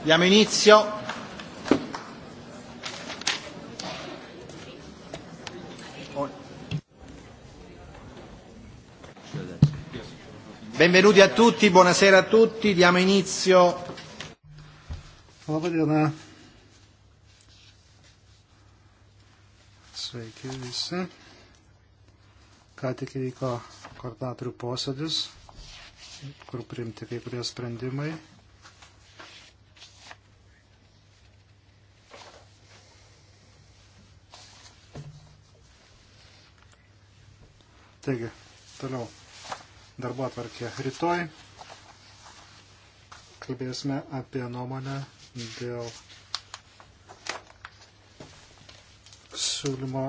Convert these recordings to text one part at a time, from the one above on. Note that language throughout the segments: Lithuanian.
Diamo inizio. Benvenuti a tutti, buonasera a tutti, diamo inizio. Labadiena. Sveiki visi. Ką tik įvyko koordinatorių posėdis, kur priimti kai kurie sprendimai. Taigi, toliau darbo atvarkė. Rytoj kalbėsime apie nuomonę dėl siūlymo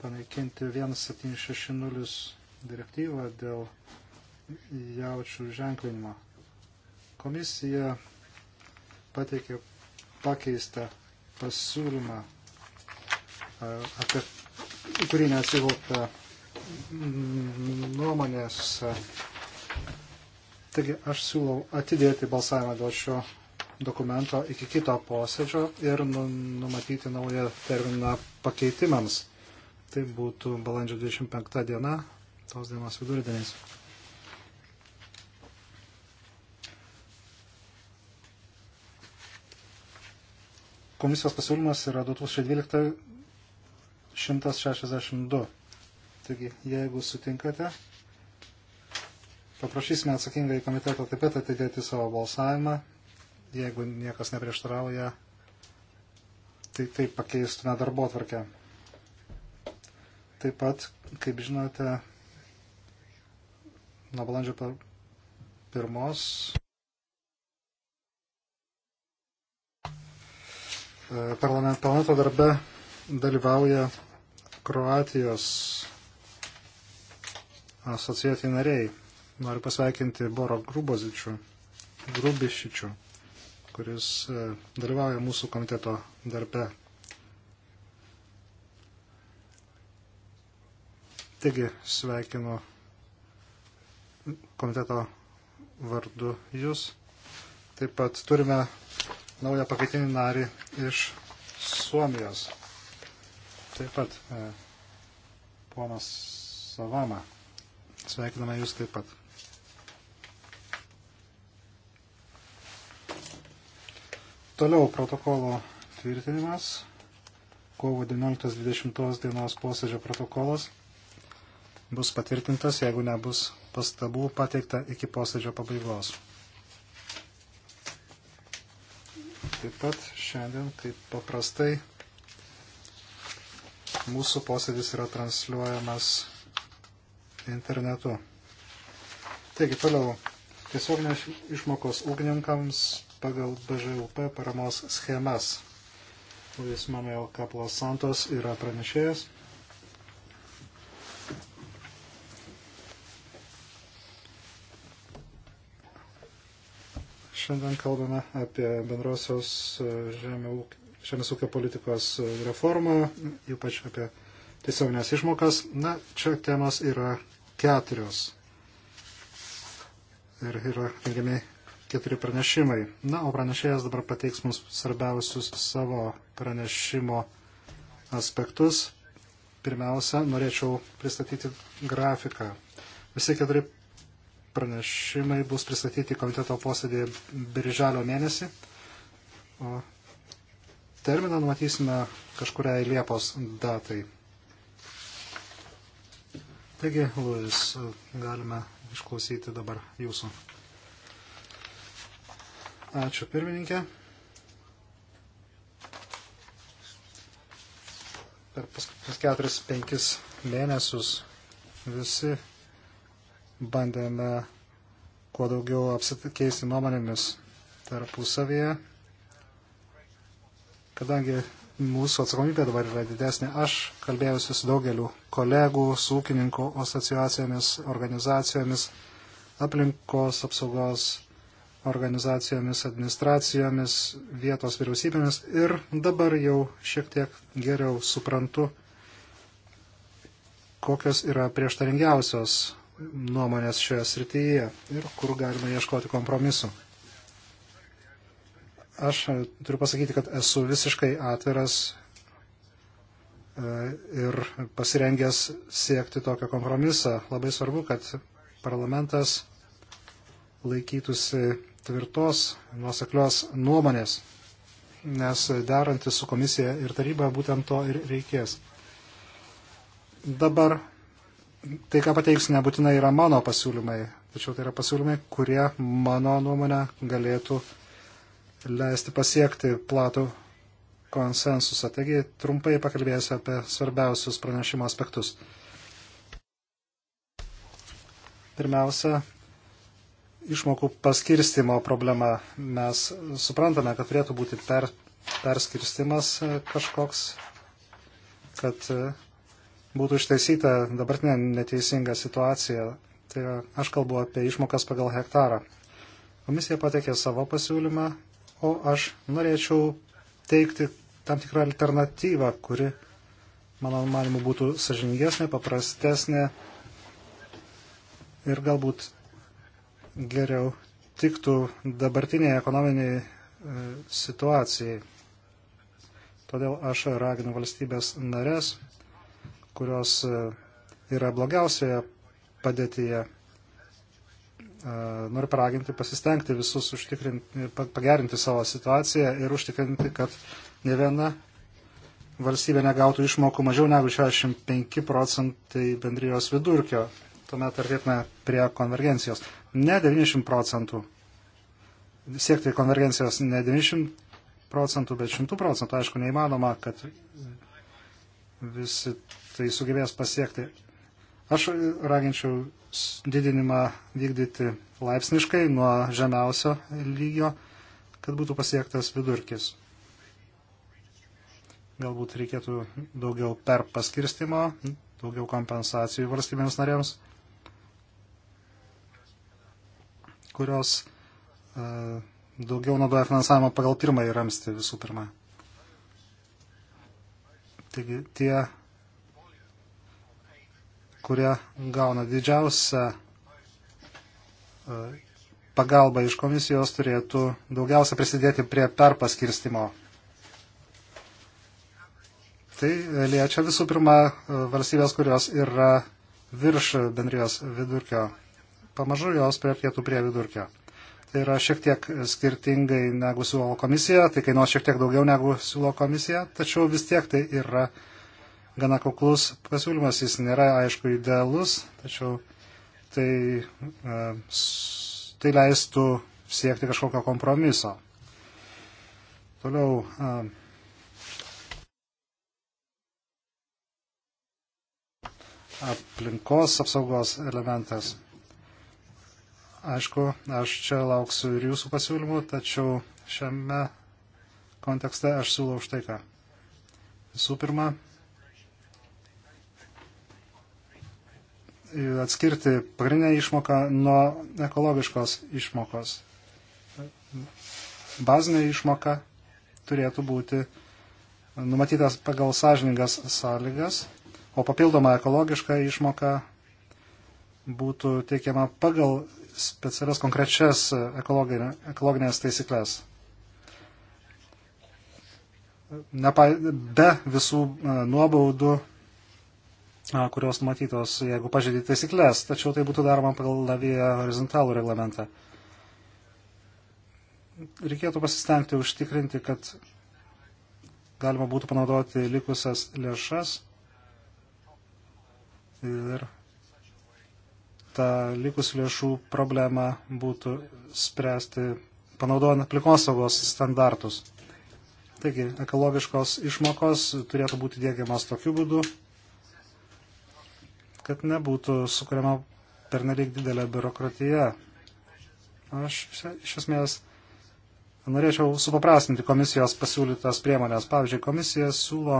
panaikinti 1760 direktyvą dėl jaučių ženklinimo. Komisija pateikė pakeistą pasiūlymą apie į kurį neatsivilta mm, nuomonės. Taigi aš siūlau atidėti balsavimą dėl šio dokumento iki kito posėdžio ir nu, numatyti naują terminą pakeitimams. Tai būtų balandžio 25 diena, tos dienos vidurdienis. Komisijos pasiūlymas yra 2012 162. Taigi, jeigu sutinkate, paprašysime atsakingai komiteto taip pat atidėti savo balsavimą. Jeigu niekas neprieštarauja, tai taip pakeistume darbo tvarkę. Taip pat, kaip žinote, nuo balandžio pirmos. E, parlamento darbe dalyvauja Kroatijos asociacijai nariai. Noriu pasveikinti Boro Grubozičių, Grubišičių, kuris e, dalyvauja mūsų komiteto darbe. Taigi sveikinu komiteto vardu jūs. Taip pat turime naują pakaitinį narį iš Suomijos taip pat e, ponas Savama. Sveikiname Jūs taip pat. Toliau protokolo tvirtinimas. Kovo 19-20 dienos posėdžio protokolas bus patvirtintas, jeigu nebus pastabų pateikta iki posėdžio pabaigos. Taip pat šiandien, kaip paprastai, Mūsų posėdis yra transliuojamas internetu. Taigi toliau. Tiesioginės išmokos ūkininkams pagal BŽUP paramos schemas. Luis Manuel Kaplos Santos yra pranešėjas. Šiandien kalbame apie bendrosios žemė ūkio žemės ūkio politikos reformą, ypač apie tiesioginės išmokas. Na, čia temas yra keturios. Ir yra rengiami keturi pranešimai. Na, o pranešėjas dabar pateiks mums svarbiausius savo pranešimo aspektus. Pirmiausia, norėčiau pristatyti grafiką. Visi keturi pranešimai bus pristatyti komiteto posėdį birželio mėnesį, o terminą numatysime kažkuriai Liepos datai. Taigi, Luis, galime išklausyti dabar jūsų. Ačiū pirmininkė. Per paskutinius keturis, penkis mėnesius visi bandėme kuo daugiau apsikeisti nuomonėmis tarpusavėje Kadangi mūsų atsakomybė dabar yra didesnė, aš kalbėjusi su daugeliu kolegų, su ūkininkų asociacijomis, organizacijomis, aplinkos apsaugos organizacijomis, administracijomis, vietos vyriausybėmis ir dabar jau šiek tiek geriau suprantu, kokios yra prieštaringiausios nuomonės šioje srityje ir kur galima ieškoti kompromisu. Aš turiu pasakyti, kad esu visiškai atviras e, ir pasirengęs siekti tokio kompromisą. Labai svarbu, kad parlamentas laikytųsi tvirtos, nuoseklios nuomonės, nes derantis su komisija ir taryba būtent to ir reikės. Dabar tai, ką pateiksiu, nebūtinai yra mano pasiūlymai, tačiau tai yra pasiūlymai, kurie mano nuomonę galėtų leisti pasiekti platų konsensusą. Taigi trumpai pakalbėsiu apie svarbiausius pranešimo aspektus. Pirmiausia, išmokų paskirstimo problema. Mes suprantame, kad turėtų būti per, perskirstimas kažkoks, kad būtų ištaisyta dabartinė neteisinga situacija. Tai aš kalbu apie išmokas pagal hektarą. Komisija pateikė savo pasiūlymą o aš norėčiau teikti tam tikrą alternatyvą, kuri, mano manimu, būtų sažiningesnė, paprastesnė ir galbūt geriau tiktų dabartiniai ekonominiai e, situacijai. Todėl aš raginu valstybės narės, kurios e, yra blogiausioje padėtyje E, noriu paraginti pasistengti visus pagerinti savo situaciją ir užtikrinti, kad ne viena valstybė negautų išmokų mažiau negu 65 procentai bendrijos vidurkio. Tuomet artėtume prie konvergencijos. Ne 90 procentų. Siekti konvergencijos ne 90 procentų, bet 100 procentų. Aišku, neįmanoma, kad visi tai sugebės pasiekti. Aš raginčiau didinimą vykdyti laipsniškai nuo žemiausio lygio, kad būtų pasiektas vidurkis. Galbūt reikėtų daugiau per paskirstimo, daugiau kompensacijų valstybėms narėms, kurios uh, daugiau naudoja finansavimą pagal pirmąjį ramstį visų pirma. Taigi tie kurie gauna didžiausią e, pagalba iš komisijos turėtų daugiausia prisidėti prie perpaskirstimo. Tai liečia visų pirma e, valstybės, kurios yra virš bendrijos vidurkio. Pamažu jos priartėtų prie vidurkio. Tai yra šiek tiek skirtingai negu siūlo komisija, tai kainuos šiek tiek daugiau negu siūlo komisija, tačiau vis tiek tai yra uh, gana kuklus pasiūlymas, jis nėra aišku idealus, tačiau tai, e, tai leistų siekti kažkokio kompromiso. Toliau. E, aplinkos apsaugos elementas. Aišku, aš čia lauksiu ir jūsų pasiūlymų, tačiau šiame kontekste aš siūlau štai ką. Visų pirma, atskirti pagrindinę išmoką nuo ekologiškos išmokos. Bazinė išmoka turėtų būti numatytas pagal sąžiningas sąlygas, o papildoma ekologiška išmoka būtų teikiama pagal specialias konkrečias ekologinės taisyklės. Nepa, be visų e, nuobaudų kurios matytos, jeigu pažeidė taisyklės, tačiau tai būtų daroma pagal Lavija horizontalų reglamentą. Reikėtų pasistengti užtikrinti, kad galima būtų panaudoti likusias lėšas ir tą likusių lėšų problemą būtų spręsti panaudojant aplinkosaugos standartus. Taigi, ekologiškos išmokos turėtų būti dėgiamas tokiu būdu, kad nebūtų sukuriama pernelyg didelė biurokratija. Aš iš esmės norėčiau supaprastinti komisijos pasiūlytas priemonės. Pavyzdžiui, komisija siūlo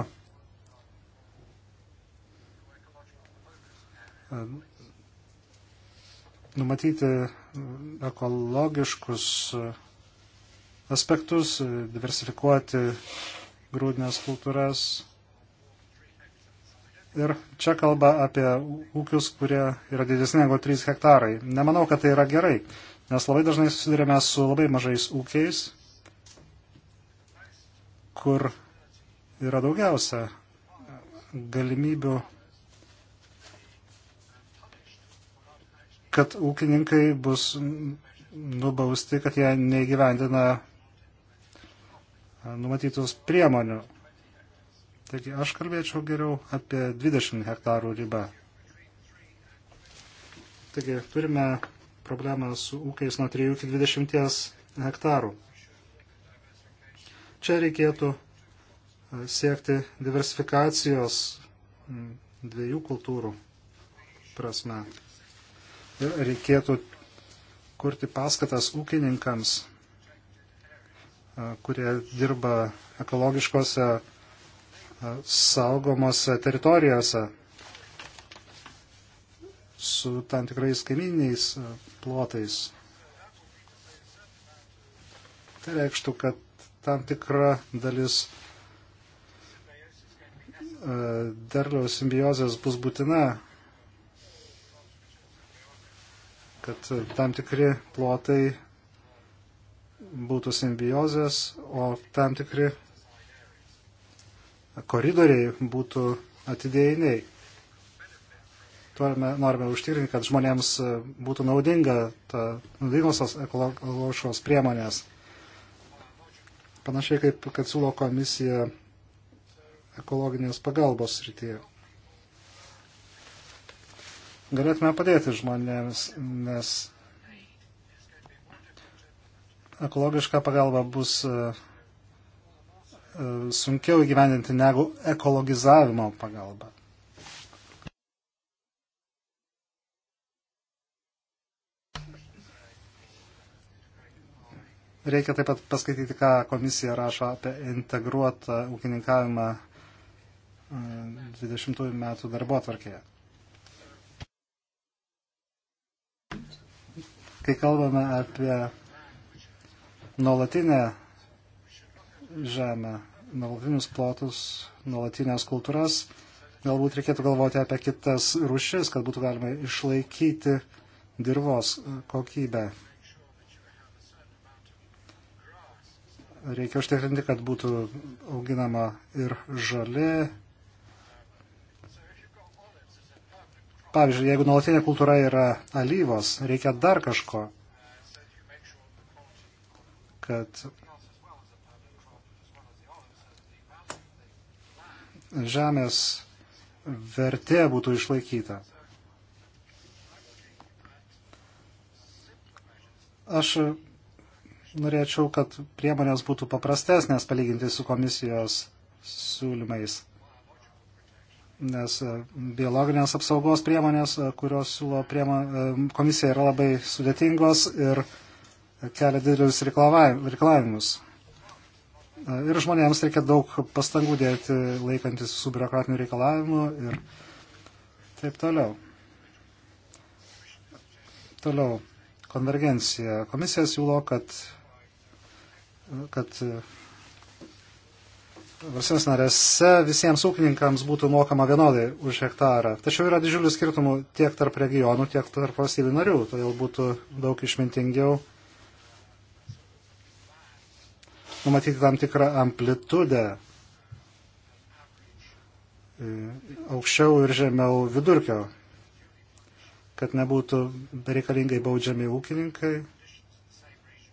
e, numatyti ekologiškus e, aspektus, diversifikuoti grūdinės kultūras, Ir čia kalba apie ūkius, kurie yra didesni negu 3 hektarai. Nemanau, kad tai yra gerai, nes labai dažnai susidurėme su labai mažais ūkiais, kur yra daugiausia galimybių, kad ūkininkai bus nubausti, kad jie neįgyvendina numatytus priemonių. Taigi aš kalbėčiau geriau apie 20 hektarų ribą. Taigi turime problemą su ūkiais nuo 3 iki 20 hektarų. Čia reikėtų e, siekti diversifikacijos dviejų kultūrų prasme. Ir reikėtų kurti paskatas ūkininkams, e, kurie dirba ekologiškose saugomose teritorijose su tam tikrais kaiminiais e, plotais. Tai reikštų, kad tam tikra dalis e, derliaus simbiozės bus būtina, kad tam tikri plotai būtų simbiozės, o tam tikri koridoriai būtų atidėjiniai. Tuolime, norime užtikrinti, kad žmonėms e, būtų naudinga ta naudingosios ekologiškos priemonės. Panašiai kaip, kad siūlo komisija ekologinės pagalbos srityje. Galėtume padėti žmonėms, nes ekologiška pagalba bus e, sunkiau įgyvendinti negu ekologizavimo pagalba. Reikia taip pat paskaityti, ką komisija rašo apie integruotą ūkininkavimą 20 e, metų darbo atvarkėje. Kai kalbame apie nuolatinę žemę, nuolatinius plotus, nuolatinės kultūras. Galbūt reikėtų galvoti apie kitas rušis, kad būtų galima išlaikyti dirvos kokybę. Reikia užtikrinti, kad būtų auginama ir žali. Pavyzdžiui, jeigu nuolatinė kultūra yra alyvos, reikia dar kažko, kad žemės vertė būtų išlaikyta. Aš norėčiau, kad priemonės būtų paprastesnės palyginti su komisijos siūlymais. Nes biologinės apsaugos priemonės, kurios siūlo priemo, komisija, yra labai sudėtingos ir kelia didelius reikalavimus. Ir žmonėms reikia daug pastangų dėti laikantis visų biurokratinių reikalavimų ir taip toliau. Toliau. Konvergencija. Komisija siūlo, kad, kad valstybės narėse visiems ūkininkams būtų mokama vienodai už hektarą. Tačiau yra didžiulių skirtumų tiek tarp regionų, tiek tarp valstybių narių. Todėl būtų daug išmintingiau numatyti tam tikrą amplitudę e, aukščiau ir žemiau vidurkio, kad nebūtų reikalingai baudžiami ūkininkai,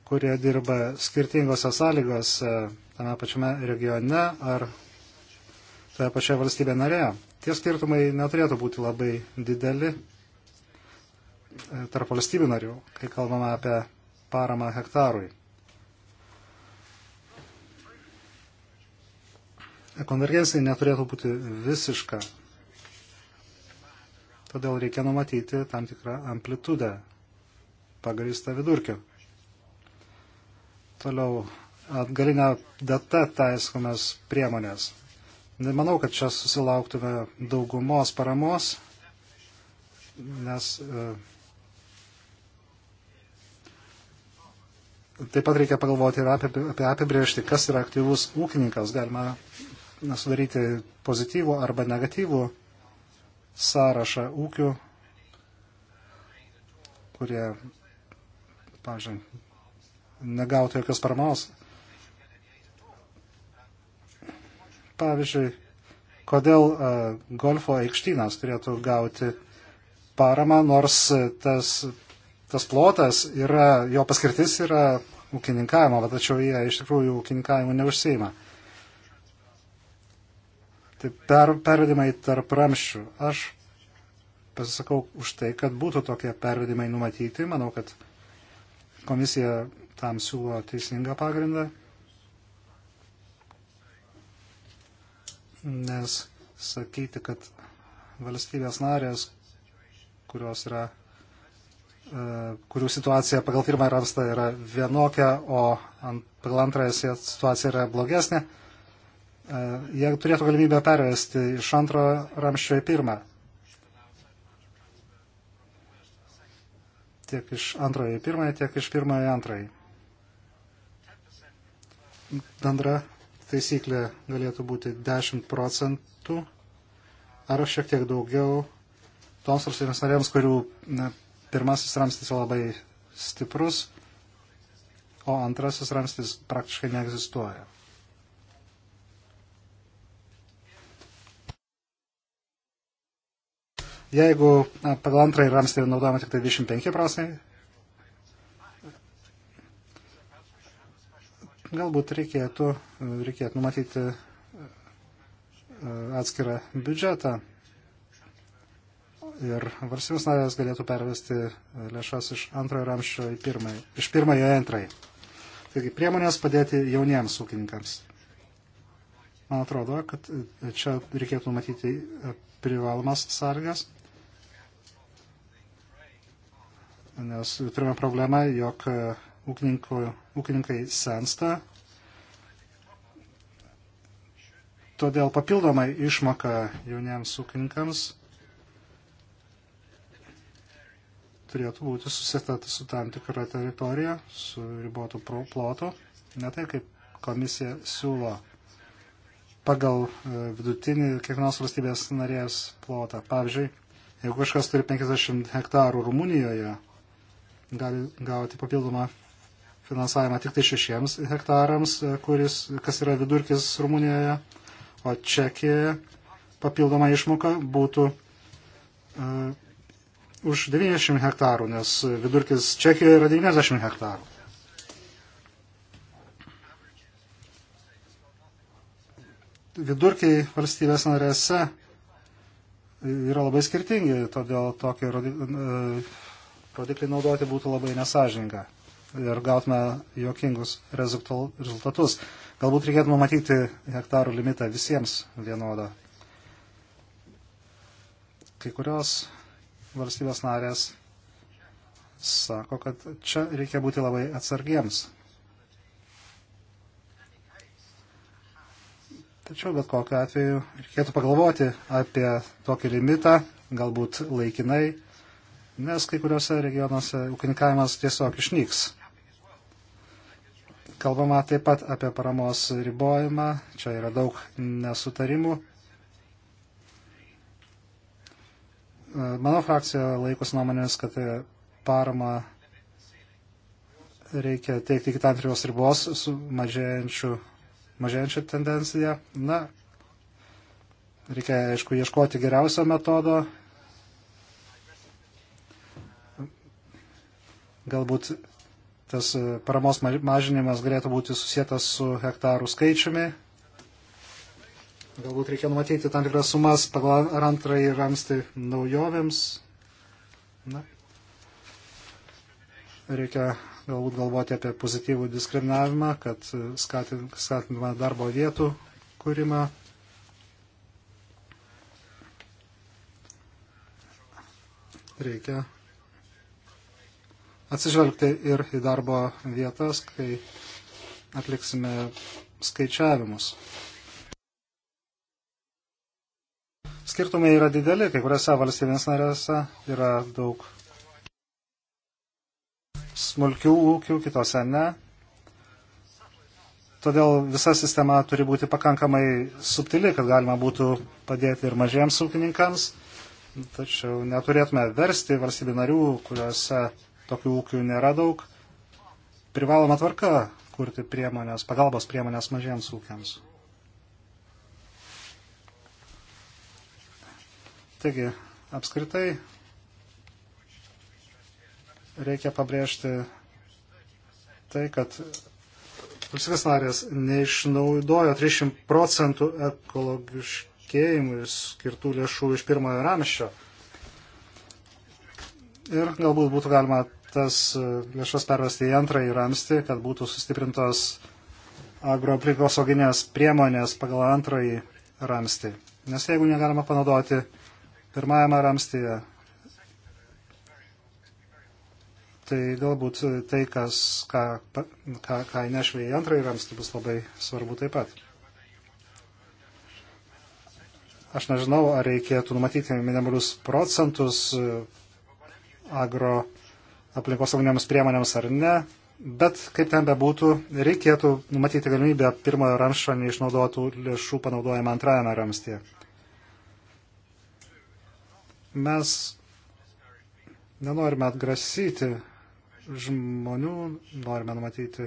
kurie dirba skirtingose sąlygose tame pačiame regione ar toje pačioje valstybė narėje. Tie skirtumai neturėtų būti labai dideli e, tarp valstybių narių, kai kalbame apie paramą hektarui. Konvergencija neturėtų būti visiška. Todėl reikia numatyti tam tikrą amplitudę pagrįstą vidurkiu. Toliau atgalinę datą taiskomės priemonės. Nemanau, kad čia susilauktume daugumos paramos, nes e, taip pat reikia pagalvoti ir apie, apie apibriežti, kas yra aktyvus ūkininkas. Galima sudaryti pozityvų arba negatyvų sąrašą ūkių, kurie, pažiūrėjau, negautų jokios paramos. Pavyzdžiui, kodėl e, golfo aikštynas turėtų gauti paramą, nors e, tas, tas plotas yra, jo paskirtis yra ūkininkavimo, tačiau jie iš tikrųjų ūkininkavimu neužsieima tai per, pervedimai tarp ramščių. Aš pasisakau už tai, kad būtų tokie pervedimai numatyti. Manau, kad komisija tam siūlo teisingą pagrindą. Nes sakyti, kad valstybės narės, kurios yra e, kurių situacija pagal pirmąjį ramstą yra vienokia, o ant, pagal antrąją situacija yra blogesnė, E, jie turėtų galimybę pervesti iš antro ramščio į pirmą. Tiek iš antrojo į pirmąjį, tiek iš pirmojo į antrąjį. Bendra taisyklė galėtų būti 10 procentų ar šiek tiek daugiau toms valstybėms narėms, kurių na, pirmasis ramstis labai stiprus, o antrasis ramstis praktiškai neegzistuoja. Jeigu pagal antrąjį ramstį naudojama tik tai 25 procentai, galbūt reikėtų, reikėtų numatyti e, atskirą biudžetą ir valstybės narės galėtų pervesti lėšas iš antrojo ramščio į pirmąjį, iš pirmojo į antrąjį. Taigi priemonės padėti jauniems ūkininkams. Man atrodo, kad čia reikėtų matyti privalomas sargas nes turime problemą, jog e, ūkininkai sensta. Todėl papildomai išmoka jauniems ūkininkams turėtų būti susitata su tam tikra teritorija, su ribotu plotu, ne taip kaip komisija siūlo pagal e, vidutinį kiekvienos valstybės narės plotą. Pavyzdžiui, jeigu kažkas turi 50 hektarų Rumunijoje, gali gauti papildomą finansavimą tik tai šešiems hektarams, e, kuris, kas yra vidurkis Rumunijoje, o Čekijoje papildoma išmoka būtų uh, už 90 hektarų, nes vidurkis Čekijoje yra 90 hektarų. Vidurkiai valstybės narėse yra labai skirtingi, todėl tokie uh, rodiklį naudoti būtų labai nesažininga ir gautume jokingus rezultatus. Galbūt reikėtų numatyti hektarų limitą visiems vienodą. Kai kurios valstybės narės sako, kad čia reikia būti labai atsargiems. Tačiau bet kokiu atveju reikėtų pagalvoti apie tokį limitą, galbūt laikinai nes kai kuriuose regionuose ūkininkavimas tiesiog išnyks. Kalbama taip pat apie paramos ribojimą, čia yra daug nesutarimų. Mano frakcija laikus nuomonės, kad tai parama reikia teikti iki tam tikros ribos su mažėjančia tendencija. Na, reikia, aišku, ieškoti geriausio metodo Galbūt tas e, paramos mažinimas galėtų būti susijęs su hektarų skaičiumi. Galbūt reikia numatyti tam tikras sumas pagal antrąjį ramstį naujovėms. Na. Reikia galbūt galvoti apie pozityvų diskriminavimą, kad e, skatinama darbo vietų kūrimą. Reikia atsižvelgti ir į darbo vietas, kai atliksime skaičiavimus. Skirtumai yra dideli, kai kuriuose valstybės narėse yra daug smulkių ūkių, kitose ne. Todėl visa sistema turi būti pakankamai subtili, kad galima būtų padėti ir mažiems ūkininkams. Tačiau neturėtume versti valstybių narių, kuriuose tokių ūkių nėra daug. Privaloma tvarka kurti priemonės, pagalbos priemonės mažiems ūkiams. Taigi, apskritai reikia pabrėžti tai, kad valstybės narės neišnaudojo 30 procentų ekologiškėjimui skirtų lėšų iš pirmojo ramščio. Ir galbūt būtų galima tas e, lėšas pervesti į antrąjį ramstį, kad būtų sustiprintos agroaplinkosauginės priemonės pagal antrąjį ramstį. Nes jeigu negalima panaudoti pirmajame ramstyje, tai galbūt tai, kas, ką, ką, ką įnešvė į antrąjį ramstį, bus labai svarbu taip pat. Aš nežinau, ar reikėtų numatyti minimalius procentus e, agro aplinkosauginėms priemonėms ar ne, bet kaip ten bebūtų, reikėtų numatyti galimybę pirmojo ramščio neišnaudotų lėšų panaudojimą antrajame ramstie. Mes nenorime atgrasyti žmonių, norime numatyti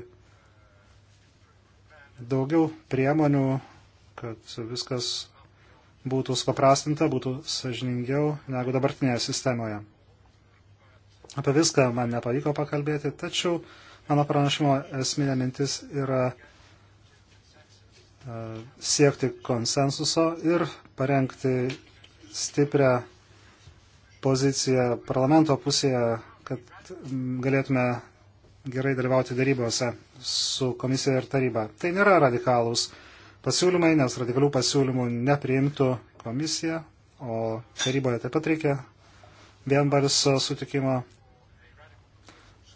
daugiau priemonių, kad viskas būtų supaprastinta, būtų sažiningiau negu dabartinėje sistemoje. Apie viską man nepavyko pakalbėti, tačiau mano pranešimo esminė mintis yra e, siekti konsensuso ir parengti stiprią poziciją parlamento pusėje, kad galėtume gerai dalyvauti darybose su komisija ir taryba. Tai nėra radikalūs pasiūlymai, nes radikalių pasiūlymų nepriimtų komisija, o taryboje taip pat reikia vienbarsio sutikimo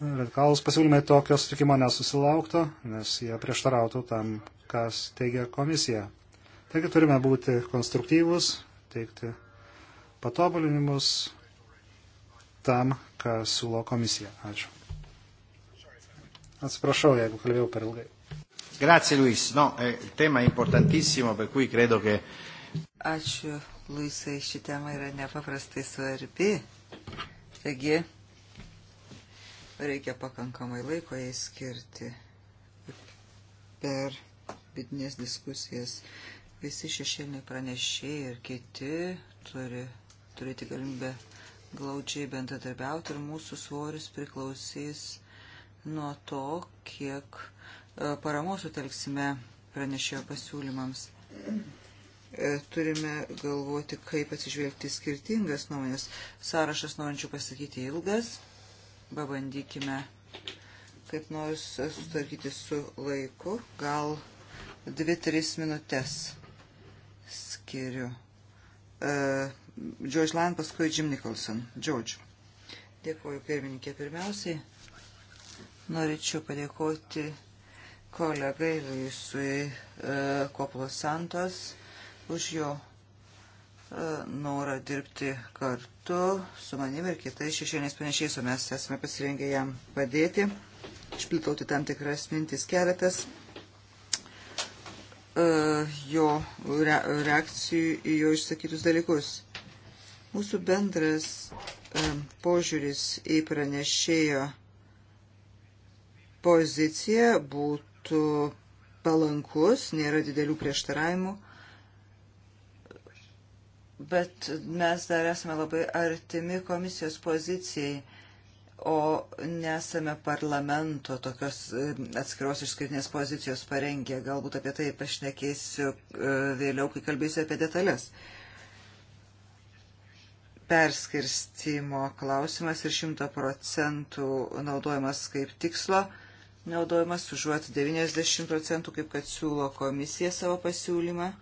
radikalus pasiūlymai tokio sutikimo nesusilaukto, nes jie prieštarautų tam, kas teigia komisija. Taigi turime būti konstruktyvus, teikti patobulinimus tam, ką siūlo komisija. Ačiū. Atsiprašau, jeigu kalbėjau per ilgai. Grazie Luis. No, eh, il tema è importantissimo, per cui credo che. Ačiū, Luisai, ši tema yra nepaprastai svarbi. Taigi, Reikia pakankamai laiko jai skirti per vidinės diskusijas. Visi šešėliniai pranešėjai ir kiti turi turėti galimybę glaudžiai bendradarbiauti ir mūsų svoris priklausys nuo to, kiek e, paramos sutelksime pranešėjo pasiūlymams. E, turime galvoti, kaip atsižvelgti skirtingas nuomonės. Sąrašas norinčių pasakyti ilgas pabandykime kaip nors sutvarkyti su laiku. Gal 2-3 minutės skiriu. Uh, George Land, paskui Jim Nicholson. George. Dėkuoju, pirmininkė. Pirmiausiai norėčiau padėkoti kolegai Luisui uh, e, Koplos Santos už jo E, norą dirbti kartu su manimi ir kitais šešėlės panešiais, o mes esame pasirengę jam padėti, išplitauti tam tikras mintis keletas e, jo reakcijų į jo išsakytus dalykus. Mūsų bendras e, požiūris į pranešėjo poziciją būtų palankus, nėra didelių prieštaravimų bet mes dar esame labai artimi komisijos pozicijai, o nesame parlamento tokios e, atskiros išskirtinės pozicijos parengę. Galbūt apie tai pašnekėsiu e, vėliau, kai kalbėsiu apie detalės. Perskirstimo klausimas ir 100 procentų naudojimas kaip tikslo naudojimas užuot 90 procentų, kaip kad siūlo komisija savo pasiūlymą.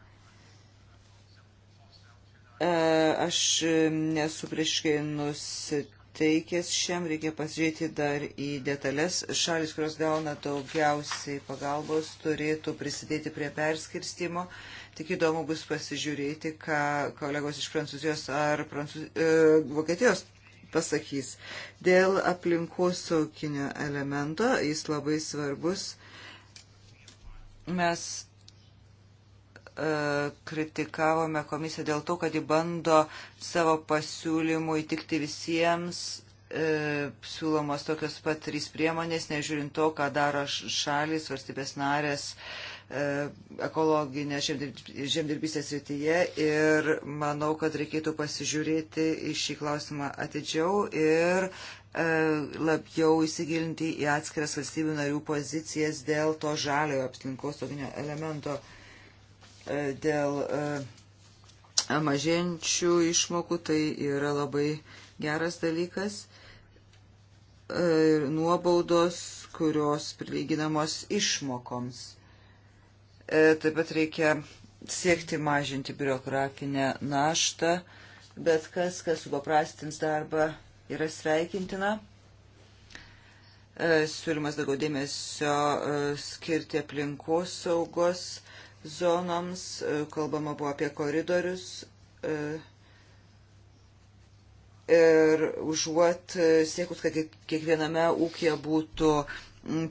E, aš nesu prieškai nusiteikęs šiam, reikia pasižiūrėti dar į detalės. Šalis, kurios gauna daugiausiai pagalbos, turėtų prisidėti prie perskirstimo. Tik įdomu bus pasižiūrėti, ką kolegos iš Prancūzijos ar Prancūz... e, Vokietijos pasakys. Dėl aplinkosaukinio elemento jis labai svarbus. Mes E, kritikavome komisiją dėl to, kad ji bando savo pasiūlymų įtikti visiems, e, siūlomos tokios pat trys priemonės, nežiūrint to, ką daro šalis, valstybės narės e, ekologinė žemdirbystės rytyje ir manau, kad reikėtų pasižiūrėti į šį klausimą atidžiau ir e, labiau įsigilinti į atskiras valstybių narių pozicijas dėl to žaliojo aplinkosauginio elemento dėl e, mažėjančių išmokų, tai yra labai geras dalykas. E, ir nuobaudos, kurios prilyginamos išmokoms. E, taip pat reikia siekti mažinti biurokratinę naštą, bet kas, kas supaprastins darbą, yra sveikintina siūlymas daugiau dėmesio skirti aplinkos saugos zonoms, e, kalbama buvo apie koridorius. E, ir užuot e, siekus, kad kiekviename ūkija būtų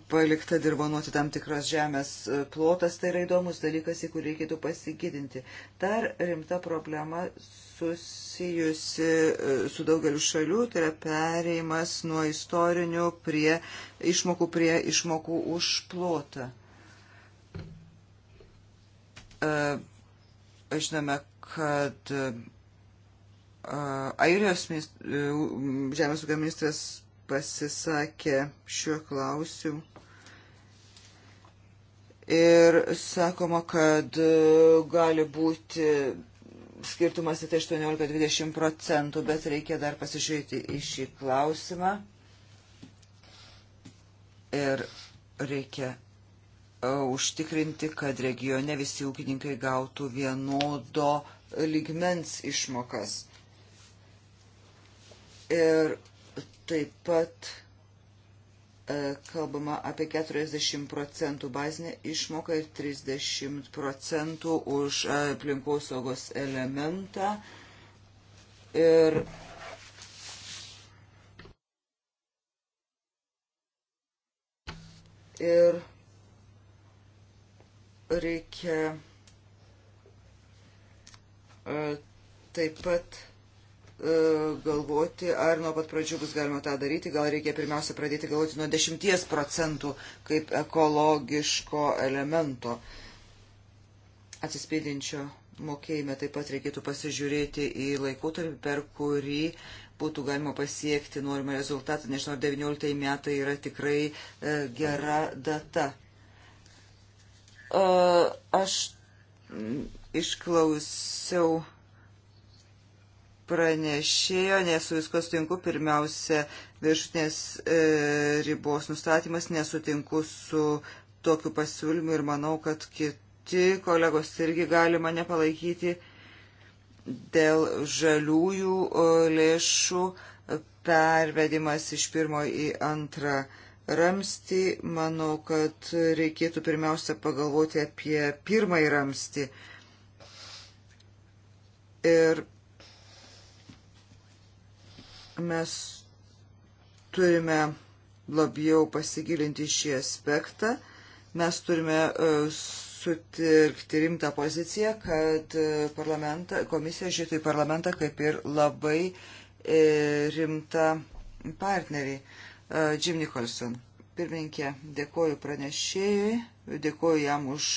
palikta dirbonuoti tam tikras žemės plotas, tai yra įdomus dalykas, į kurį reikėtų pasigydinti. Dar rimta problema susijusi su daugeliu šalių, tai yra pereimas nuo istorinių prie išmokų prie išmokų už plotą. E, žinome, kad e, Airijos e, žemės ūkio ministras pasisakė šiuo klausimu. Ir sakoma, kad gali būti skirtumas į tai 18-20 procentų, bet reikia dar pasižiūrėti į šį klausimą. Ir reikia E, užtikrinti, kad regione visi ūkininkai gautų vienodo lygmens išmokas. Ir taip pat e, kalbama apie 40 procentų bazinę išmoką ir 30 procentų už aplinkosaugos elementą. Ir Ir Reikia e, taip pat e, galvoti, ar nuo pat pradžių bus galima tą daryti. Gal reikia pirmiausia pradėti galvoti nuo 10 procentų kaip ekologiško elemento atsispindinčio mokėjime. Taip pat reikėtų pasižiūrėti į laikotarpį, per kurį būtų galima pasiekti norimą rezultatą. Nežinau, ar 19 metai yra tikrai e, gera data. Aš išklausiau pranešėjo, nesu visko sutinku, pirmiausia, viršutinės e, ribos nustatymas, nesutinku su tokiu pasiūlymu ir manau, kad kiti kolegos irgi gali mane palaikyti dėl žaliųjų e, lėšų pervedimas iš pirmo į antrą. E, ramstį, manau, kad reikėtų pirmiausia pagalvoti apie pirmąjį ramstį. Ir mes turime labiau pasigilinti šį aspektą. Mes turime e, sutirkti rimtą poziciją, kad e, komisija žiūrėtų į parlamentą kaip ir labai e, rimtą partnerį. E, Jim Nicholson. Pirminkė, dėkoju pranešėjui, dėkoju jam už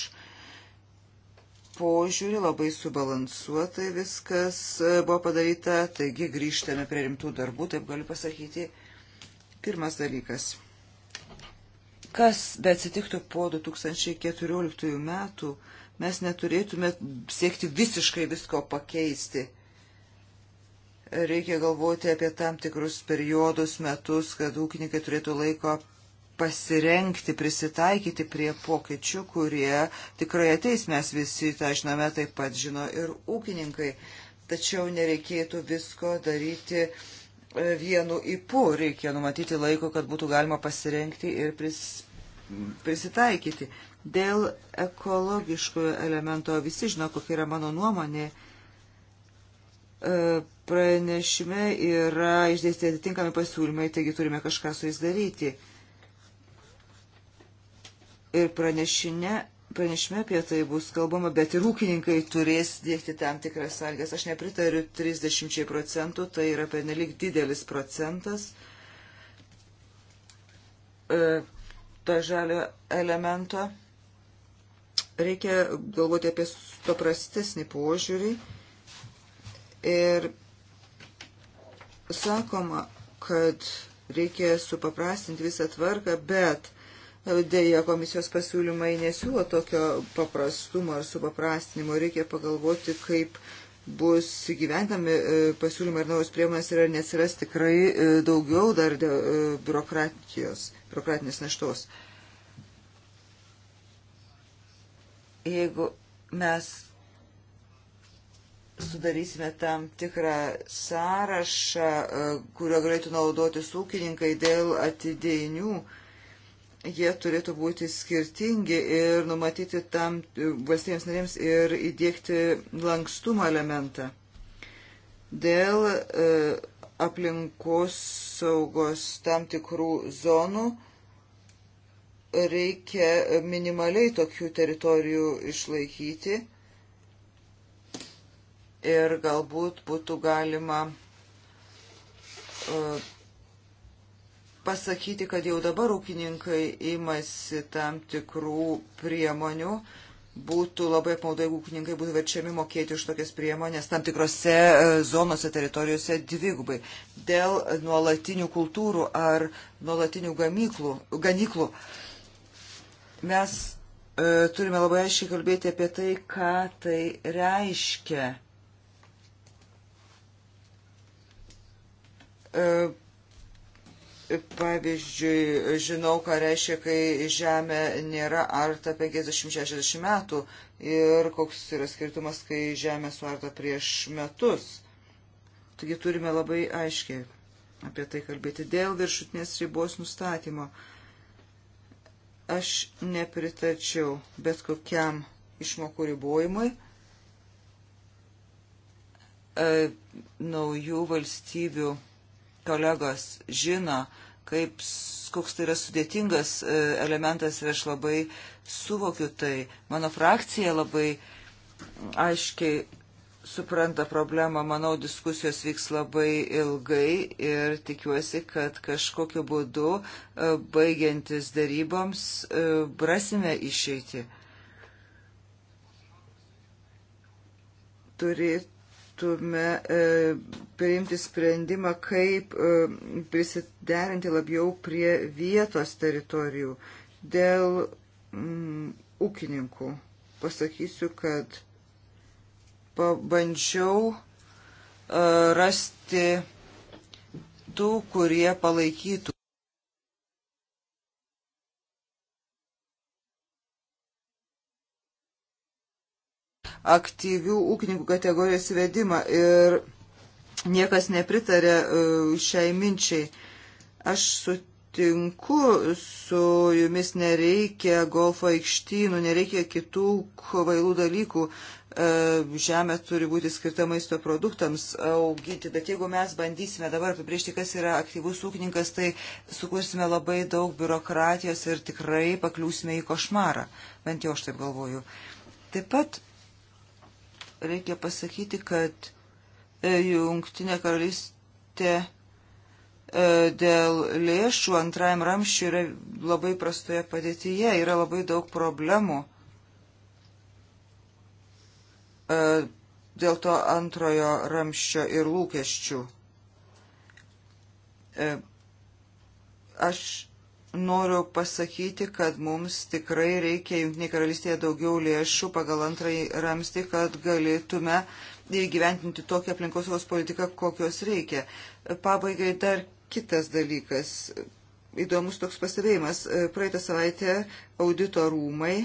požiūrį, labai subalansuotai viskas e, buvo padaryta, taigi grįžtame prie rimtų darbų, taip galiu pasakyti. Pirmas dalykas. Kas be atsitiktų po 2014 metų, mes neturėtume siekti visiškai visko pakeisti Reikia galvoti apie tam tikrus periodus, metus, kad ūkininkai turėtų laiko pasirenkti, prisitaikyti prie pokyčių, kurie tikrai ateis, mes visi tą žinome, taip pat žino ir ūkininkai. Tačiau nereikėtų visko daryti e, vienu įpu, reikia numatyti laiko, kad būtų galima pasirenkti ir pris, prisitaikyti. Dėl ekologiškojo elemento visi žino, kokia yra mano nuomonė. E, Pranešime yra išdėstyti atitinkami pasiūlymai, taigi turime kažką su jais daryti. Ir pranešime pranešime apie tai bus kalbama, bet ir ūkininkai turės dėkti tam tikras sąlygas. Aš nepritariu 30 procentų, tai yra pernelik didelis procentas. E, to žalio elemento reikia galvoti apie paprastesnį požiūrį ir sakoma, kad reikia supaprastinti visą tvarką, bet e, dėja komisijos pasiūlymai nesiūlo tokio paprastumo ar supaprastinimo. Reikia pagalvoti, kaip bus įgyventami e, pasiūlymai ir naujos priemonės ir ar neatsiras tikrai e, daugiau dar biurokratijos, biurokratinės naštos. Jeigu mes sudarysime tam tikrą sąrašą, e, kurio galėtų naudotis ūkininkai dėl atidėjinių. Jie turėtų būti skirtingi ir numatyti tam e, valstybėms narėms ir įdėkti lankstumo elementą. Dėl e, aplinkos saugos tam tikrų zonų reikia minimaliai tokių teritorijų išlaikyti ir galbūt būtų galima e, pasakyti, kad jau dabar ūkininkai imasi tam tikrų priemonių. Būtų labai apmauda, jeigu ūkininkai būtų verčiami mokėti už tokias priemonės tam tikrose e, zonose, teritorijose dvigubai. Dėl nuolatinių kultūrų ar nuolatinių gamyklų, ganyklų mes e, turime labai aiškiai kalbėti apie tai, ką tai reiškia E, pavyzdžiui, žinau, ką reiškia, kai žemė nėra arta 50-60 metų ir koks yra skirtumas, kai žemė suarta prieš metus. Taigi turime labai aiškiai apie tai kalbėti dėl viršutinės ribos nustatymo. Aš nepritačiau bet kokiam išmokų ribojimui e, naujų valstybių kolegos žino, kaip, koks tai yra sudėtingas e, elementas ir aš labai suvokiu tai. Mano frakcija labai aiškiai supranta problemą, manau, diskusijos vyks labai ilgai ir tikiuosi, kad kažkokiu būdu, e, baigiantis daryboms, e, rasime išeiti. Turėtų turėtume e, priimti sprendimą, kaip e, prisiderinti labiau prie vietos teritorijų. Dėl mm, ūkininkų pasakysiu, kad pabandžiau e, rasti tų, kurie palaikytų aktyvių ūkininkų kategorijos įvedimą ir niekas nepritarė e, šiai minčiai. Aš sutinku su jumis, nereikia golfo aikštynų, nereikia kitų kvailų dalykų. E, žemė turi būti skirta maisto produktams auginti, bet jeigu mes bandysime dabar apibriežti, kas yra aktyvus ūkininkas, tai sukursime labai daug biurokratijos ir tikrai pakliūsime į košmarą. Bent jau aš taip galvoju. Taip pat reikia pasakyti, kad e, jungtinė karalystė e, dėl lėšų antrajam ramščiui yra labai prastoje padėtyje, yra labai daug problemų e, dėl to antrojo ramščio ir lūkesčių. Aš noriu pasakyti, kad mums tikrai reikia Junktinėje karalystėje daugiau lėšų pagal antrąjį ramstį, kad galėtume įgyventinti tokią aplinkosaugos politiką, kokios reikia. Pabaigai dar kitas dalykas. Įdomus toks pastebėjimas. Praeitą savaitę audito rūmai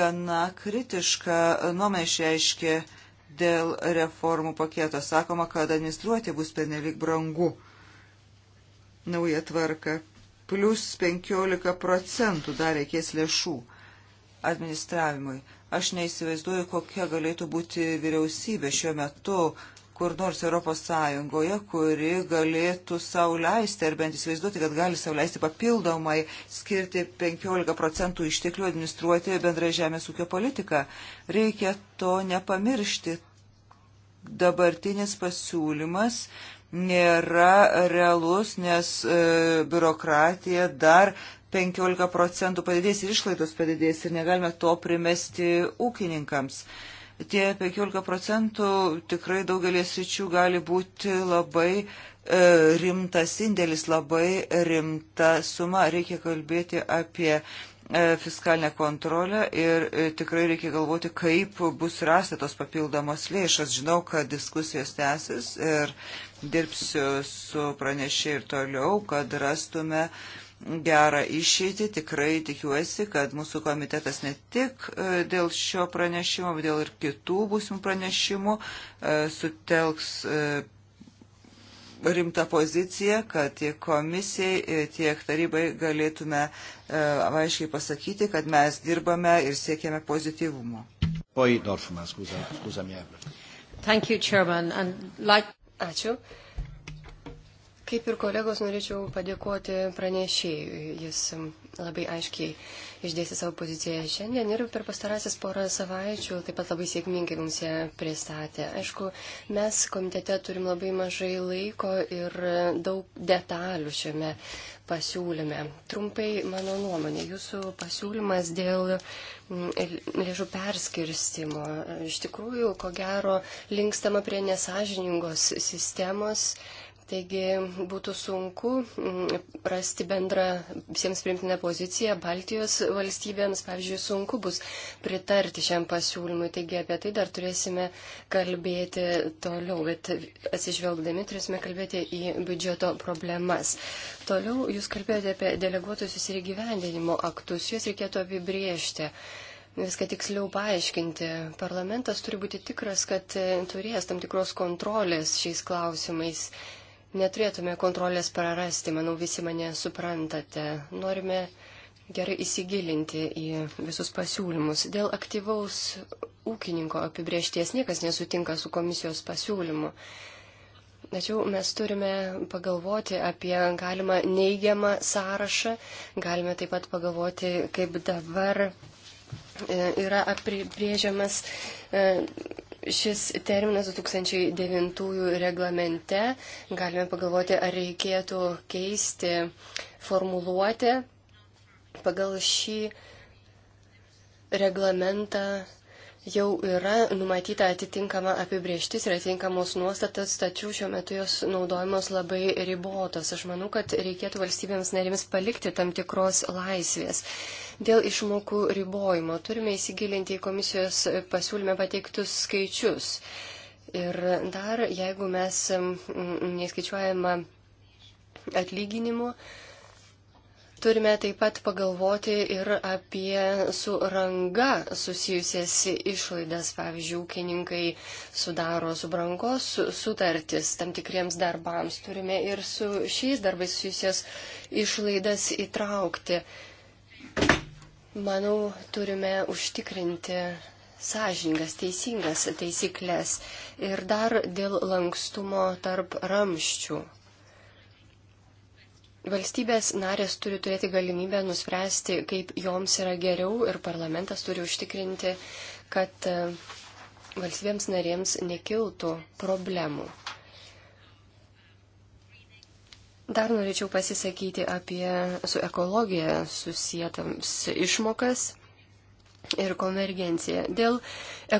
gana kritišką nuomonę išreiškė dėl reformų paketo. Sakoma, kad administruoti bus pernelik brangu. Nauja tvarka plus 15 procentų dar reikės lėšų administravimui. Aš neįsivaizduoju, kokia galėtų būti vyriausybė šiuo metu kur nors Europos Sąjungoje, kuri galėtų sauliaisti, ar bent įsivaizduoti, kad gali sauliaisti papildomai skirti 15 procentų išteklių administruoti bendrą žemės ūkio politiką. Reikia to nepamiršti. Dabartinis pasiūlymas nėra realus, nes e, biurokratija dar 15 procentų padidės ir išlaidos padidės ir negalime to primesti ūkininkams. Tie 15 procentų tikrai daugelės ryčių gali būti labai e, rimtas indėlis, labai rimta suma. Reikia kalbėti apie E, fiskalinę kontrolę ir e, tikrai reikia galvoti, kaip bus rasta tos papildomos lėšas. Žinau, kad diskusijos tęsis ir dirbsiu su pranešė ir toliau, kad rastume gerą išeitį. Tikrai tikiuosi, kad mūsų komitetas ne tik e, dėl šio pranešimo, bet dėl ir kitų būsimų pranešimų sutelks rimtą poziciją, kad tiek komisijai, e, tiek tarybai galėtume e, aiškiai pasakyti, kad mes dirbame ir siekiame pozityvumo. Ačiū. Kaip ir kolegos, norėčiau padėkoti pranešėjui. Jis labai aiškiai išdėsi savo poziciją šiandien ir per pastarąsias porą savaičių taip pat labai sėkmingai mums ją pristatė. Aišku, mes komitete turim labai mažai laiko ir daug detalių šiame pasiūlyme. Trumpai mano nuomonė, jūsų pasiūlymas dėl mm, lėšų perskirstimo iš tikrųjų, ko gero, linkstama prie nesažiningos sistemos Taigi būtų sunku mm, rasti bendrą visiems primtinę poziciją Baltijos valstybėms, pavyzdžiui, sunku bus pritarti šiam pasiūlymui. Taigi apie tai dar turėsime kalbėti toliau, bet atsižvelgdami turėsime kalbėti į biudžeto problemas. Toliau jūs kalbėjote apie deleguotusius ir gyvendinimo aktus, juos reikėtų apibriežti viską tiksliau paaiškinti. Parlamentas turi būti tikras, kad turės tam tikros kontrolės šiais klausimais. Neturėtume kontrolės prarasti, manau, visi mane suprantate. Norime gerai įsigilinti į visus pasiūlymus. Dėl aktyvaus ūkininko apibriešties niekas nesutinka su komisijos pasiūlymu. Tačiau mes turime pagalvoti apie galimą neigiamą sąrašą, galime taip pat pagalvoti, kaip dabar e, yra apibrėžiamas e, šis terminas 2009 reglamente, galime pagalvoti, ar reikėtų keisti formuluotę pagal šį reglamentą jau yra numatyta atitinkama apibrieštis ir atitinkamos nuostatas, tačiau šiuo metu jos naudojamos labai ribotos. Aš manau, kad reikėtų valstybėms narėms palikti tam tikros laisvės. Dėl išmokų ribojimo turime įsigilinti į komisijos pasiūlymę pateiktus skaičius. Ir dar, jeigu mes mm, mm, neskaičiuojame atlyginimų, Turime taip pat pagalvoti ir apie su ranga susijusias išlaidas. Pavyzdžiui, ūkininkai sudaro su brangos sutartis tam tikriems darbams. Turime ir su šiais darbais susijusias išlaidas įtraukti. Manau, turime užtikrinti sąžiningas, teisingas taisyklės ir dar dėl lankstumo tarp ramščių. Valstybės narės turi turėti galimybę nuspręsti, kaip joms yra geriau ir parlamentas turi užtikrinti, kad e, valstybėms narėms nekiltų problemų. Dar norėčiau pasisakyti apie su ekologija susijęs išmokas ir konvergenciją. Dėl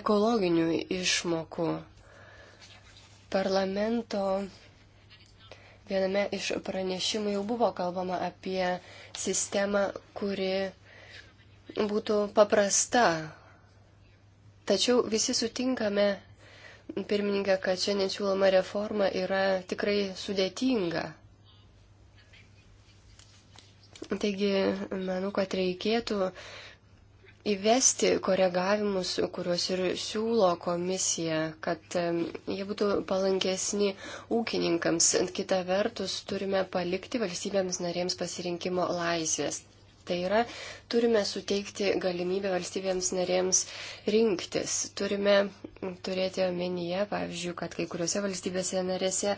ekologinių išmokų parlamento Viename iš pranešimų jau buvo kalbama apie sistemą, kuri būtų paprasta. Tačiau visi sutinkame, pirmininkė, kad šiandien siūloma reforma yra tikrai sudėtinga. Taigi, manau, kad reikėtų įvesti koregavimus, kuriuos ir siūlo komisija, kad jie būtų palankesni ūkininkams. Kita vertus, turime palikti valstybėms narėms pasirinkimo laisvės. Tai yra, turime suteikti galimybę valstybėms narėms rinktis. Turime turėti omenyje, pavyzdžiui, kad kai kuriuose valstybėse narėse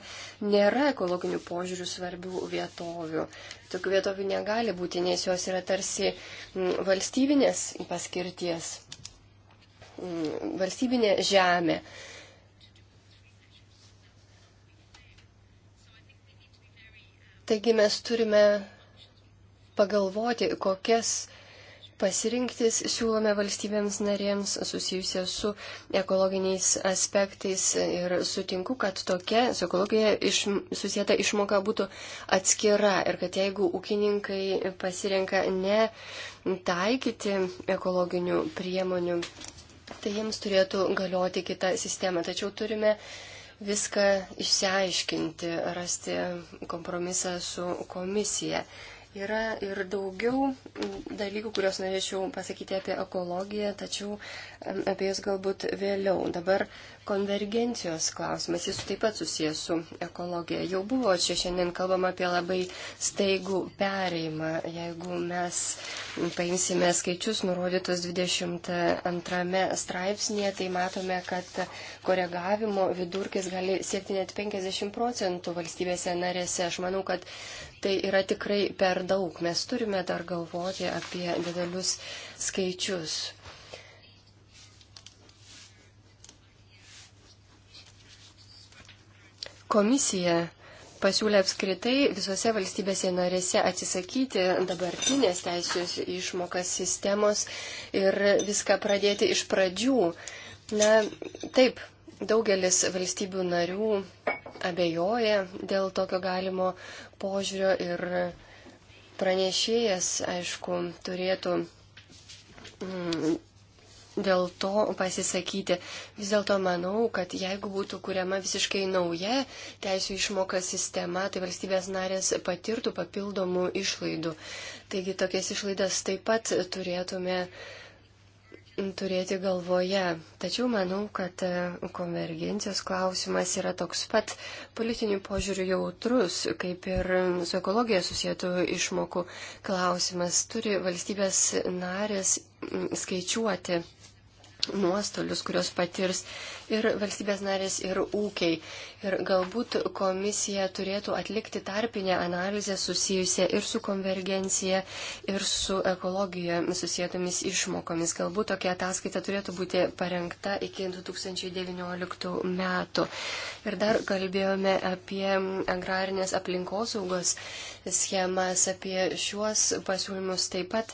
nėra ekologinių požiūrių svarbių vietovių. Tokių vietovių negali būti, nes jos yra tarsi valstybinės paskirties, valstybinė žemė. Taigi mes turime pagalvoti, kokias pasirinktis siūlome valstybėms narėms susijusias su ekologiniais aspektais ir sutinku, kad tokia su ekologija iš, susijęta išmoka būtų atskira ir kad jeigu ūkininkai pasirenka ne taikyti ekologinių priemonių, tai jiems turėtų galioti kita sistema. Tačiau turime viską išsiaiškinti, rasti kompromisą su komisija. Yra ir daugiau dalykų, kuriuos norėčiau pasakyti apie ekologiją, tačiau apie jas galbūt vėliau. Dabar konvergencijos klausimas, jis taip pat susijęs su ekologija. Jau buvo čia šiandien kalbama apie labai staigų pereimą. Jeigu mes paimsime skaičius nurodytus 22 straipsnėje, tai matome, kad koregavimo vidurkis gali siekti net 50 procentų valstybėse narėse. Aš manau, kad tai yra tikrai per daug. Mes turime dar galvoti apie didelius skaičius. Komisija pasiūlė apskritai visose valstybėse narėse atsisakyti dabartinės teisės išmokas sistemos ir viską pradėti iš pradžių. Na, taip, daugelis valstybių narių abejoja dėl tokio galimo požiūrio ir pranešėjas, aišku, turėtų mm, dėl to pasisakyti. Vis dėlto manau, kad jeigu būtų kuriama visiškai nauja teisų išmoka sistema, tai valstybės narės patirtų papildomų išlaidų. Taigi tokias išlaidas taip pat turėtume turėti galvoje. Tačiau manau, kad e, konvergencijos klausimas yra toks pat politinių požiūrių jautrus, kaip ir su ekologija susijęto išmokų klausimas. Turi valstybės narės skaičiuoti nuostolius, kurios patirs ir valstybės narės, ir ūkiai. Ir galbūt komisija turėtų atlikti tarpinę analizę susijusią ir su konvergencija, ir su ekologija susijėtomis išmokomis. Galbūt tokia ataskaita turėtų būti parengta iki 2019 metų. Ir dar kalbėjome apie agrarinės aplinkosaugos schemas, apie šiuos pasiūlymus taip pat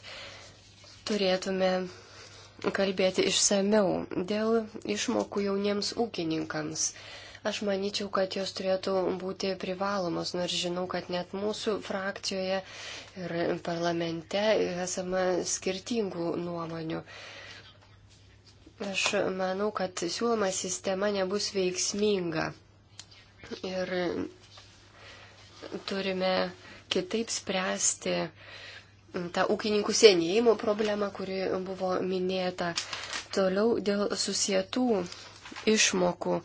turėtume kalbėti išsameu dėl išmokų jauniems ūkininkams. Aš manyčiau, kad jos turėtų būti privalomos, nors žinau, kad net mūsų frakcijoje ir parlamente esama skirtingų nuomonių. Aš manau, kad siūloma sistema nebus veiksminga ir turime kitaip spręsti uh, tą ūkininkų senėjimo problemą, kuri buvo minėta. Toliau dėl susietų išmokų.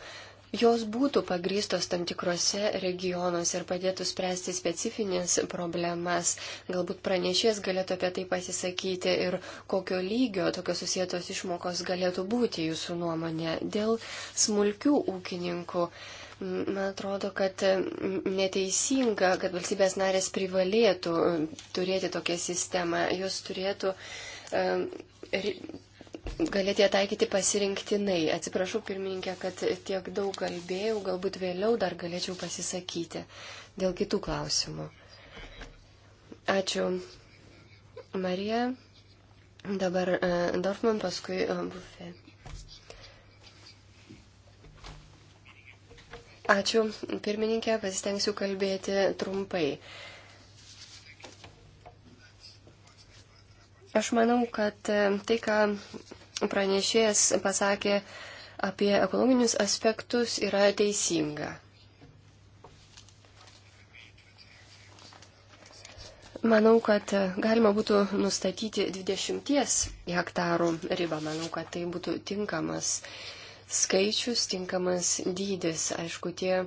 Jos būtų pagrystos tam tikrose regionuose ir padėtų spręsti specifinės problemas. Galbūt pranešės galėtų apie tai pasisakyti ir kokio lygio tokios susietos išmokos galėtų būti jūsų nuomonė dėl smulkių ūkininkų. Uh, Man atrodo, kad neteisinga, kad valstybės narės privalėtų turėti tokią sistemą. Jos turėtų galėtų ją taikyti pasirinktinai. Atsiprašau, pirmininkė, kad tiek daug kalbėjau, galbūt vėliau dar galėčiau pasisakyti dėl kitų klausimų. Ačiū, Marija. Dabar e, Dorfman, paskui e, Bufė. Ačiū, pirmininkė, pasistengsiu kalbėti trumpai. Aš manau, kad e, tai, ką pranešėjas pasakė apie ekologinius aspektus, yra teisinga. Manau, kad e, galima būtų nustatyti 20 hektarų ribą. Manau, kad tai būtų tinkamas skaičius, tinkamas dydis. Aišku, tie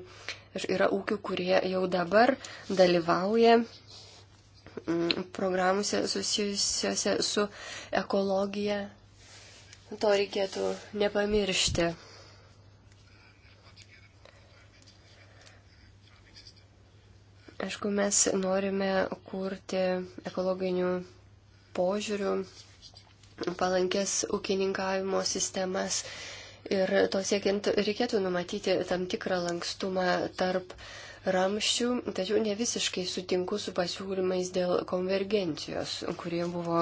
yra ūkių, kurie jau dabar dalyvauja mm, programuose susijusiuose su ekologija. To reikėtų nepamiršti. Aišku, mes norime kurti ekologinių požiūrių palankės ūkininkavimo sistemas, Ir to siekiant reikėtų numatyti tam tikrą lankstumą tarp ramščių, tačiau ne visiškai sutinku su pasiūlymais dėl konvergencijos, kurie buvo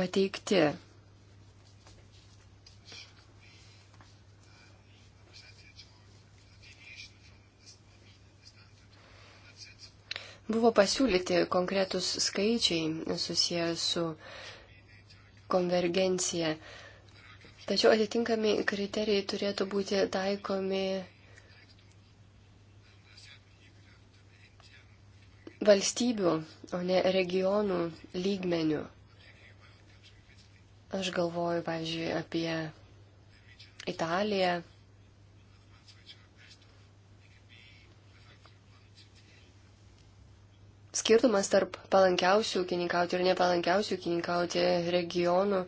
pateikti. Buvo pasiūlyti konkretus skaičiai susijęs su konvergencija. Tačiau atitinkami kriterijai turėtų būti taikomi valstybių, o ne regionų lygmenių. Aš galvoju, pavyzdžiui, apie Italiją. Skirtumas tarp palankiausių ūkininkauti ir nepalankiausių ūkininkauti regionų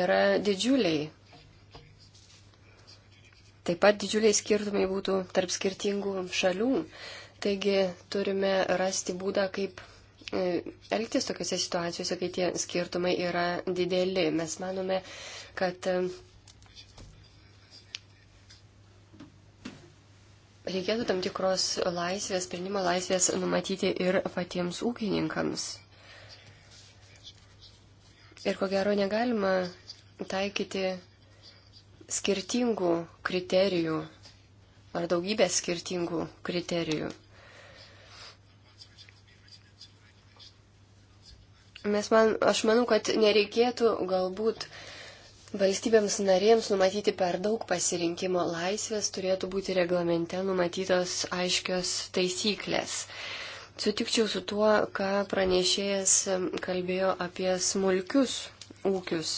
yra didžiuliai. Taip pat didžiuliai skirtumai būtų tarp skirtingų šalių. Taigi turime rasti būdą, kaip e, elgtis tokiuose situacijose, kai tie skirtumai yra dideli. Mes manome, kad e, reikėtų tam tikros laisvės, sprendimo laisvės numatyti ir patiems ūkininkams. Ir ko gero negalima taikyti skirtingų kriterijų ar daugybė skirtingų kriterijų. Mes man, aš manau, kad nereikėtų galbūt valstybėms narėms numatyti per daug pasirinkimo laisvės, turėtų būti reglamente numatytos aiškios taisyklės. Sutikčiau su tuo, ką pranešėjas kalbėjo apie smulkius ūkius.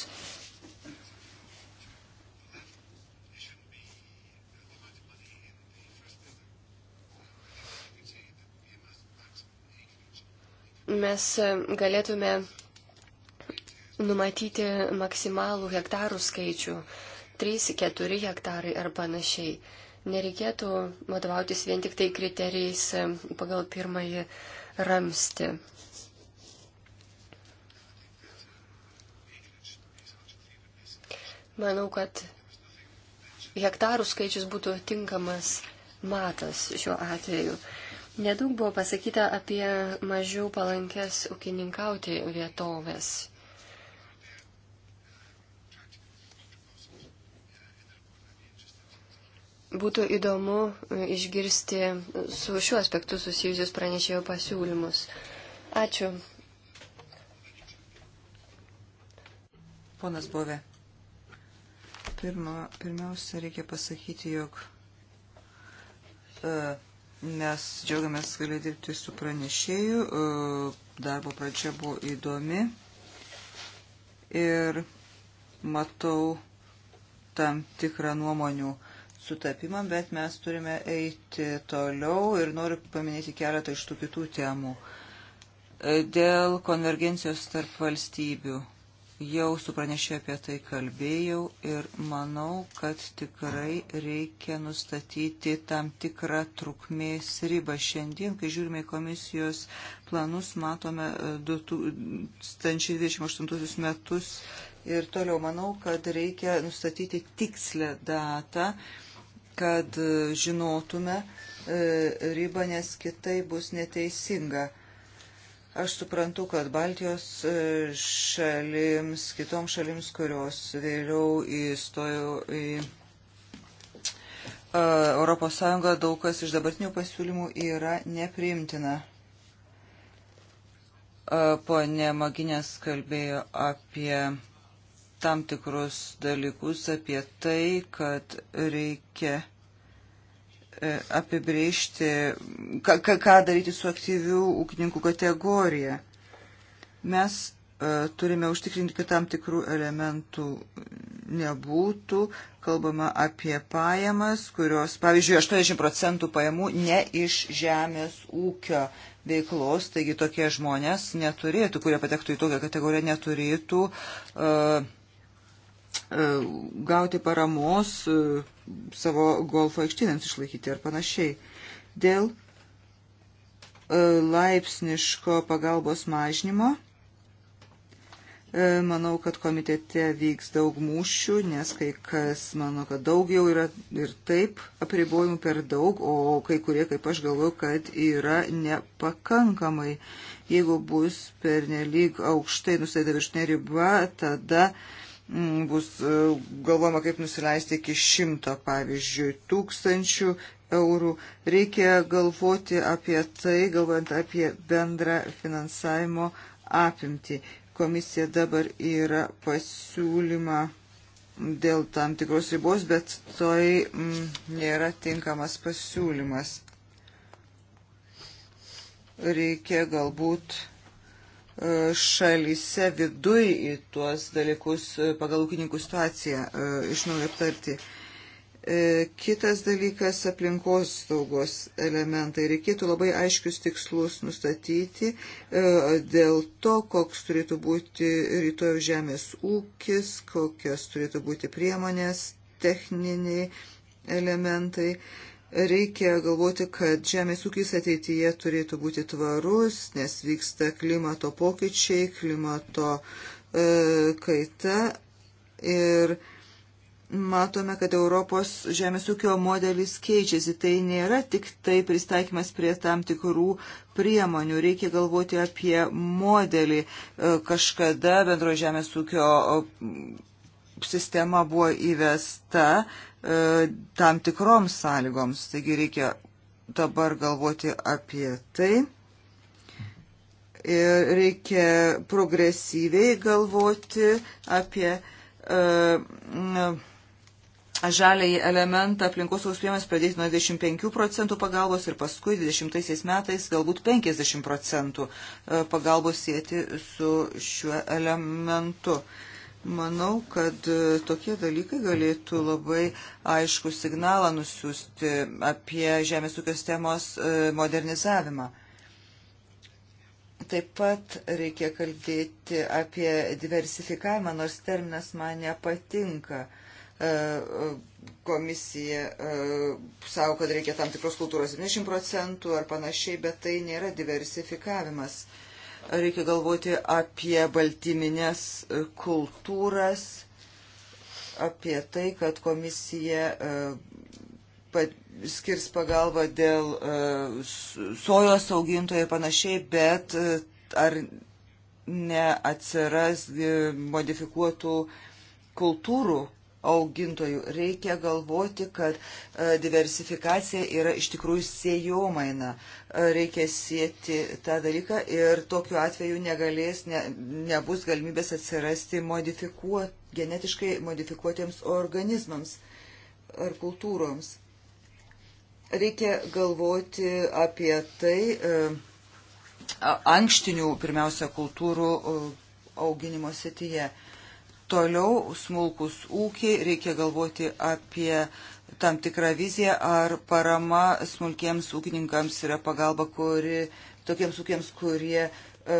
mes galėtume numatyti maksimalų hektarų skaičių - 3-4 hektarai ar panašiai. Nereikėtų vadovautis vien tik tai kriterijais e, pagal pirmąjį ramsti. Manau, kad hektarų skaičius būtų tinkamas matas šiuo atveju. Nedaug buvo pasakyta apie mažiau palankės ūkininkauti vietovės. Būtų įdomu e, išgirsti su šiuo aspektu susijusius pranešėjo pasiūlymus. Ačiū. Ponas Bove. Pirma, pirmiausia, reikia pasakyti, jog uh, Mes džiaugiamės galėję dirbti su pranešėju, e, darbo pradžia buvo įdomi ir matau tam tikrą nuomonių sutapimą, bet mes turime eiti toliau ir noriu paminėti keletą iš tų kitų temų. E, dėl konvergencijos tarp valstybių Jau su pranešė apie tai kalbėjau ir manau, kad tikrai reikia nustatyti tam tikrą trukmės ribą. Šiandien, kai žiūrime į komisijos planus, matome 2028 e, metus ir toliau. Manau, kad reikia nustatyti tikslę datą, kad e, žinotume e, ribą, nes kitai bus neteisinga Aš suprantu, kad Baltijos e, šalims, kitoms šalims, kurios vėliau įstojo į e, Europos Sąjungą, daug kas iš dabartinių pasiūlymų yra nepriimtina. E, Pone Maginės kalbėjo apie tam tikrus dalykus, apie tai, kad reikia E, apibrėžti, ką, ką daryti su aktyvių ūkininkų kategorija. Mes e, turime užtikrinti, kad tam tikrų elementų nebūtų. Kalbama apie pajamas, kurios, pavyzdžiui, 80 procentų pajamų ne iš žemės ūkio veiklos, taigi tokie žmonės neturėtų, kurie patektų į tokią kategoriją, neturėtų uh, E, gauti paramos e, savo golfo aikštynams išlaikyti ir panašiai. Dėl e, laipsniško pagalbos mažnymo Manau, kad komitete vyks daug mūšių, nes kai kas, manau, kad daug jau yra ir taip apribojimų per daug, o kai kurie, kaip aš galvoju, kad yra nepakankamai. Jeigu bus per nelyg aukštai nusaida viršinė riba, tada Mm, bus e, galvojama, kaip nusileisti iki šimto, pavyzdžiui, tūkstančių eurų. Reikia galvoti apie tai, galvojant apie bendrą finansavimo apimtį. Komisija dabar yra pasiūlyma dėl tam tikros ribos, bet tai m, mm, nėra tinkamas pasiūlymas. Reikia galbūt šalyse vidui į tuos dalykus e, pagal ūkininkų situaciją e, iš naujo aptarti. E, kitas dalykas - aplinkos saugos elementai. Reikėtų labai aiškius tikslus nustatyti dėl to, koks turėtų būti rytojų žemės ūkis, kokios turėtų būti priemonės, techniniai elementai. Reikia galvoti, kad žemės ūkis ateityje turėtų būti tvarus, nes vyksta klimato pokyčiai, klimato e, kaita ir matome, kad Europos žemės ūkio modelis keičiasi. Tai nėra tik tai pristaikymas prie tam tikrų priemonių, reikia galvoti apie modelį. E, kažkada bendro žemės ūkio sistema buvo įvesta E, tam tikroms sąlygoms. Taigi reikia dabar galvoti apie tai. Ir reikia progresyviai galvoti apie uh, žaliai elementą aplinkosaus priemonės pradėti nuo 25 procentų pagalbos ir paskui 20 metais galbūt 50 procentų e, pagalbos sėti su šiuo elementu. Uh, Manau, kad e, tokie dalykai galėtų labai aišku signalą nusiųsti apie žemės ūkio sistemos e, modernizavimą. Taip pat reikia kalbėti apie diversifikavimą, nors terminas man nepatinka. E, komisija savo, kad reikia tam tikros kultūros 70 procentų ar panašiai, bet tai nėra diversifikavimas. Uh, Reikia galvoti apie baltyminės kultūras, apie tai, kad komisija e, skirs pagalbą dėl e, sojos augintojų ir panašiai, bet e, ar neatsiras modifikuotų kultūrų augintojų. Reikia galvoti, kad e, diversifikacija yra iš tikrųjų sėjomaina. E, reikia sėti tą dalyką ir tokiu atveju negalės, ne, nebus galimybės atsirasti modifikuot, genetiškai modifikuotiems organizmams ar kultūroms. Reikia galvoti apie tai e, ankštinių, pirmiausia, kultūrų auginimo sityje. Toliau smulkus ūkiai, reikia galvoti apie tam tikrą viziją, ar parama smulkiems ūkininkams yra pagalba, kuri tokiems ūkiams, kurie e,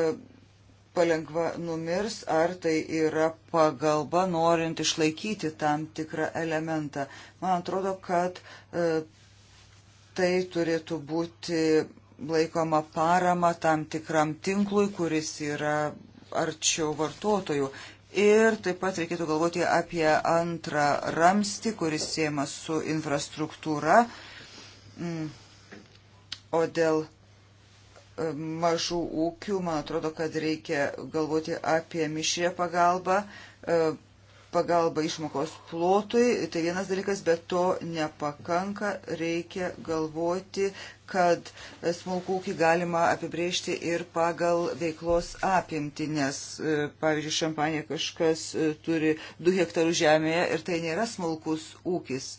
palengva numirs, ar tai yra pagalba norint išlaikyti tam tikrą elementą. Man atrodo, kad e, tai turėtų būti laikoma parama tam tikram tinklui, kuris yra arčiau vartotojų. Ir taip pat reikėtų galvoti apie antrą ramstį, kuris siejamas su infrastruktūra. Mm. O dėl e, mažų ūkių, man atrodo, kad reikia galvoti apie mišrę pagalbą, e, pagalba išmokos plotui, tai vienas dalykas, bet to nepakanka, reikia galvoti, kad smulkų ūkį galima apibrėžti ir pagal veiklos apimti, nes, e, pavyzdžiui, šampanė kažkas e, turi 2 hektarų žemėje ir tai nėra smulkus ūkis.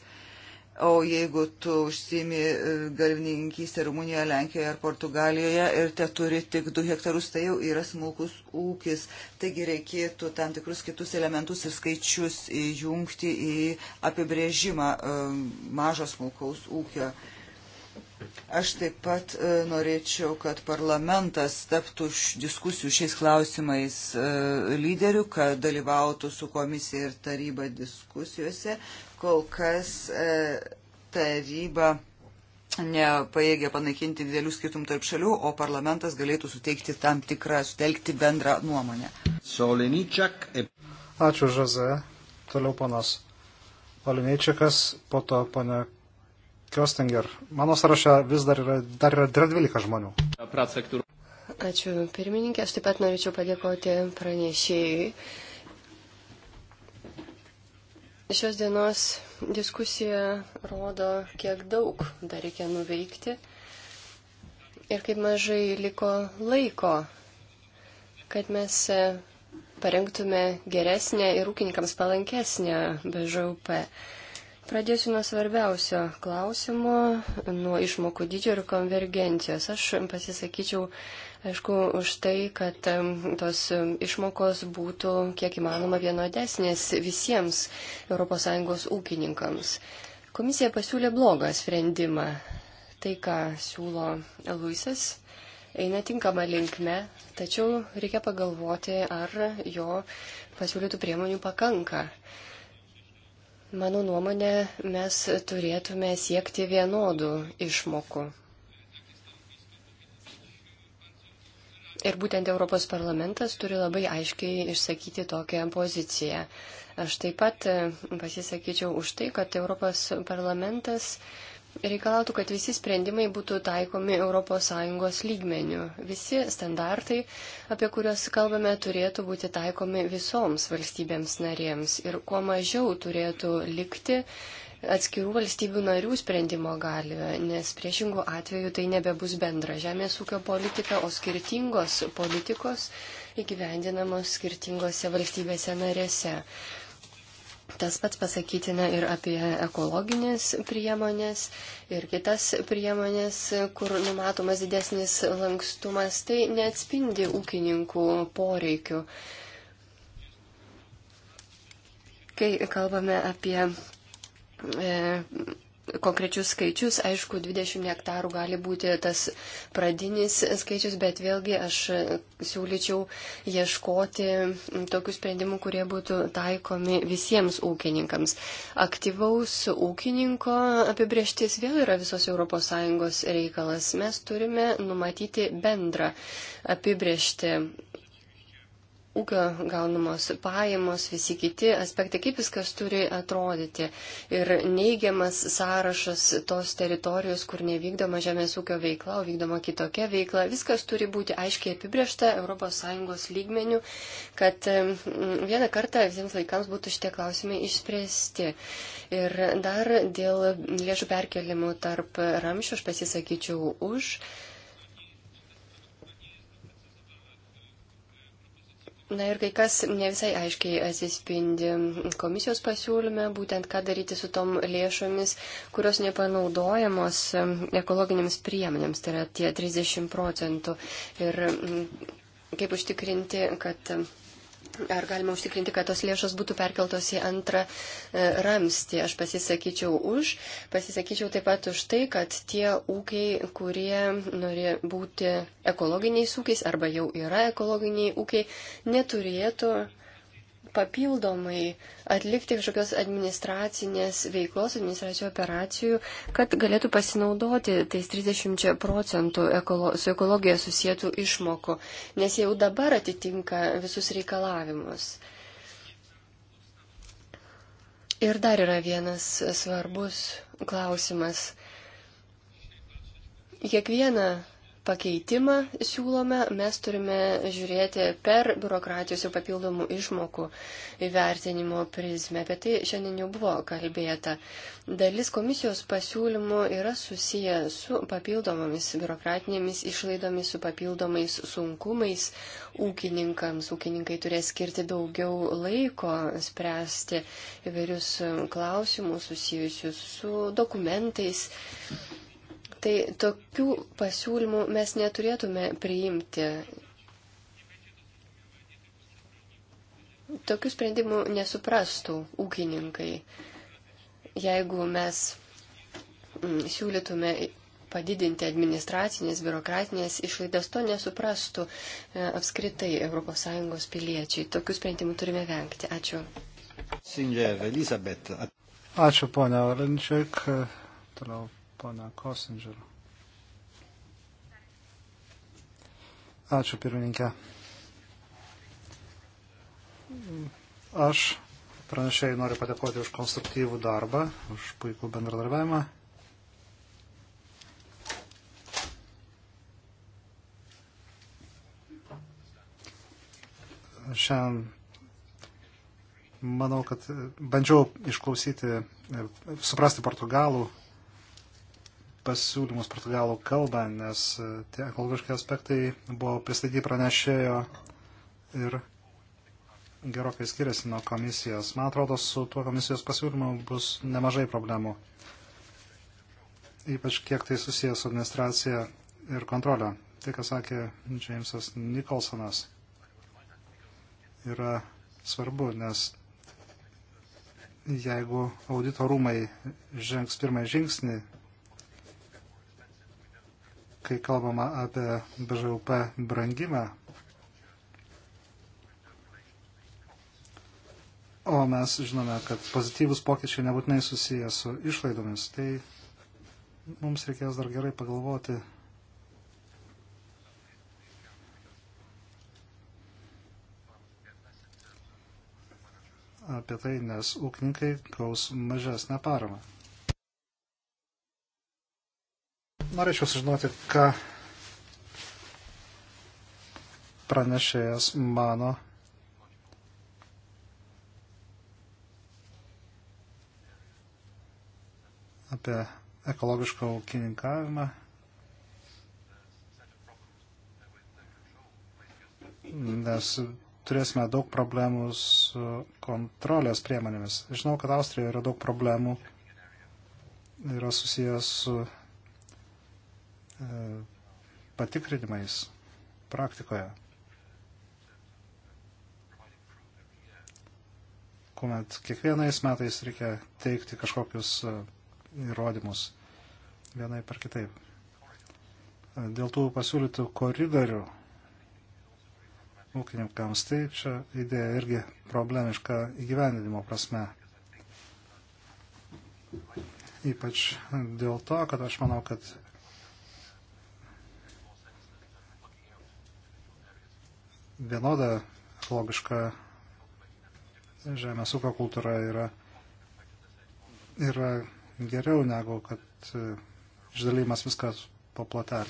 O jeigu tu užsimi e, galvininkystę Rumunijoje, Lenkijoje ar Portugalijoje ir te turi tik 2 hektarus, tai jau yra smulkus ūkis. Taigi reikėtų tam tikrus kitus elementus ir skaičius įjungti į apibrėžimą e, mažo smulkaus ūkio. Uh, Aš taip pat e, norėčiau, kad parlamentas taptų diskusijų šiais klausimais e, lyderių, kad dalyvautų su komisija ir taryba diskusijose. Kol kas e, taryba nepaėgė panaikinti didelių skirtumų tarp šalių, o parlamentas galėtų suteikti tam tikrą, sutelkti bendrą nuomonę. Ačiū, Žaze. Toliau panas Oliničiakas, po to pana Kostinger. Mano sąraše vis dar yra, dar yra, dar yra 12 žmonių. Ačiū pirmininkė, aš taip pat norėčiau padėkoti pranešėjai. Šios dienos diskusija rodo, kiek daug dar reikia nuveikti ir kaip mažai liko laiko, kad mes parengtume geresnę ir ūkininkams palankesnę BŽUP. Pradėsiu nuo svarbiausio klausimo, nuo išmokų dydžio ir konvergencijos. Aš pasisakyčiau, aišku, už tai, kad tos išmokos būtų kiek įmanoma vienodesnės visiems ES ūkininkams. Komisija pasiūlė blogą sprendimą. Tai, ką siūlo Luisas, eina tinkama linkme, tačiau reikia pagalvoti, ar jo pasiūlytų priemonių pakanka. Mano nuomonė, mes turėtume siekti vienodų išmokų. Ir būtent Europos parlamentas turi labai aiškiai išsakyti tokią poziciją. Aš taip pat e, pasisakyčiau už tai, kad Europos parlamentas reikalautų, kad visi sprendimai būtų taikomi ES lygmenių. Visi standartai, apie kuriuos kalbame, turėtų būti taikomi visoms valstybėms narėms ir kuo mažiau turėtų likti atskirų valstybių narių sprendimo galioje, nes priešingų atveju tai nebebus bendra žemės ūkio politika, o skirtingos politikos įgyvendinamos skirtingose valstybėse narėse. Tas pats pasakytina ir apie ekologinės priemonės ir kitas priemonės, kur numatomas didesnis lankstumas, tai neatspindi ūkininkų poreikių. Kai kalbame apie e, konkrečius skaičius. Aišku, 20 hektarų gali būti tas pradinis skaičius, bet vėlgi aš siūlyčiau ieškoti tokių sprendimų, kurie būtų taikomi visiems ūkininkams. Aktyvaus ūkininko apibrieštis vėl yra visos ES reikalas. Mes turime numatyti bendrą apibriešti ūkio gaunamos pajamos, visi kiti aspektai, kaip viskas turi atrodyti. Ir neigiamas sąrašas tos teritorijos, kur nevykdoma žemės ūkio veikla, o vykdoma kitokia veikla, viskas turi būti aiškiai apibriešta ES lygmenių, kad vieną kartą visiems laikams būtų šitie klausimai išspręsti. Ir dar dėl lėšų perkelimų tarp ramščių aš pasisakyčiau už. Na ir kai kas ne visai aiškiai atsispindi komisijos pasiūlyme, būtent ką daryti su tom lėšomis, kurios nepanaudojamos ekologinėms priemonėms, tai yra tie 30 procentų. Ir kaip užtikrinti, kad ar galima užtikrinti, kad tos lėšos būtų perkeltos į antrą e, ramstį. Aš pasisakyčiau už, pasisakyčiau taip pat už tai, kad tie ūkiai, kurie nori būti ekologiniais ūkiais arba jau yra ekologiniai ūkiai, neturėtų papildomai atlikti kažkokios administracinės veiklos, administracijų operacijų, kad galėtų pasinaudoti tais 30 procentų ekolo, su ekologija susijętų išmokų, nes jau dabar atitinka visus reikalavimus. Ir dar yra vienas svarbus klausimas. Kiekviena pakeitimą siūlome, mes turime žiūrėti per biurokratijos ir papildomų išmokų įvertinimo prizmę. Apie tai šiandien jau buvo kalbėta. Dalis komisijos pasiūlymų yra susiję su papildomomis biurokratinėmis išlaidomis, su papildomais sunkumais ūkininkams. Ūkininkai turės skirti daugiau laiko spręsti įvairius klausimus susijusius su dokumentais Tai tokių pasiūlymų mes neturėtume priimti. Tokių sprendimų nesuprastų ūkininkai, jeigu mes mm, siūlytume padidinti administracinės, biurokratinės išlaidas, to nesuprastų e, apskritai ES piliečiai. Tokių sprendimų turime vengti. Ačiū. Singer, Elizabeth. Ačiū, ponia Orančiak. Toliau pana Kosingerą. Ačiū pirmininkė. Aš pranešėjai noriu padėkoti už konstruktyvų darbą, už puikų bendradarbiavimą. Šiandien manau, kad bandžiau išklausyti, suprasti portugalų pasiūlymus portugalų kalbą, nes e, tie ekologiški aspektai buvo pristatyti pranešėjo ir gerokai skiriasi nuo komisijos. Man atrodo, su tuo komisijos pasiūlymu bus nemažai problemų. Ypač kiek tai susijęs su administracija ir kontrolė. Tai, ką sakė Džeimsas Nikolsonas, yra svarbu, nes jeigu audito rūmai žengs pirmąjį žingsnį kai kalbama apie BŽUP brangimą, o mes žinome, kad pozityvus pokyčiai nebūtinai susiję su išlaidomis, tai mums reikės dar gerai pagalvoti. apie tai, nes ūkininkai gaus mažesnę paramą. Norėčiau sužinoti, ką pranešėjas mano. apie ekologišką ūkininkavimą. Nes turėsime daug problemų su kontrolės priemonėmis. Žinau, kad Austrijoje yra daug problemų, yra susijęs su E, patikrinimais praktikoje, kuomet kiekvienais metais reikia teikti kažkokius e, įrodymus vienai per kitaip. E, dėl tų pasiūlytų koridorių ūkininkams tai čia idėja irgi problemiška įgyvendinimo prasme. Ypač dėl to, kad aš manau, kad vienoda ekologiška žemės ūkio kultūra yra, yra geriau negu kad e, išdalymas viskas po plotelį.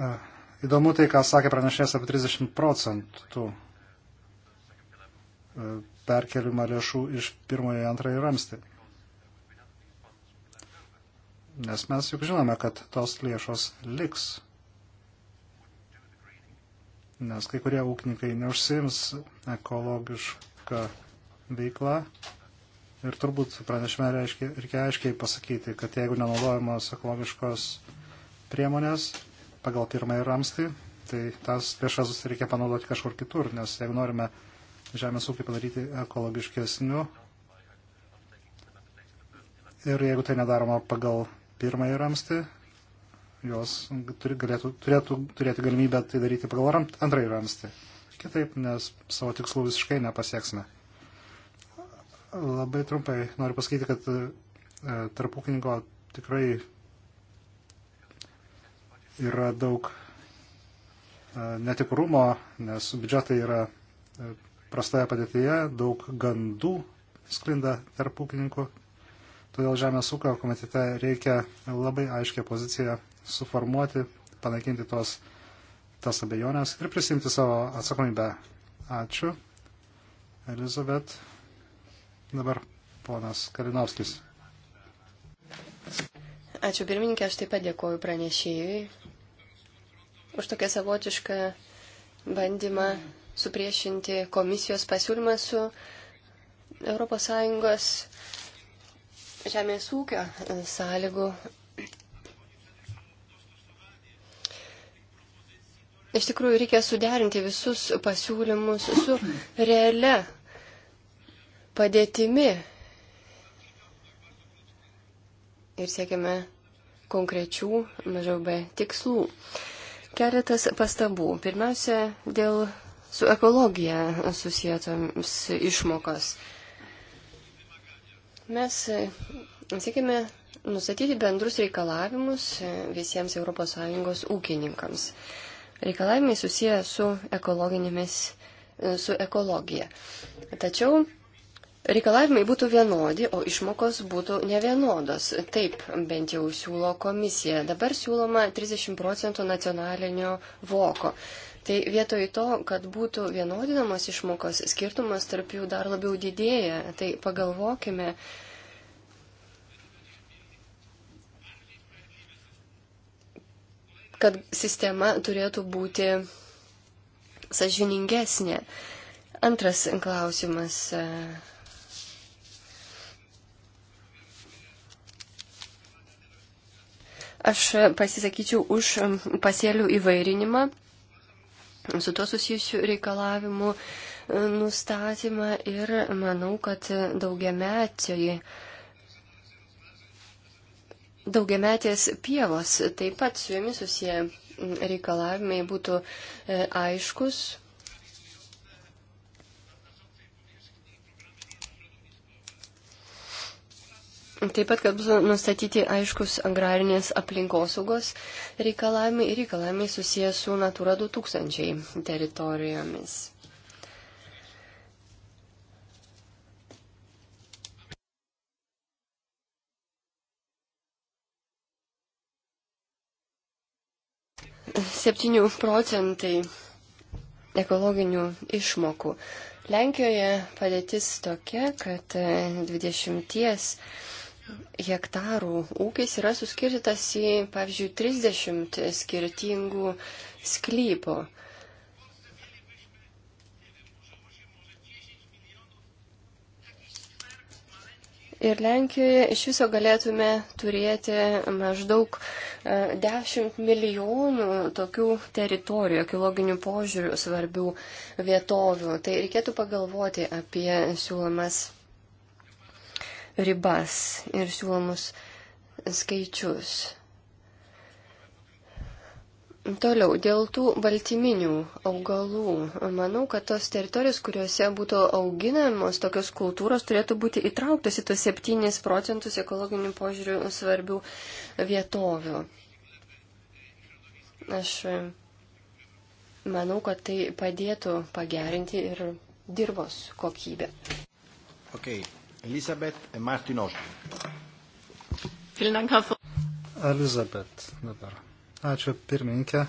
E, įdomu tai, ką sakė pranešėjas apie 30 procentų e, perkelimą lėšų iš pirmojo į antrąjį ramstį nes mes juk žinome, kad tos lėšos liks, nes kai kurie ūkininkai neužsims ekologišką veiklą ir turbūt pranešime reiškia, reikia aiškiai pasakyti, kad jeigu nenaudojamos ekologiškos priemonės pagal pirmąjį ramstį, tai tas lėšas reikia panaudoti kažkur kitur, nes jeigu norime žemės ūkį padaryti ekologiškesniu, ir jeigu tai nedaroma pagal pirmąjį ramstį, jos turi, galėtų, turėtų turėti galimybę tai daryti pagal ram, antrąjį ramstį. Kitaip, nes savo tikslų visiškai nepasieksime. Labai trumpai noriu pasakyti, kad e, tarp ūkininko tikrai yra daug e, netikrumo, nes biudžetai yra e, prastoje padėtyje, daug gandų sklinda tarp ūkininkų, Todėl Žemės ūkio komitete reikia labai aiškę poziciją suformuoti, panaikinti tos, tas abejonės ir prisimti savo atsakomybę. Ačiū. Elizabet. Dabar ponas Kalinovskis. Ačiū pirmininkė, aš taip pat dėkoju pranešėjui už tokią savotišką bandymą supriešinti komisijos pasiūlymą su ES žemės ūkio e, sąlygų. Iš tikrųjų, reikia suderinti visus pasiūlymus su realia padėtimi. Ir siekiame konkrečių, mažiau be tikslų. Keletas pastabų. Pirmiausia, dėl su ekologija susijėtoms išmokas. Mes e, siekime nustatyti bendrus reikalavimus e, visiems ES ūkininkams. Reikalavimai susiję su ekologinėmis, e, su ekologija. Tačiau reikalavimai būtų vienodi, o išmokos būtų nevienodos. Taip bent jau siūlo komisija. Dabar siūloma 30 procentų nacionalinio voko. Tai vietoj to, kad būtų vienodinamos išmokos, skirtumas tarp jų dar labiau didėja. Tai pagalvokime. kad sistema turėtų būti sažiningesnė. Antras klausimas. Aš pasisakyčiau už pasėlių įvairinimą su tuo susijusių reikalavimų e, nustatymą ir manau, kad daugiametėji. Daugiametės pievos taip pat su jomis susiję reikalavimai būtų e, aiškus, Taip pat, kad bus nustatyti aiškus agrarinės aplinkosaugos reikalavimai ir reikalavimai susijęs su Natura 2000 teritorijomis. Septynių procentai ekologinių išmokų. Lenkijoje padėtis tokia, kad 20 hektarų ūkis yra suskirtas į, pavyzdžiui, 30 skirtingų sklypų. Ir Lenkijoje iš viso galėtume turėti maždaug 10 e, milijonų tokių teritorijų, ekologinių požiūrių svarbių vietovių. Tai reikėtų pagalvoti apie siūlomas ribas ir siūlomus skaičius. Toliau, dėl tų baltyminių augalų. Manau, kad tos teritorijos, kuriuose būtų auginamos tokios kultūros, turėtų būti įtrauktos į tos 7 procentus ekologinių požiūrių svarbių vietovių. Aš e, manau, kad tai padėtų pagerinti ir dirbos kokybę. Okay. Elisabeth e Martin Osborne. Elizabeth dabar. Ačiū pirmininkė,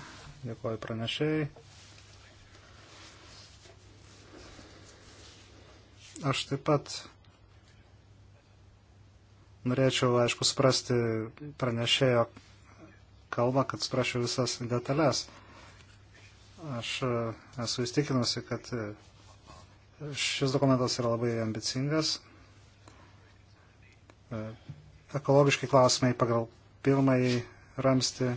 dėkoju pranešėjai. Aš taip pat norėčiau, aišku, suprasti pranešėjo kalbą, kad suprasčiau visas detalės. Aš e, esu įstikinusi, kad šis dokumentas yra labai ambicingas, E, ekologiškai klausimai pagal pirmąjį ramstį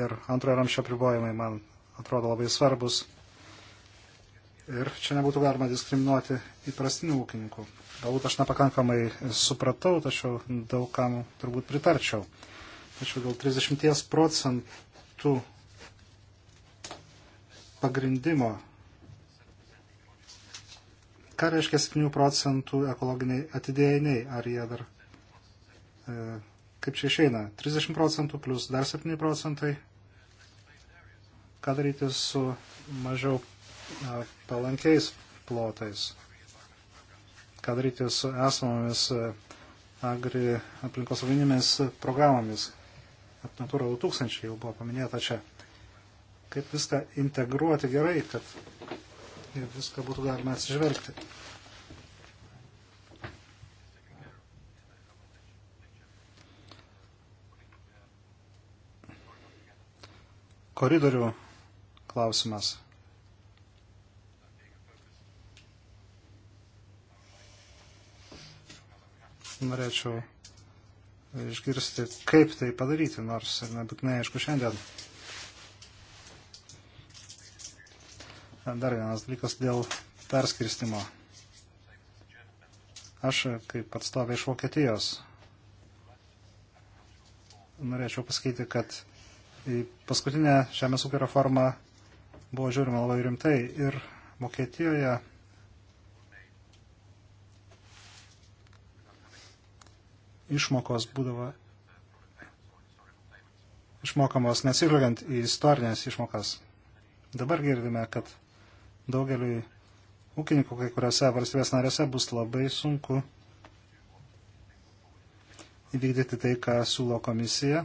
ir antrojo ramščio pribojimai man atrodo labai svarbus. Ir čia nebūtų galima diskriminuoti įprastinių ūkininkų. Galbūt aš nepakankamai supratau, tačiau daugam turbūt pritarčiau. Tačiau dėl 30 procentų pagrindimo. Ką reiškia 7 procentų ekologiniai atidėjiniai? Ar jie dar E, kaip čia išeina? 30 procentų plus dar 7 procentai. Ką daryti su mažiau e, palankiais plotais? Ką daryti su esamomis e, agri aplinkosauginėmis programomis? Natūra 2000 jau buvo paminėta čia. Kaip viską integruoti gerai, kad viską būtų galima atsižvelgti. koridorių klausimas. Norėčiau išgirsti, kaip tai padaryti, nors ir nebūtinai aišku šiandien. Dar vienas dalykas dėl perskirstimo. Aš kaip atstovė iš Vokietijos norėčiau pasakyti, kad į paskutinę žemės ūkio reformą buvo žiūrima labai rimtai ir Vokietijoje išmokos būdavo išmokamos nesižvelgiant į istorinės išmokas. Dabar girdime, kad daugeliui ūkininkų kai kuriuose valstybės narėse bus labai sunku įvykdyti tai, ką siūlo komisija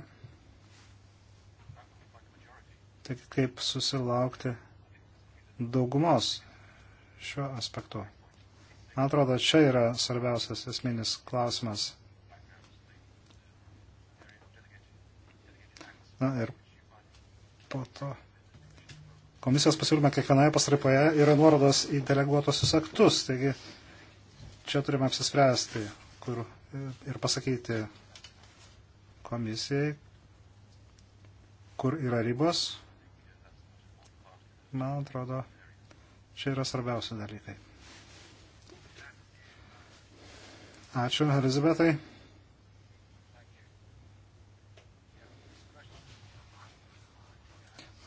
tik kaip susilaukti daugumos šiuo aspektu. Man atrodo, čia yra svarbiausias esminis klausimas. Na ir po to. Komisijos pasiūlyme kiekvienoje pasraipoje yra nuorodos į deleguotosius aktus, taigi čia turime apsispręsti kur, ir pasakyti komisijai, kur yra ribos man atrodo, čia yra svarbiausi dalykai. Ačiū, Elizabetai.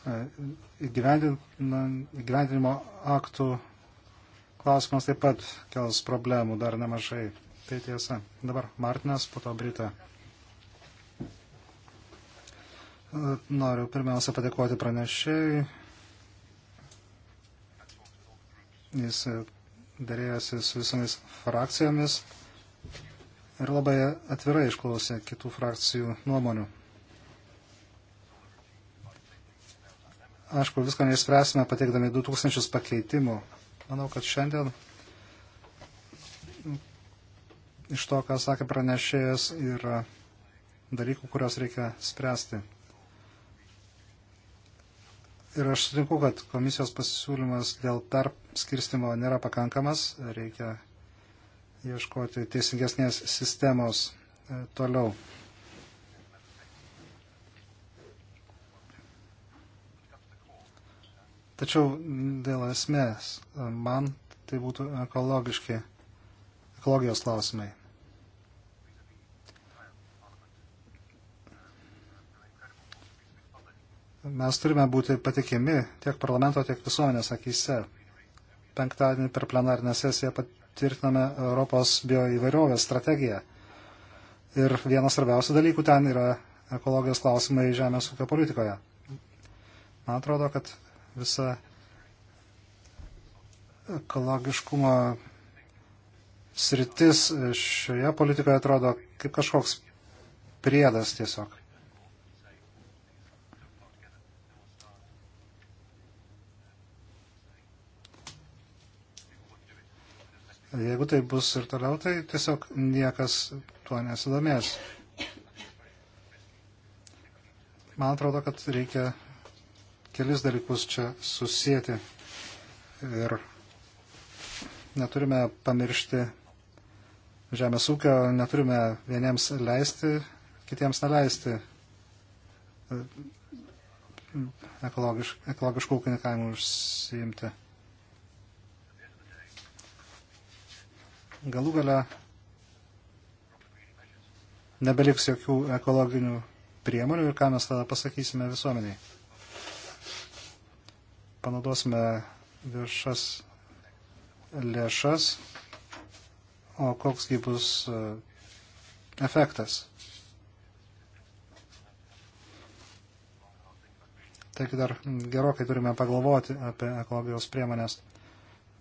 E, įgyvendinimo aktų klausimas taip pat kels problemų dar nemažai. Tai tiesa. Dabar Martinas, po to Brita. E, noriu pirmiausia padėkoti pranešėjai Jis dėrėjosi su visomis frakcijomis ir labai atvirai išklausė kitų frakcijų nuomonių. Aišku, visko neišspręsime pateikdami 2000 pakeitimų. Manau, kad šiandien iš to, ką sakė pranešėjas, yra dalykų, kurios reikia spręsti. Ir aš sutinku, kad komisijos pasiūlymas dėl perskirstimo nėra pakankamas, reikia ieškoti teisingesnės sistemos e, toliau. Tačiau dėl esmės, e, man tai būtų ekologiški, ekologijos klausimai. mes turime būti patikimi tiek parlamento, tiek visuomenės akise. Penktadienį per plenarinę sesiją patvirtiname Europos bioįvairovės strategiją. Ir vienas svarbiausių dalykų ten yra ekologijos klausimai žemės ūkio politikoje. Man atrodo, kad visa ekologiškumo sritis šioje politikoje atrodo kaip kažkoks priedas tiesiog. Jeigu tai bus ir toliau, tai tiesiog niekas tuo nesidomės. Man atrodo, kad reikia kelis dalykus čia susijęti ir neturime pamiršti žemės ūkio, neturime vieniems leisti, kitiems neleisti ekologiškų ūkininkavimų užsiimti. galų gale nebeliks jokių ekologinių priemonių ir ką mes tada pasakysime visuomeniai. Panaudosime viešas lėšas, o koksgi bus e, efektas. Taigi dar gerokai turime pagalvoti apie ekologijos priemonės.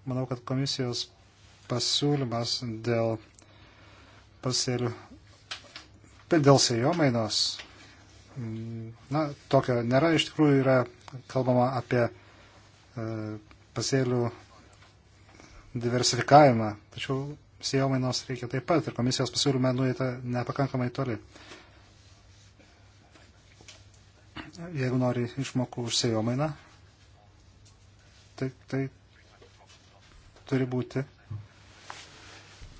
Manau, kad komisijos pasiūlymas dėl pasėlių, dėl sėjomainos. Na, tokio nėra, iš tikrųjų yra kalbama apie e, pasėlių diversifikavimą, tačiau sėjomainos reikia taip pat ir komisijos pasiūlyme nuėta nepakankamai toli. Jeigu nori išmokų už sėjomainą, tai, tai turi būti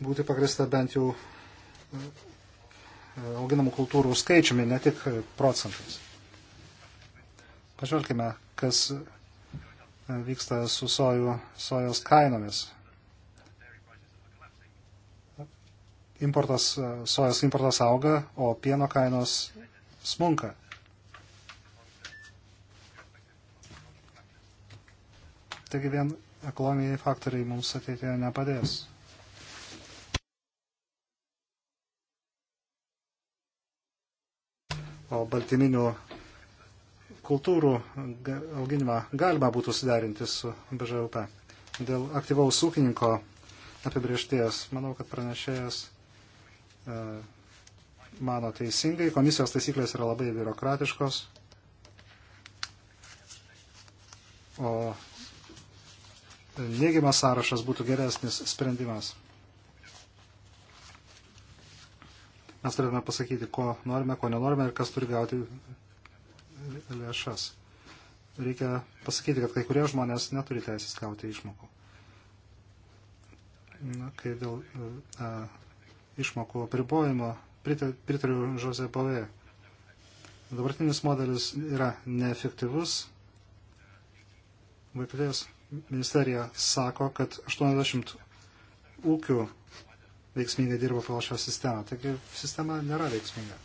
būti pagrista bent jau e, auginamų kultūrų skaičiumi, ne tik procentais. Pažvelkime, kas e, vyksta su sojų, sojos kainomis. Importas, e, sojos importas auga, o pieno kainos smunka. Taigi vien ekonominiai faktoriai mums ateityje nepadės. o baltyminių kultūrų auginimą galima būtų suderinti su BŽUP. Dėl aktyvaus ūkininko apibriešties, manau, kad pranešėjas e, mano teisingai, komisijos taisyklės yra labai biurokratiškos, o neigiamas sąrašas būtų geresnis sprendimas. Mes turime pasakyti, ko norime, ko nenorime ir kas turi gauti lėšas. Reikia pasakyti, kad kai kurie žmonės neturi teisės gauti išmokų. Na, kai dėl a, e, e, išmokų apribojimo pritariu Žozė Bovė. Dabartinis modelis yra neefektyvus. Vaikutės ministerija sako, kad 80 ūkių veiksmingai dirbo pagal šią sistemą. Taigi sistema nėra veiksminga.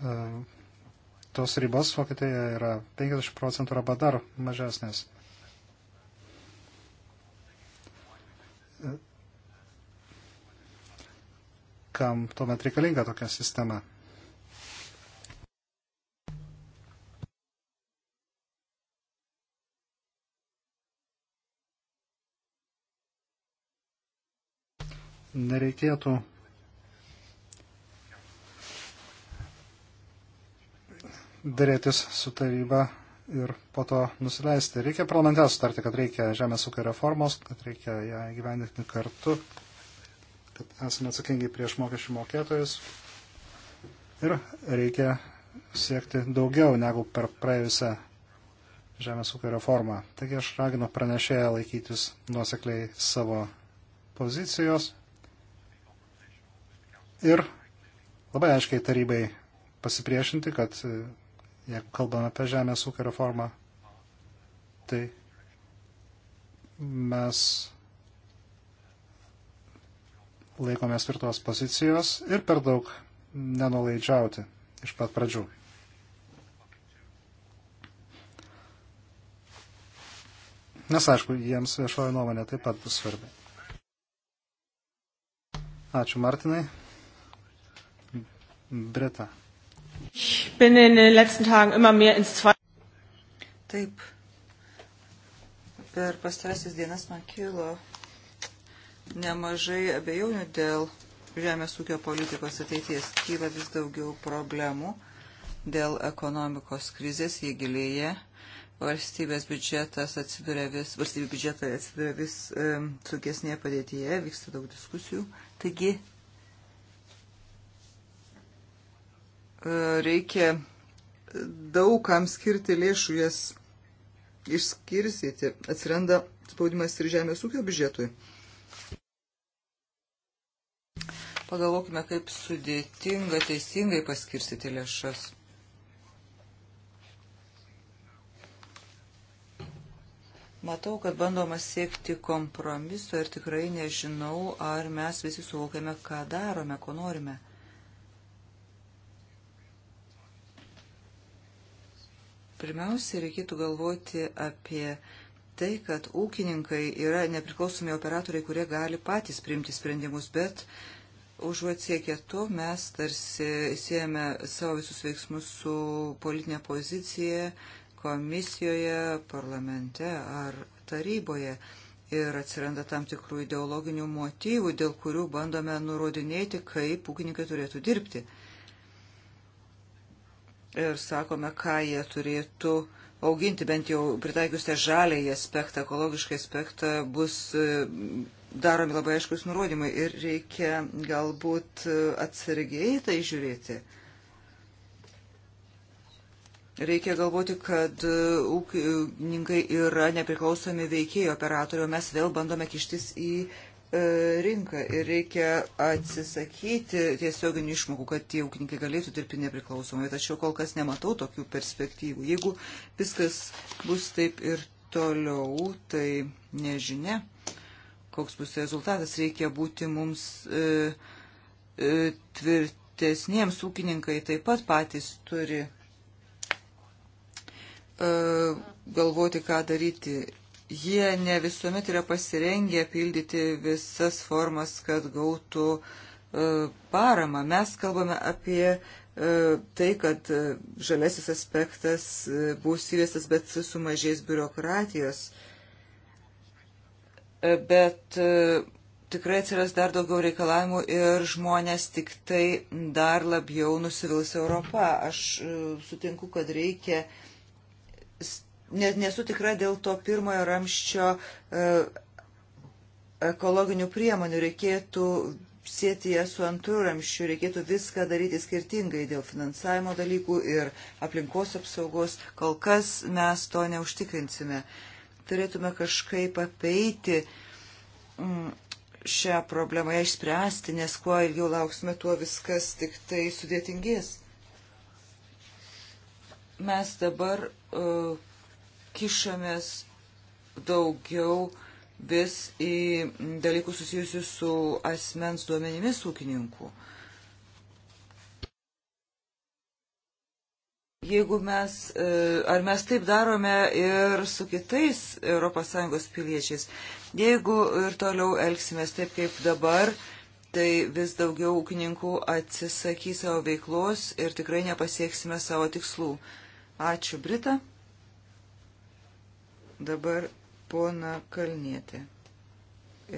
E, tos ribos Vokietijoje yra 50 procentų arba dar mažesnės. E, kam tuomet reikalinga tokia sistema? nereikėtų dėrėtis su taryba ir po to nusileisti. Reikia parlamente sutarti, kad reikia žemės ūkio reformos, kad reikia ją gyvendinti kartu, kad esame atsakingi prieš mokesčių mokėtojus ir reikia siekti daugiau negu per praėjusią žemės ūkio reformą. Taigi aš raginu pranešėją laikytis nuosekliai savo pozicijos ir labai aiškiai tarybai pasipriešinti, kad e, jeigu kalbame apie žemės ūkio reformą, tai mes laikomės tvirtos pozicijos ir per daug nenulaidžiauti iš pat pradžių. Nes aišku, jiems viešoji nuomonė taip pat bus svarbi. Ačiū Martinai. Breta. Taip. Per pastarasis dienas man kilo nemažai abejonių dėl žemės ūkio politikos ateities. Kyla vis daugiau problemų dėl ekonomikos krizės, jie gilėja valstybės biudžetas atsiduria vis, valstybių biudžetai atsiduria vis um, e, sunkesnėje padėtyje, vyksta daug diskusijų. Taigi E, reikia daugam skirti lėšų, jas išskirsyti. Atsiranda spaudimas ir žemės ūkio biudžetui. Pagalvokime, kaip sudėtinga teisingai paskirstyti lėšas. Matau, kad bandoma siekti kompromiso ir tikrai nežinau, ar mes visi suvokiame, ką darome, ko norime. Pirmiausia, reikėtų galvoti apie tai, kad ūkininkai yra nepriklausomi operatoriai, kurie gali patys priimti sprendimus, bet užuot siekę to, mes tarsi siejame savo visus veiksmus su politinė pozicija komisijoje, parlamente ar taryboje. Ir atsiranda tam tikrų ideologinių motyvų, dėl kurių bandome nurodinėti, kaip ūkininkai turėtų dirbti ir sakome, ką jie turėtų auginti, bent jau pritaikius tą žalėjį aspektą, ekologišką aspektą, bus e, daromi labai aiškus nurodymai ir reikia galbūt e, atsargiai tai žiūrėti. Reikia galvoti, kad e, ūkininkai yra nepriklausomi veikėjai operatoriai, o mes vėl bandome kištis į uh, E, rinką ir reikia atsisakyti tiesioginių išmokų, kad tie ūkininkai galėtų dirbti nepriklausomai. Tačiau kol kas nematau tokių perspektyvų. Jeigu viskas bus taip ir toliau, tai nežinia, koks bus rezultatas. Reikia būti mums e, e, tvirtesniems. Ūkininkai taip pat patys turi e, galvoti, ką daryti jie ne visuomet yra pasirengę pildyti visas formas, kad gautų e, paramą. Mes kalbame apie e, tai, kad e, žalesis aspektas bus įvestas, bet sumažės biurokratijos. Bet tikrai atsiras dar daugiau reikalavimų ir žmonės tik tai dar labiau nusivils Europą. Aš sutinku, kad reikia uh, nesu tikra dėl to pirmojo ramščio e, ekologinių priemonių. Reikėtų sėti jas su antru ramščiu, reikėtų viską daryti skirtingai dėl finansavimo dalykų ir aplinkos apsaugos. Kol kas mes to neužtikrinsime. Turėtume kažkaip apeiti mm, šią problemą, ją išspręsti, nes kuo ilgiau lauksime, tuo viskas tik tai sudėtingės. Mes dabar uh, kišamės daugiau vis į dalykus susijusius su asmens duomenimis ūkininkų. Jeigu mes, e, ar mes taip darome ir su kitais ES piliečiais, jeigu ir toliau elgsimės taip kaip dabar, tai vis daugiau ūkininkų atsisakys savo veiklos ir tikrai nepasieksime savo tikslų. Ačiū, Brita. Dabar pona Kalnietė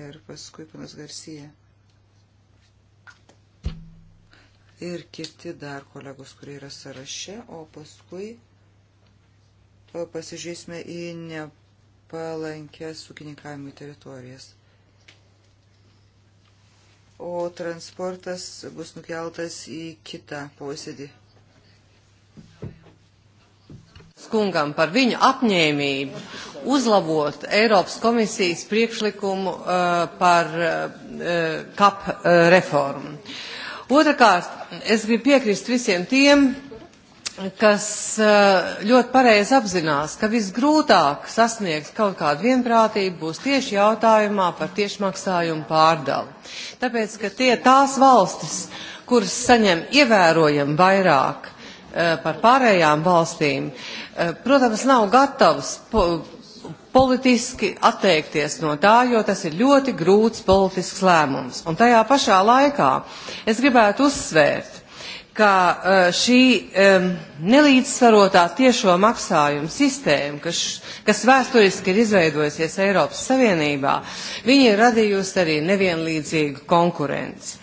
ir paskui panas Garcija. Ir kiti dar kolegos, kurie yra sąraše, o paskui pasižiūrėsime į nepalankęs ūkininkavimui teritorijas. O transportas bus nukeltas į kitą posėdį. Skungam par viņu apņēmību uzlabot Eiropas komisijas priekšlikumu uh, par uh, uh kap uh, reformu. Otrakārt, es gribu piekrist visiem tiem, kas uh, ļoti pareizi apzinās, ka visgrūtāk sasniegt kaut kādu vienprātību būs tieši jautājumā par tiešmaksājumu pārdali. Tāpēc, ka tie tās valstis, kuras saņem ievērojami vairāk uh, par pārējām valstīm, uh, Eh, protams, nav gatavs po, politiski atteikties no tā, jo tas ir ļoti grūts politisks lēmums. Un tajā pašā laikā es gribētu uzsvērt, ka eh, šī um, nelīdzsvarotā tiešo maksājumu sistēma, kas, kas vēsturiski ir izveidojusies Eiropas Savienībā, viņi ir radījusi arī nevienlīdzīgu konkurenci.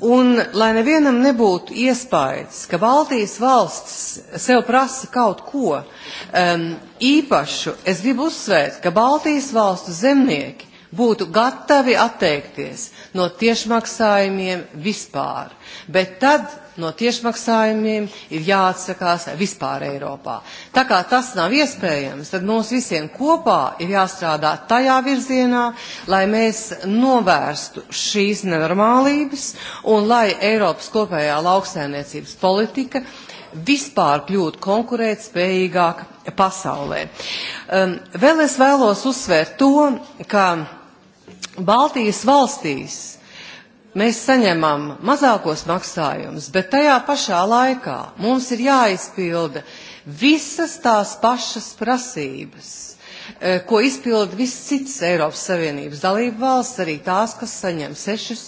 Un, lai nevienam nebūtu iespējas, ka Baltijas valsts sev prasa kaut ko um, īpašu, es gribu uzsvērt, ka Baltijas valstu zemnieki būtu gatavi atteikties no tiešmaksājumiem vispār, bet tad no tiešmaksājumiem ir jāatsakās vispār Eiropā. Tā kā tas nav iespējams, tad mums visiem kopā ir jāstrādā tajā virzienā, lai mēs novērstu šīs nenormālības un lai Eiropas kopējā lauksainiecības politika vispār kļūt konkurētspējīgāk pasaulē. Um, vēl es vēlos uzsvērt to, ka Baltijas valstīs mēs saņemam mazākos maksājumus, bet tajā pašā laikā mums ir jāizpilda visas tās pašas prasības, eh, ko izpilda viss cits Eiropas Savienības dalību valsts, arī tās, kas saņem sešas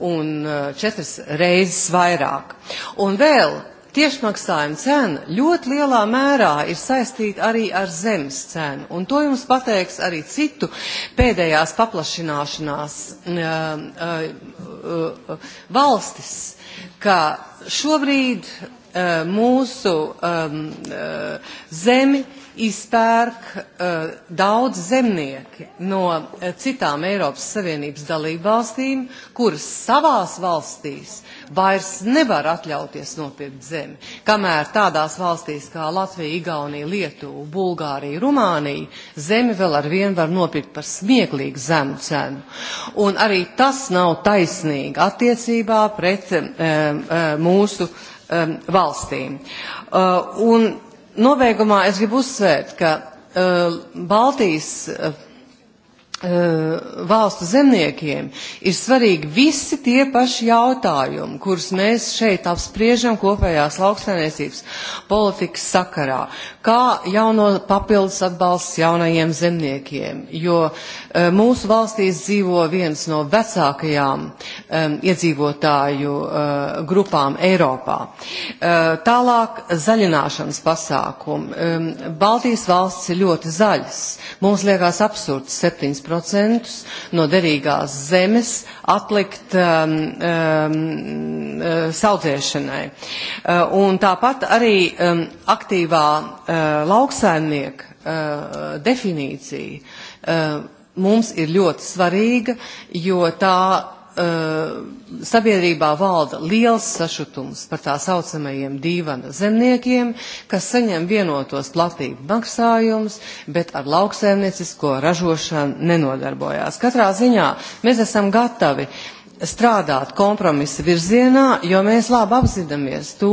un eh, četras reizes vairāk. Un vēl Tiešmaksājuma cena ļoti lielā mērā ir saistīta arī ar zemes cenu, un to jums pateiks arī citu pēdējās paplašināšanās um, uh, uh, uh, valstis, ka šobrīd E, mūsu um, zemi izpērk uh, daudz zemnieki no uh, citām Eiropas Savienības dalībvalstīm, kuras savās valstīs vairs nevar atļauties nopirkt zemi, kamēr tādās valstīs kā Latvija, Igaunija, Lietuva, Bulgārija, Rumānija zemi vēl ar vienu var nopirkt par smieklīgu zemu cenu. Un arī tas nav taisnīgi attiecībā pret uh, uh, mūsu uh, um, valstīm. Uh, un novēgumā es gribu uzsvērt, ka uh, Baltijas uh, E, valstu zemniekiem ir svarīgi visi tie paši jautājumi, kurus mēs šeit apspriežam kopējās lauksainiecības politikas sakarā, kā jauno papildus atbalsts jaunajiem zemniekiem, jo e, mūsu valstīs dzīvo viens no vecākajām um, iedzīvotāju uh, grupām Eiropā. Uh, tālāk zaļināšanas pasākumi. Um, Baltijas valsts ir ļoti zaļas. Mums liekas absurds 7% 10% no derīgās zemes atlikt um, um, uh, saudzēšanai. Uh, un tāpat arī um, aktīvā uh, lauksaimnieka uh, definīcija uh, mums ir ļoti svarīga, jo tā uh, sabiedrībā valda liels sašutums par tā saucamajiem dīvana zemniekiem, kas saņem vienotos platību maksājumus, bet ar lauksēmniecisko ražošanu nenodarbojās. Katrā ziņā mēs esam gatavi strādāt kompromisa virzienā, jo mēs labi apzināmies to,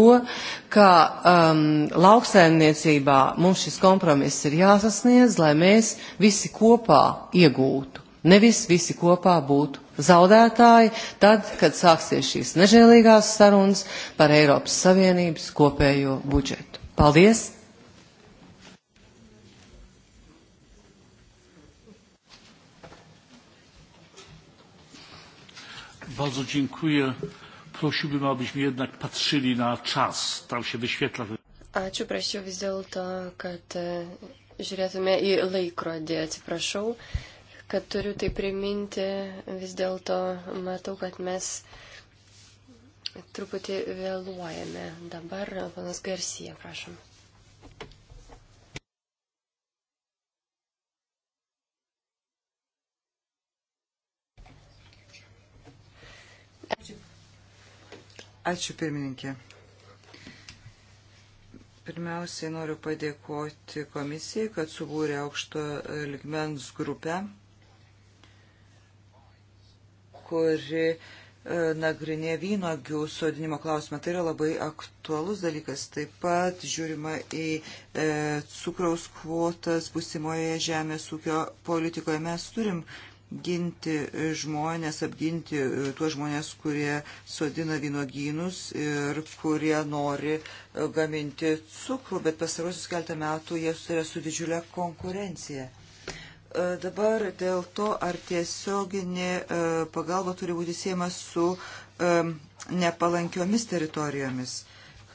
ka um, lauksaimniecībā mums šis kompromiss ir jāsasniedz, lai mēs visi kopā iegūtu. Nevis visi kopā būtu zaudētāji tad, kad sāksies šīs nežēlīgās sarunas par Eiropas Savienības kopējo budžetu. Paldies! Bardzo dziękuję. Prosiłbym, abyśmy jednak patrzyli na czas. Tam się wyświetla. Ačiū, prašiau vis dėlto, kad e, žiūrėtume į laikrodį, atsiprašau kad turiu tai priminti, vis dėlto matau, kad mes truputį vėluojame. Dabar panas Garsija, prašom. Ačiū. Ačiū pirmininkė. Pirmiausiai noriu padėkoti komisijai, kad subūrė aukšto ligmens grupę kuri e, nagrinė vynogių sodinimo klausimą. Tai yra labai aktualus dalykas. Taip pat žiūrima į e, cukraus kvotas pusimoje žemės ūkio politikoje. Mes turim ginti žmonės, apginti e, tuos žmonės, kurie sodina vynogynus ir kurie nori e, gaminti cukrų, bet pasarosius keltą metų jie susiduria su didžiulė konkurencija. E, dabar dėl to, ar tiesioginė e, pagalba turi būti siejama su e, nepalankiomis teritorijomis.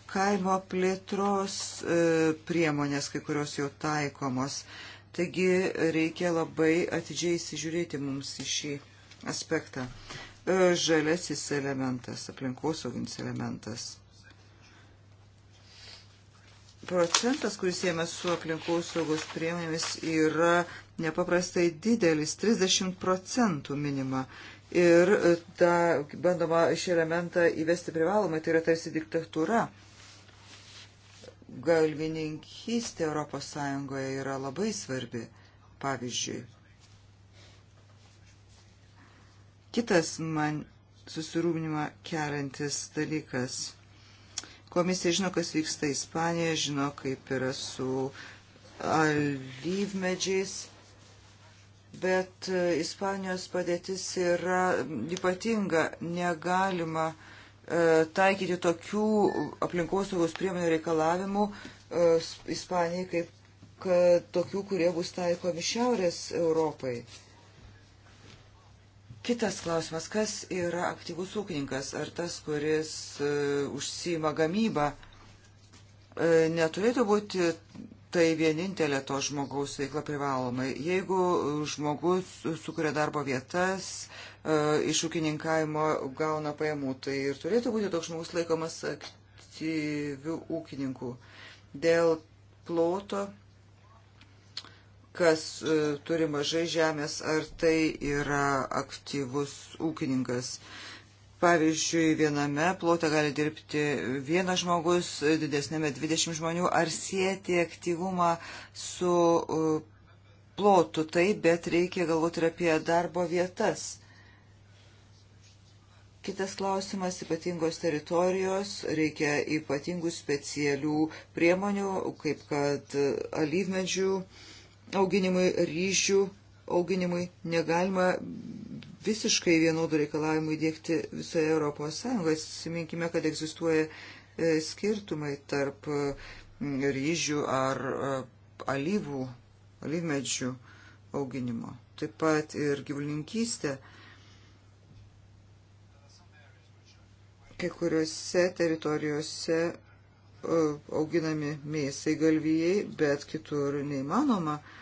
Kaimo plėtros priemonės, kai kurios jau taikomos. Taigi reikia labai atidžiai įsižiūrėti mums į šį aspektą. Žalesis elementas, aplinkosauginis elementas procentas, kuris siemas su aplinkaus saugos priemonėmis, yra nepaprastai didelis, 30 procentų minima. Ir e, ta, bandoma šį elementą įvesti privalomai, tai yra tarsi diktatūra. Galvininkystė ES yra labai svarbi, pavyzdžiui. Kitas man susirūpinimą keliantis dalykas. Komisija žino, kas vyksta Ispanijoje, žino, kaip yra su alyvmedžiais bet e, Ispanijos padėtis yra ypatinga, negalima e, taikyti tokių aplinkosaugos priemonių reikalavimų e, Ispanijai, kaip kad tokių, kurie bus taikomi Šiaurės Europai. Kitas klausimas, kas yra aktyvus ūkininkas? Ar tas, kuris uh, užsima gamybą, uh, neturėtų būti tai vienintelė to žmogaus veikla privalomai. Jeigu žmogus sukuria darbo vietas, e, iš ūkininkavimo gauna pajamų, tai ir turėtų būti toks žmogus laikomas aktyvių ūkininkų. Dėl ploto, kas e, turi mažai žemės, ar tai yra aktyvus ūkininkas pavyzdžiui, viename plote gali dirbti vienas žmogus, didesnėme 20 žmonių, ar sieti aktyvumą su plotu, taip, bet reikia galvoti ir apie darbo vietas. Kitas klausimas - ypatingos teritorijos, reikia ypatingų specialių priemonių, kaip kad alyvmedžių auginimui, ryžių auginimui negalima visiškai vienodų reikalavimų įdėkti visoje Europos Sąjungoje. Siminkime, kad egzistuoja e, skirtumai tarp e, ryžių ar e, alyvų, alyvmedžių auginimo. Taip pat ir gyvulininkystė. Kai kuriuose teritorijose auginami mėsai galvijai, bet kitur neįmanoma uh,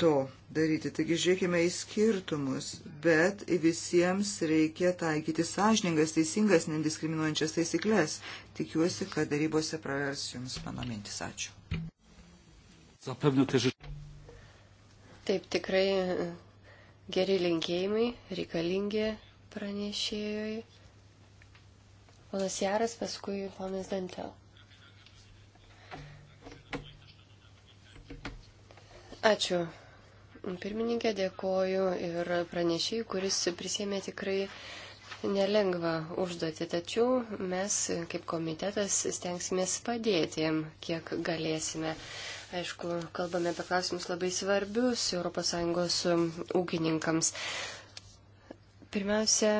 to daryti. Taigi žiūrėkime į skirtumus, bet visiems reikia taikyti sąžiningas, teisingas, nediskriminuojančias taisyklės. Tikiuosi, kad darybose pravers Jums mano mintis. Ačiū. Taip, tikrai e, geri linkėjimai, reikalingi pranešėjai. Ponas Jaras, paskui ponas Dantel. Ačiū pirmininkė, dėkoju ir pranešėjai, kuris prisėmė tikrai nelengvą užduotį, tačiau mes kaip komitetas stengsimės padėti jam, kiek galėsime. Aišku, kalbame apie klausimus labai svarbius ES ūkininkams. Pirmiausia,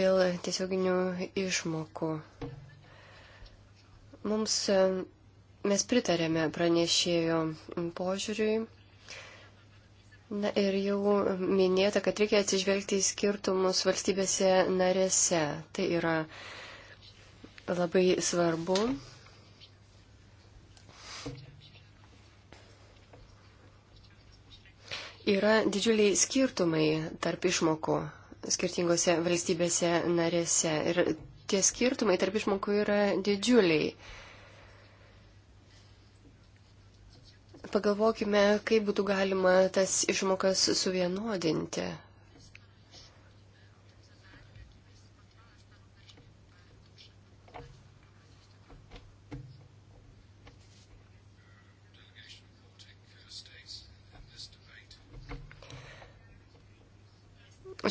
dėl tiesioginių išmokų. Mums mes pritarėme pranešėjo požiūriui Na ir jau minėta, kad reikia atsižvelgti į skirtumus valstybėse narėse. Tai yra labai svarbu. Yra didžiuliai skirtumai tarp išmokų skirtingose valstybėse narėse. Ir tie skirtumai tarp išmokų yra didžiuliai. Pagalvokime, kaip būtų galima tas išmokas suvienodinti.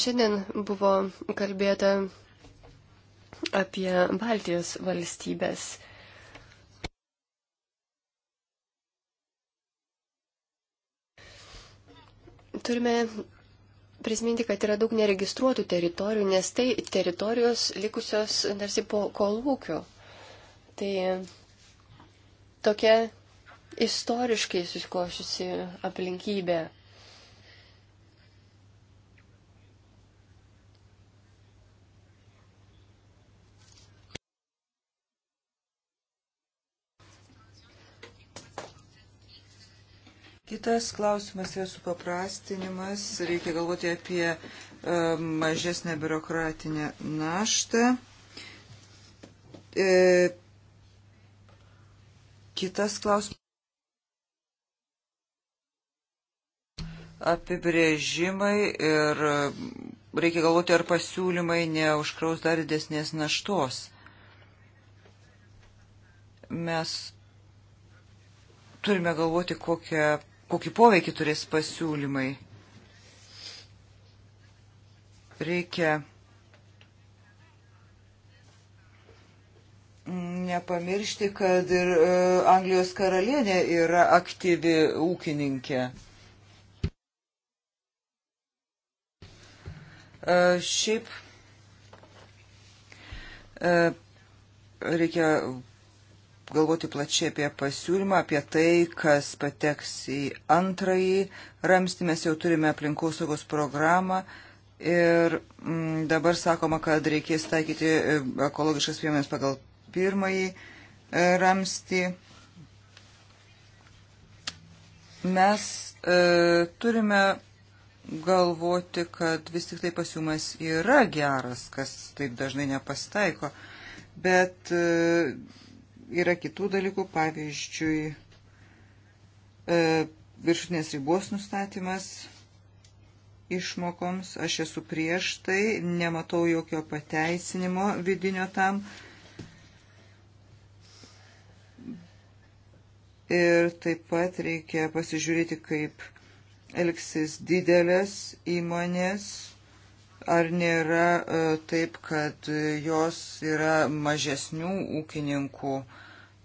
Šiandien buvo kalbėta apie Baltijos valstybės. Turime prisiminti, kad yra daug neregistruotų teritorijų, nes tai teritorijos likusios tarsi po kolūkio. Tai tokia istoriškai susiklošiusi aplinkybė. Kitas klausimas yra supaprastinimas. Reikia galvoti apie e, mažesnę biurokratinę naštą. E, kitas klausimas. Apibrėžimai ir e, reikia galvoti, ar pasiūlymai neužkraus dar didesnės naštos. Mes turime galvoti, kokią kokį poveikį turės pasiūlymai. Reikia nepamiršti, kad ir e, Anglijos karalienė yra aktyvi ūkininkė. E, šiaip e, reikia galvoti plačiai apie pasiūlymą, apie tai, kas pateks į antrąjį ramstį. Mes jau turime aplinkosaugos programą ir m, mm, dabar sakoma, kad reikės taikyti e, ekologiškas priemonės pagal pirmąjį e, ramstį. Mes e, turime galvoti, kad vis tik tai pasiūlymas yra geras, kas taip dažnai nepastaiko, bet e, yra kitų dalykų, pavyzdžiui, e, viršutinės ribos nustatymas išmokoms. Aš esu prieš tai, nematau jokio pateisinimo vidinio tam. Ir taip pat reikia pasižiūrėti, kaip elgsis didelės įmonės, ar nėra e, taip, kad jos yra mažesnių ūkininkų uh,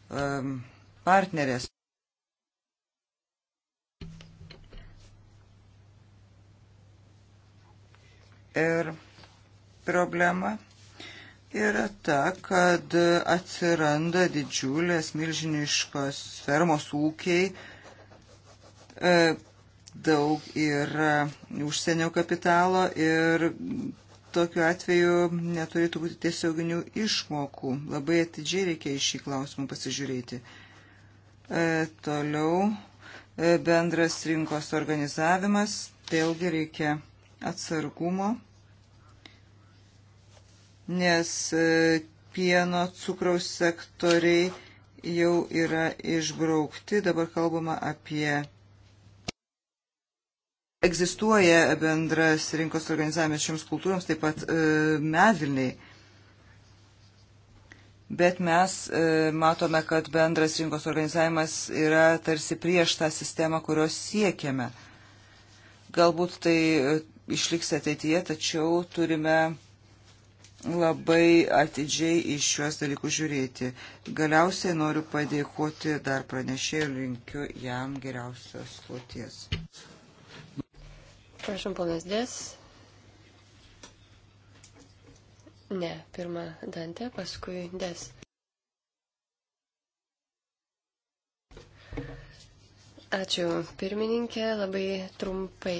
Um, partnerės. Ir problema yra ta, kad atsiranda didžiulės milžiniškos fermos ūkiai, e, daug yra užsienio kapitalo ir tokiu atveju neturėtų būti tiesioginių išmokų. Labai atidžiai reikia iš šį klausimą pasižiūrėti. E, toliau e, bendras rinkos organizavimas. Vėlgi reikia atsargumo, nes e, pieno cukraus sektoriai jau yra išbraukti. Dabar kalbama apie Egzistuoja bendras rinkos organizavimas šiems kultūroms, taip pat e, medvilniai. Bet mes e, matome, kad bendras rinkos organizavimas yra tarsi prieš tą sistemą, kurios siekiame. Galbūt tai e, išliks ateityje, tačiau turime labai atidžiai iš šiuos dalykus žiūrėti. Galiausiai noriu padėkoti dar pranešėjui, linkiu jam geriausios kloties. Prašom, ponas Dės. Ne, pirmą Dantę, paskui Dės. Ačiū, pirmininkė, labai trumpai.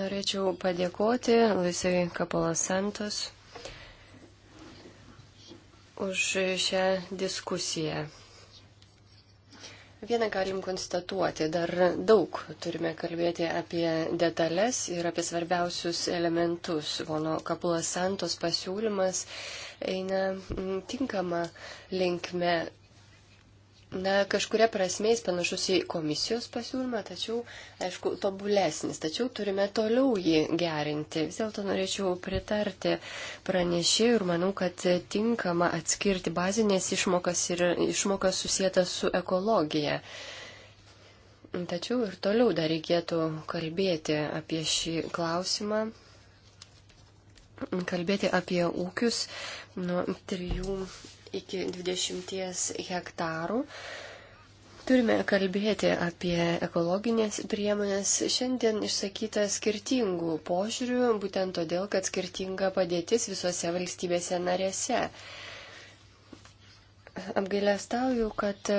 Norėčiau padėkoti Luisai Kapolas Santos už šią diskusiją. Vieną galim konstatuoti, dar daug turime kalbėti apie detalės ir apie svarbiausius elementus. Vono Kapulas Santos pasiūlymas eina tinkama linkme, na, kažkuria prasme jis panašus į komisijos pasiūlymą, tačiau, aišku, tobulesnis, tačiau turime toliau jį gerinti. Vis dėlto norėčiau pritarti pranešėjui ir manau, kad tinkama atskirti bazinės išmokas ir išmokas susijęs su ekologija. Tačiau ir toliau dar reikėtų kalbėti apie šį klausimą, kalbėti apie ūkius nuo trijų iki 20 hektarų. Turime kalbėti apie ekologinės priemonės. Šiandien išsakyta skirtingų požiūrių, būtent todėl, kad skirtinga padėtis visose valstybėse narėse. Apgailestauju, kad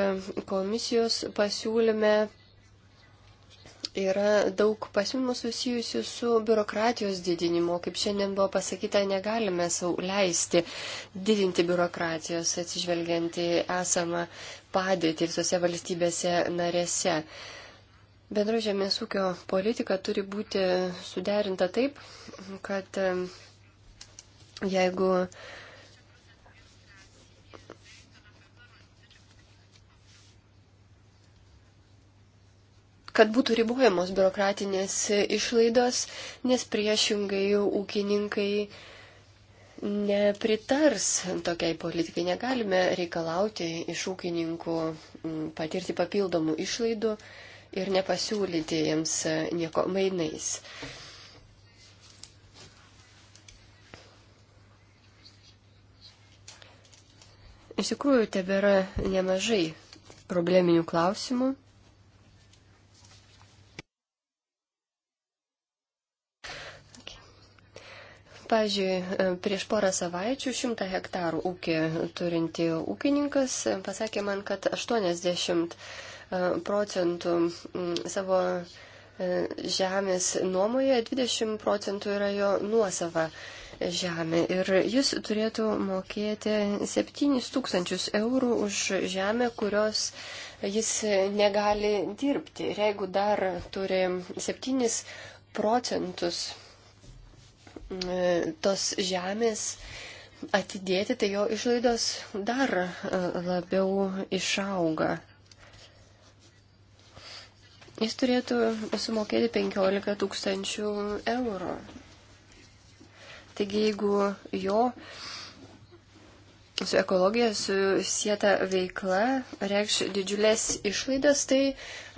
komisijos pasiūlyme Yra daug pasiūlymų susijusių su biurokratijos didinimu. Kaip šiandien buvo pasakyta, negalime sau leisti didinti biurokratijos atsižvelgiant į esamą padėtį visose valstybėse narėse. Bendro žemės ūkio politika turi būti suderinta taip, kad jeigu kad būtų ribojamos biurokratinės išlaidos, nes priešingai ūkininkai nepritars tokiai politikai. Negalime reikalauti iš ūkininkų mm, patirti papildomų išlaidų ir nepasiūlyti jiems e, nieko mainais. Iš tikrųjų, tebėra nemažai probleminių klausimų. Pavyzdžiui, e, prieš porą savaičių 100 hektarų ūkį turinti ūkininkas pasakė man, kad 80 e, procentų savo e, žemės nuomoje, 20 procentų yra jo nuosava žemė. Ir jis turėtų mokėti 7000 eurų už žemę, kurios jis negali dirbti. Ir jeigu dar turi 7 procentus tos žemės atidėti, tai jo išlaidos dar e, labiau išauga. Jis turėtų sumokėti 15 tūkstančių eurų. Taigi jeigu jo su ekologija susieta veikla reikš didžiulės išlaidas, tai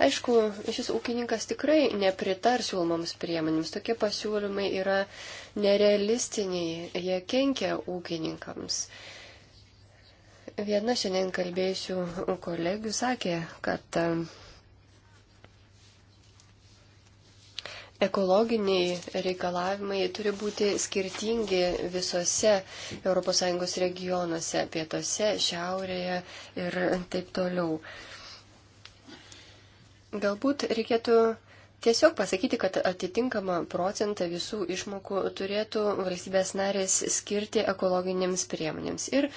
aišku, šis ūkininkas tikrai nepritars siūlomams priemonėms. Tokie pasiūlymai yra uh, nerealistiniai, jie kenkia ūkininkams. Viena šiandien kalbėjusių kolegių sakė, kad e, ekologiniai reikalavimai turi būti skirtingi visose ES regionuose, pietuose, šiaurėje ir taip toliau. Galbūt reikėtų Tiesiog pasakyti, kad atitinkamą procentą visų išmokų turėtų valstybės narės skirti ekologinėms priemonėms. Ir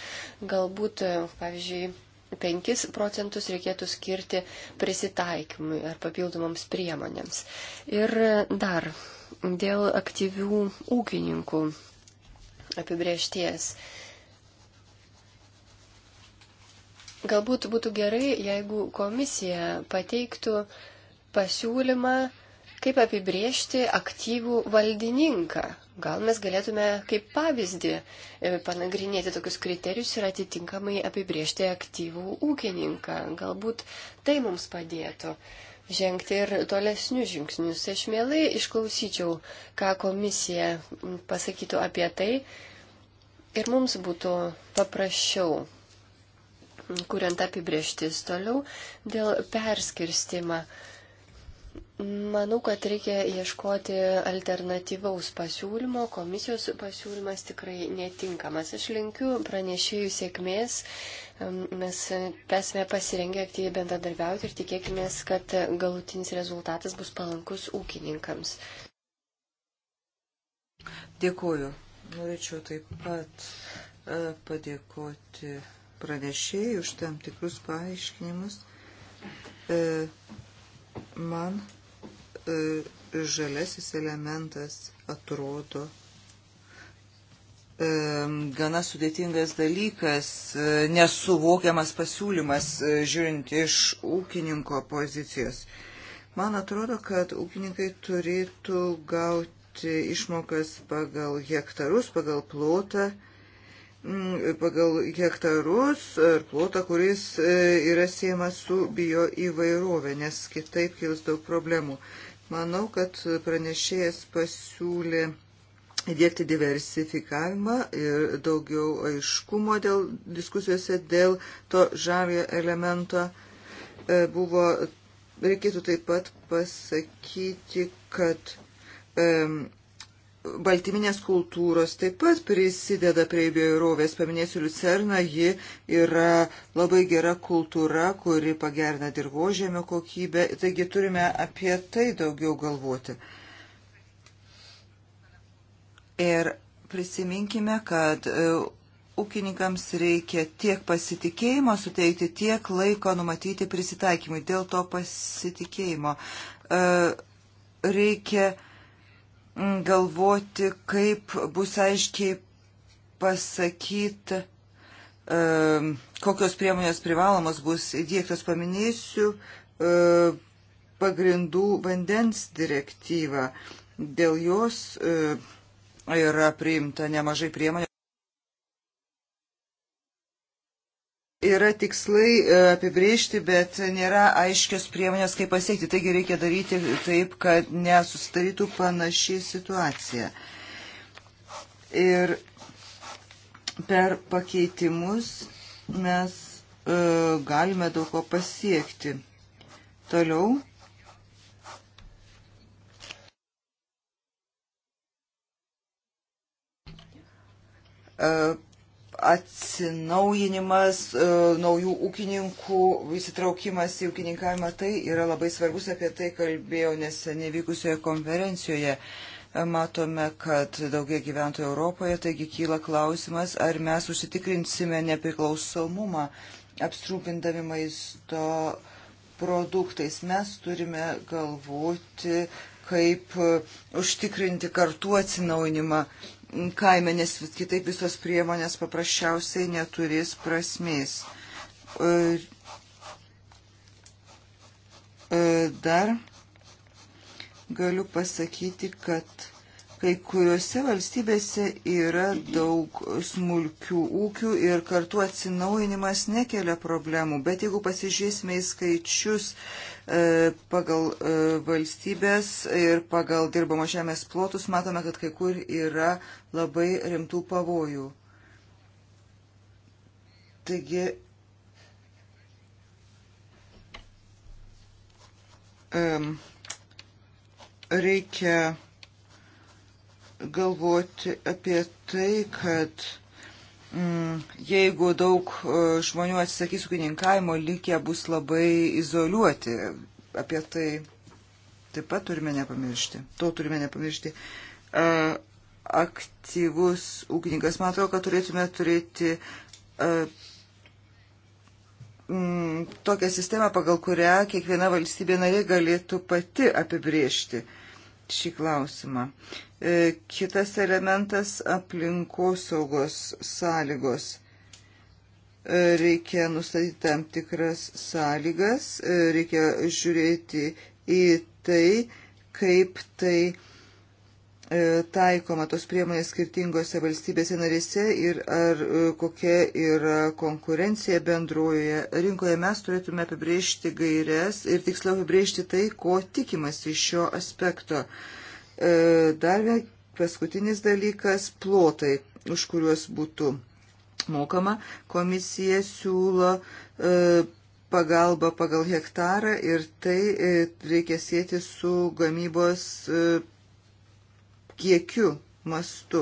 galbūt, pavyzdžiui, 5 procentus reikėtų skirti prisitaikymui ar papildomoms priemonėms. Ir dar dėl aktyvių ūkininkų apibriešties. Galbūt būtų gerai, jeigu komisija pateiktų uh, pasiūlymą, kaip apibriežti aktyvų valdininką. Gal mes galėtume kaip pavyzdį e, panagrinėti tokius kriterijus ir atitinkamai apibriežti aktyvų ūkininką. Galbūt tai mums padėtų žengti ir tolesnius žingsnius. Aš mielai išklausyčiau, ką komisija pasakytų apie tai ir mums būtų paprasčiau, kuriant apibrieštis toliau dėl perskirstimą. Manau, kad reikia ieškoti alternatyvaus pasiūlymo. Komisijos pasiūlymas tikrai netinkamas. Aš linkiu pranešėjų sėkmės. Mes esame pasirengę aktyviai bendradarbiauti ir tikėkime, kad galutinis rezultatas bus palankus ūkininkams. Dėkuoju. Norėčiau taip pat e, padėkoti pranešėjai už tam tikrus paaiškinimus. E, Man e, žalesis elementas atrodo e, gana sudėtingas dalykas, e, nesuvokiamas pasiūlymas, žiūrint iš ūkininko pozicijos. Man atrodo, kad ūkininkai turėtų gauti išmokas pagal hektarus, pagal plotą. Mm, pagal hektarus ar plotą, kuris e, yra siejamas su bio įvairovė, nes kitaip kils daug problemų. Manau, kad pranešėjas pasiūlė įdėkti diversifikavimą ir daugiau aiškumo dėl diskusijose dėl to žavio elemento e, buvo, reikėtų taip pat pasakyti, kad um, e, baltyminės kultūros taip pat prisideda prie bioįrovės. Paminėsiu Lucerną, ji yra labai gera kultūra, kuri pagerina dirbožėmio kokybę, taigi turime apie tai daugiau galvoti. Ir prisiminkime, kad e, ūkininkams reikia tiek pasitikėjimo suteikti, tiek laiko numatyti prisitaikymui. Dėl to pasitikėjimo e, reikia galvoti, kaip bus aiškiai pasakyti, e, kokios priemonės privalomos bus įdėktos. Paminėsiu e, pagrindų vandens direktyvą. Dėl jos e, yra priimta nemažai priemonių. yra tikslai e, apibriežti, bet nėra aiškios priemonės, kaip pasiekti. Taigi reikia daryti taip, kad nesustarytų panaši situacija. Ir per pakeitimus mes e, galime daug ko pasiekti. Toliau. E, atsinaujinimas, e, naujų ūkininkų įsitraukimas į ūkininkavimą, tai yra labai svarbus, apie tai kalbėjau neseniai vykusioje konferencijoje. E, matome, kad daugia gyventojų Europoje, taigi kyla klausimas, ar mes užsitikrinsime nepriklausomumą apstrūpindami maisto produktais. Mes turime galvoti, kaip užtikrinti kartu atsinaujinimą kaime, nes kitaip visos priemonės paprasčiausiai neturės prasmės. E, e, dar galiu pasakyti, kad kai kuriuose valstybėse yra daug smulkių ūkių ir kartu atsinaujinimas nekelia problemų. Bet jeigu pasižiūrėsime į skaičius E, pagal e, valstybės ir pagal dirbamo žemės plotus matome, kad kai kur yra labai rimtų pavojų. Taigi, um, reikia galvoti apie tai, kad Mm, jeigu daug e, žmonių atsisakys ūkininkavimo, likę bus labai izoliuoti. Apie tai taip pat turime nepamiršti. To turime nepamiršti. E, aktyvus ūkininkas, man atrodo, kad turėtume turėti e, mm, tokią sistemą, pagal kurią kiekviena valstybė narė galėtų pati apibriežti uh, šį klausimą. E, kitas elementas - aplinkosaugos sąlygos. E, reikia nustatyti tam tikras sąlygas, e, reikia žiūrėti į tai, kaip tai E, taikoma tos priemonės skirtingose valstybėse narėse ir ar e, kokia yra konkurencija bendroje rinkoje, mes turėtume apibriežti gairias ir tiksliau apibriežti tai, ko tikimas iš šio aspekto. E, dar paskutinis dalykas - plotai, už kuriuos būtų mokama. Komisija siūlo pagalbą pagal hektarą ir tai reikia sėti su gamybos kiekiu mastu.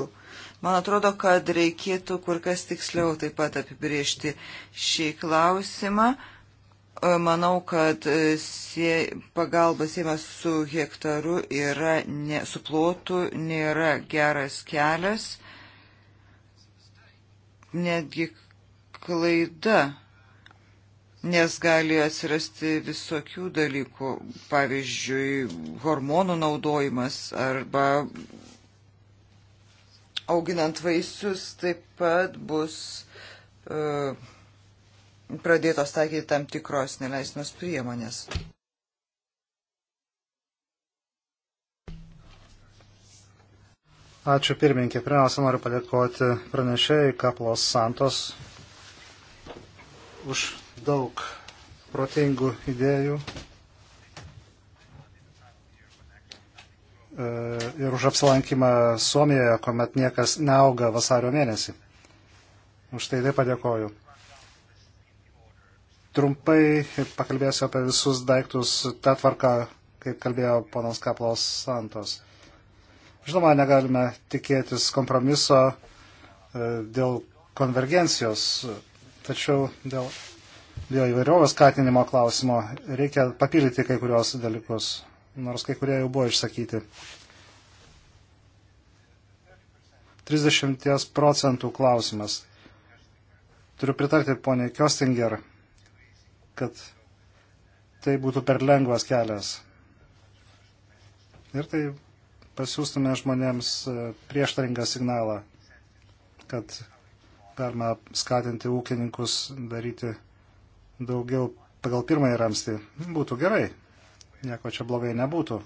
Man atrodo, kad reikėtų kur kas tiksliau taip pat apibriežti šį klausimą. E, manau, kad e, sie, pagalba siemas su hektaru yra, ne, su plotu nėra geras kelias, netgi klaida nes gali atsirasti visokių dalykų, pavyzdžiui, hormonų naudojimas arba auginant vaisius taip pat bus uh, pradėtos taikyti tam tikros neleisnos priemonės. Ačiū pirmininkė. Pirmiausia, noriu padėkoti pranešėjai Kaplos Santos už daug protingų idėjų e, ir už apsilankymą Suomijoje, kuomet niekas neauga vasario mėnesį. Už tai taip padėkoju. Trumpai pakalbėsiu apie visus daiktus tą tvarką, kaip kalbėjo ponas Kaplos Santos. Žinoma, negalime tikėtis kompromiso e, dėl konvergencijos, tačiau dėl bio įvairovės skatinimo klausimo reikia papildyti kai kurios dalykus, nors kai kurie jau buvo išsakyti. 30 procentų klausimas. Turiu pritarti poniai Kostinger, kad tai būtų per lengvas kelias. Ir tai pasiūstume žmonėms e, prieštaringą signalą, kad galima skatinti ūkininkus daryti daugiau pagal pirmąjį ramstį. Būtų gerai, nieko čia blogai nebūtų.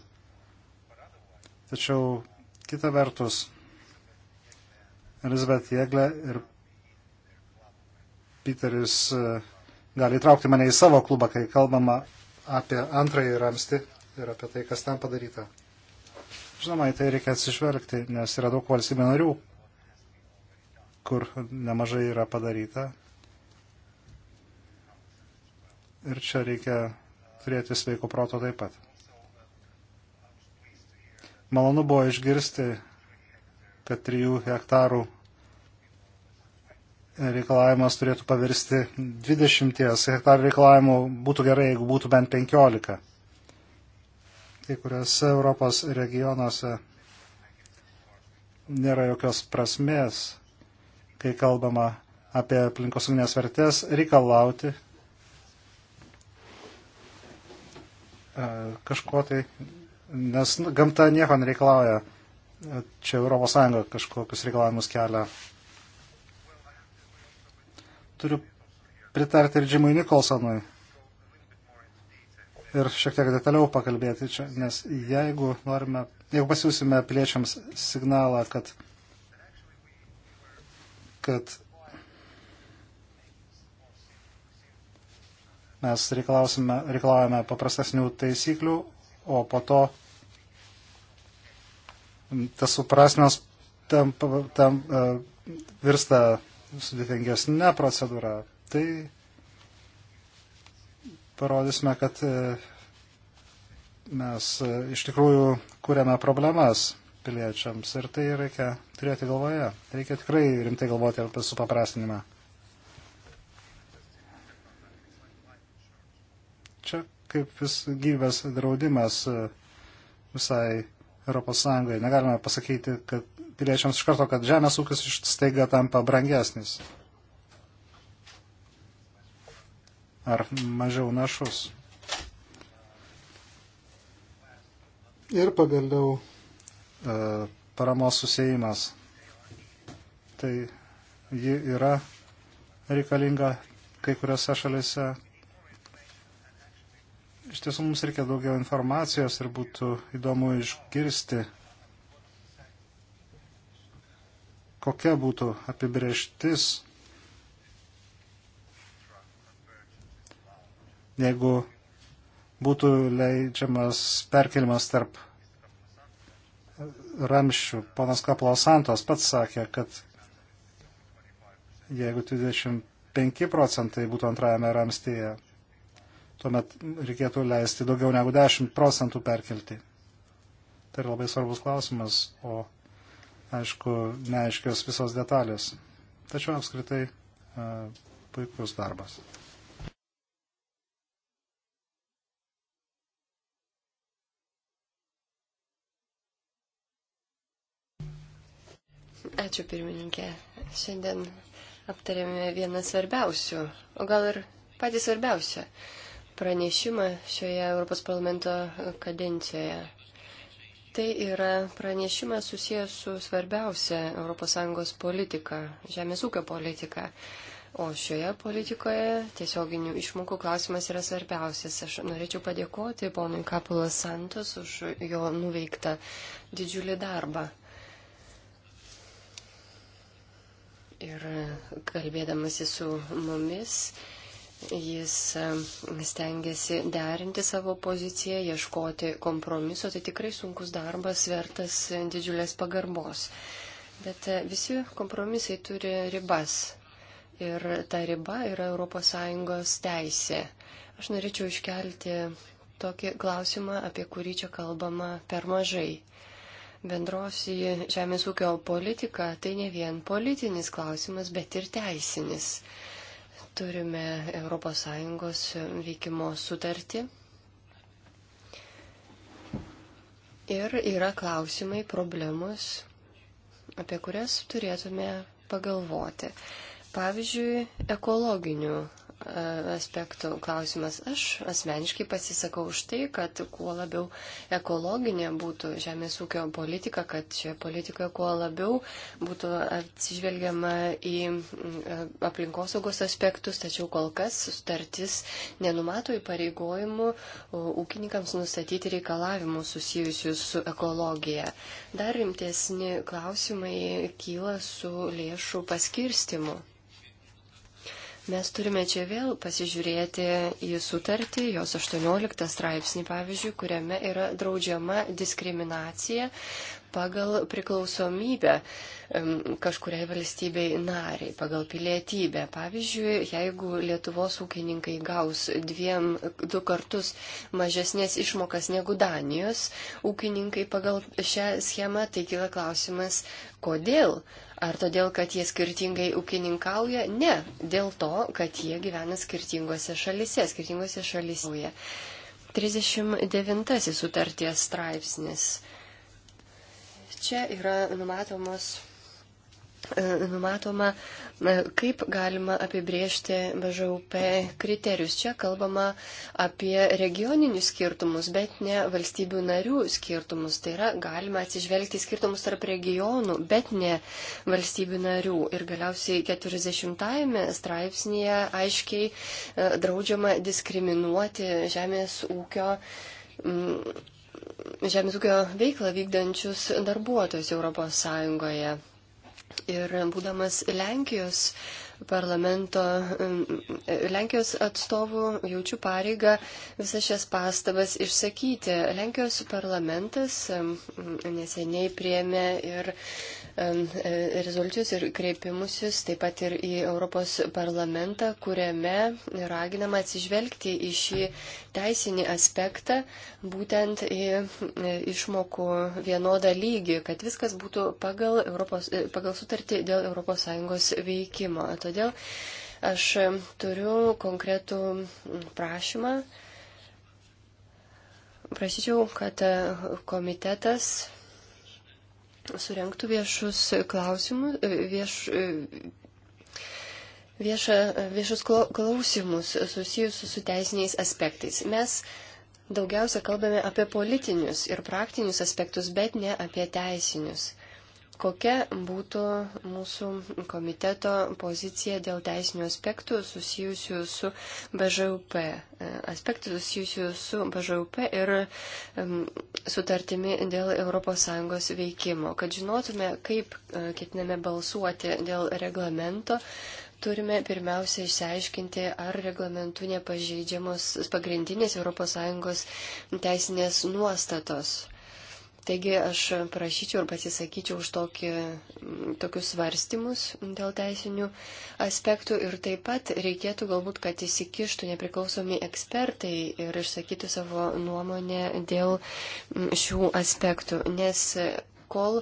Tačiau kita vertus, Elizabeth Jėglė ir Peteris e, gali įtraukti mane į savo klubą, kai kalbama apie antrąjį ramstį ir apie tai, kas ten padaryta. Žinoma, į tai reikia atsižvelgti, nes yra daug valstybių narių, kur nemažai yra padaryta ir čia reikia turėti sveiko proto taip pat. Malonu buvo išgirsti, kad 3 hektarų reikalavimas turėtų pavirsti 20 hektarų reikalavimų. Būtų gerai, jeigu būtų bent 15. Kai kuriuose Europos regionuose nėra jokios prasmės, kai kalbama apie aplinkosauginės vertės, reikalauti E, kažko tai, nes nu, gamta nieko nereikalauja. E, čia ES kažkokius reikalavimus kelia. Turiu pritarti ir Džimui Nikolsonui ir šiek tiek detaliau pakalbėti čia, nes jeigu norime, jeigu pasiūsime piliečiams signalą, kad, kad Mes reikalavome paprastesnių taisyklių, o po to tas suprasnios tam, tam uh, e, virsta sudėtingesnė procedūra. Tai parodysime, kad uh, mes uh, iš tikrųjų kūrėme problemas piliečiams ir tai reikia turėti galvoje. Reikia tikrai rimtai galvoti apie supaprastinimą. Čia kaip vis gyvas draudimas e, visai ES. Negalime pasakyti, kad piliečiams iš karto, kad žemės ūkis iš staiga tampa brangesnis. Ar mažiau našus. Ir pagaliau e, paramos susijimas. Tai ji yra reikalinga kai kuriuose šalise, Iš tiesų mums reikia daugiau informacijos ir būtų įdomu išgirsti, kokia būtų apibrieštis, jeigu būtų leidžiamas perkelimas tarp ramščių. Ponas Kaplo Santos pats sakė, kad jeigu 25 procentai būtų antrajame ramstyje, tuomet reikėtų leisti daugiau negu 10 procentų perkelti. Tai yra labai svarbus klausimas, o aišku, neaiškios visos detalės. Tačiau apskritai e, puikus darbas. Ačiū pirmininkė. Šiandien aptarėme vieną svarbiausių, o gal ir patį svarbiausią pranešimą šioje Europos parlamento kadencijoje. Tai yra pranešimas susijęs su svarbiausia ES politika - žemės ūkio politika. O šioje politikoje tiesioginių išmokų klausimas yra svarbiausias. Aš norėčiau padėkoti ponui Kapulas Santos už jo nuveiktą didžiulį darbą. Ir kalbėdamasi su mumis, Jis stengiasi derinti savo poziciją, ieškoti kompromiso. Tai tikrai sunkus darbas, vertas didžiulės pagarbos. Bet e, visi kompromisai turi ribas. Ir ta riba yra ES teisė. Aš norėčiau iškelti tokį klausimą, apie kurį čia kalbama per mažai. Bendrosi žemės ūkio politika tai ne vien politinis klausimas, bet ir teisinis. Turime ES veikimo sutartį. Ir yra klausimai, problemos, apie kurias turėtume pagalvoti. Pavyzdžiui, ekologinių aspektų klausimas. Aš asmeniškai pasisakau už tai, kad kuo labiau ekologinė būtų žemės ūkio politika, kad šioje politikoje kuo labiau būtų atsižvelgiama į mm, aplinkosaugos aspektus, tačiau kol kas sutartis nenumato įpareigojimų ūkininkams nustatyti reikalavimus susijusius su ekologija. Dar rimtesni klausimai kyla su lėšų paskirstimu. Mes turime čia vėl pasižiūrėti į sutartį, jos 18 straipsnį, pavyzdžiui, kuriame yra draudžiama diskriminacija pagal priklausomybę kažkuriai valstybei nariai, pagal pilietybę. Pavyzdžiui, jeigu Lietuvos ūkininkai gaus dviem, du kartus mažesnės išmokas negu Danijos ūkininkai pagal šią schemą, tai kyla klausimas, kodėl? Ar todėl, kad jie skirtingai ūkininkauja? Ne, dėl to, kad jie gyvena skirtingose šalise, skirtingose šalise. 39 sutarties straipsnis. Čia yra numatomos E, numatoma, e, kaip galima apibriežti BŽUP kriterijus. Čia kalbama apie regioninius skirtumus, bet ne valstybių narių skirtumus. Tai yra, galima atsižvelgti skirtumus tarp regionų, bet ne valstybių narių. Ir galiausiai 40-ame straipsnėje aiškiai e, draudžiama diskriminuoti žemės ūkio mm, žemės ūkio veiklą vykdančius darbuotojus ES. Ir būdamas Lenkijos parlamento Lenkijos atstovų jaučiu pareigą visas šias pastabas išsakyti. Lenkijos parlamentas neseniai priemė ir rezoliucijus ir kreipimusius, taip pat ir į Europos parlamentą, kuriame raginama atsižvelgti į šį teisinį aspektą, būtent į e, išmokų vienodą lygį, kad viskas būtų pagal, Europos, e, pagal sutartį dėl ES veikimo Todėl aš turiu konkretų prašymą. Prašyčiau, kad komitetas surenktų viešus klausimus, vieš, vieša, viešus klausimus susijusius su teisiniais aspektais. Mes daugiausia kalbame apie politinius ir praktinius aspektus, bet ne apie teisinius. Kokia būtų mūsų komiteto pozicija dėl teisinių aspektų susijusių su BŽUP, e, aspektų susijusių su BŽUP ir um, sutartimi dėl ES veikimo, kad žinotume, kaip e, ketiname balsuoti dėl reglamento. Turime pirmiausia išsiaiškinti, ar reglamentu nepažeidžiamos pagrindinės ES teisinės nuostatos Taigi aš prašyčiau ir pasisakyčiau už tokį, tokius svarstymus dėl teisinių aspektų ir taip pat reikėtų galbūt, kad įsikištų nepriklausomi ekspertai ir išsakytų savo nuomonę dėl šių aspektų, nes kol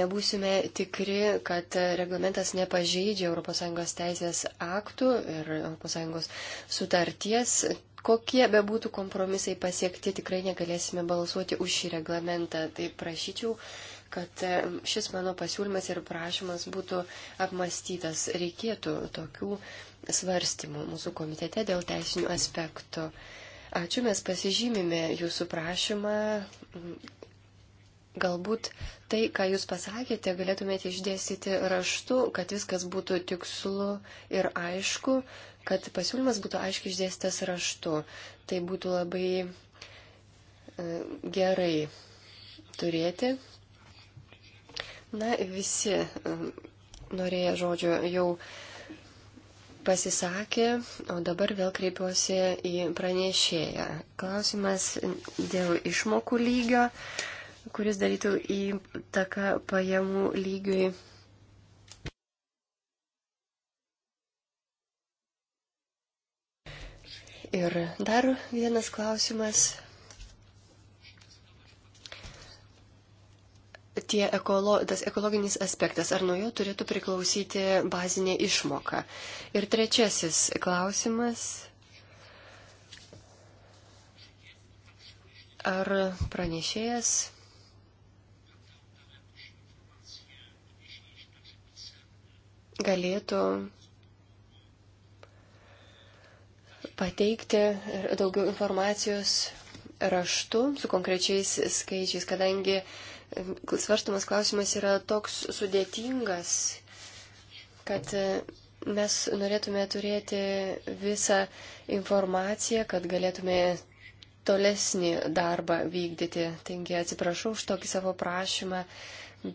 nebūsime tikri, kad reglamentas nepažeidžia ES teisės aktų ir ES sutarties, kokie be būtų kompromisai pasiekti, tikrai negalėsime balsuoti už šį reglamentą. Tai prašyčiau, kad e, šis mano pasiūlymas ir prašymas būtų apmastytas. Reikėtų tokių svarstymų mūsų komitete dėl teisinių aspektų. Ačiū, mes pasižymime jūsų prašymą. Galbūt tai, ką jūs pasakėte, galėtumėte išdėstyti raštu, kad viskas būtų tikslu ir aišku, kad pasiūlymas būtų aiškiai išdėstas raštu. Tai būtų labai e, gerai turėti. Na, visi e, norėję žodžio jau pasisakė, o dabar vėl kreipiuosi į pranešėją. Klausimas dėl išmokų lygio, kuris darytų įtaką pajamų lygiui Ir dar vienas klausimas. Tie ekolo, tas ekologinis aspektas, ar nuo jo turėtų priklausyti bazinė išmoka? Ir trečiasis klausimas. Ar pranešėjas galėtų pateikti daugiau informacijos raštu su konkrečiais skaičiais, kadangi e, svarstamas klausimas yra toks sudėtingas, kad e, mes norėtume turėti visą informaciją, kad galėtume tolesnį darbą vykdyti. Taigi atsiprašau už tokį savo prašymą,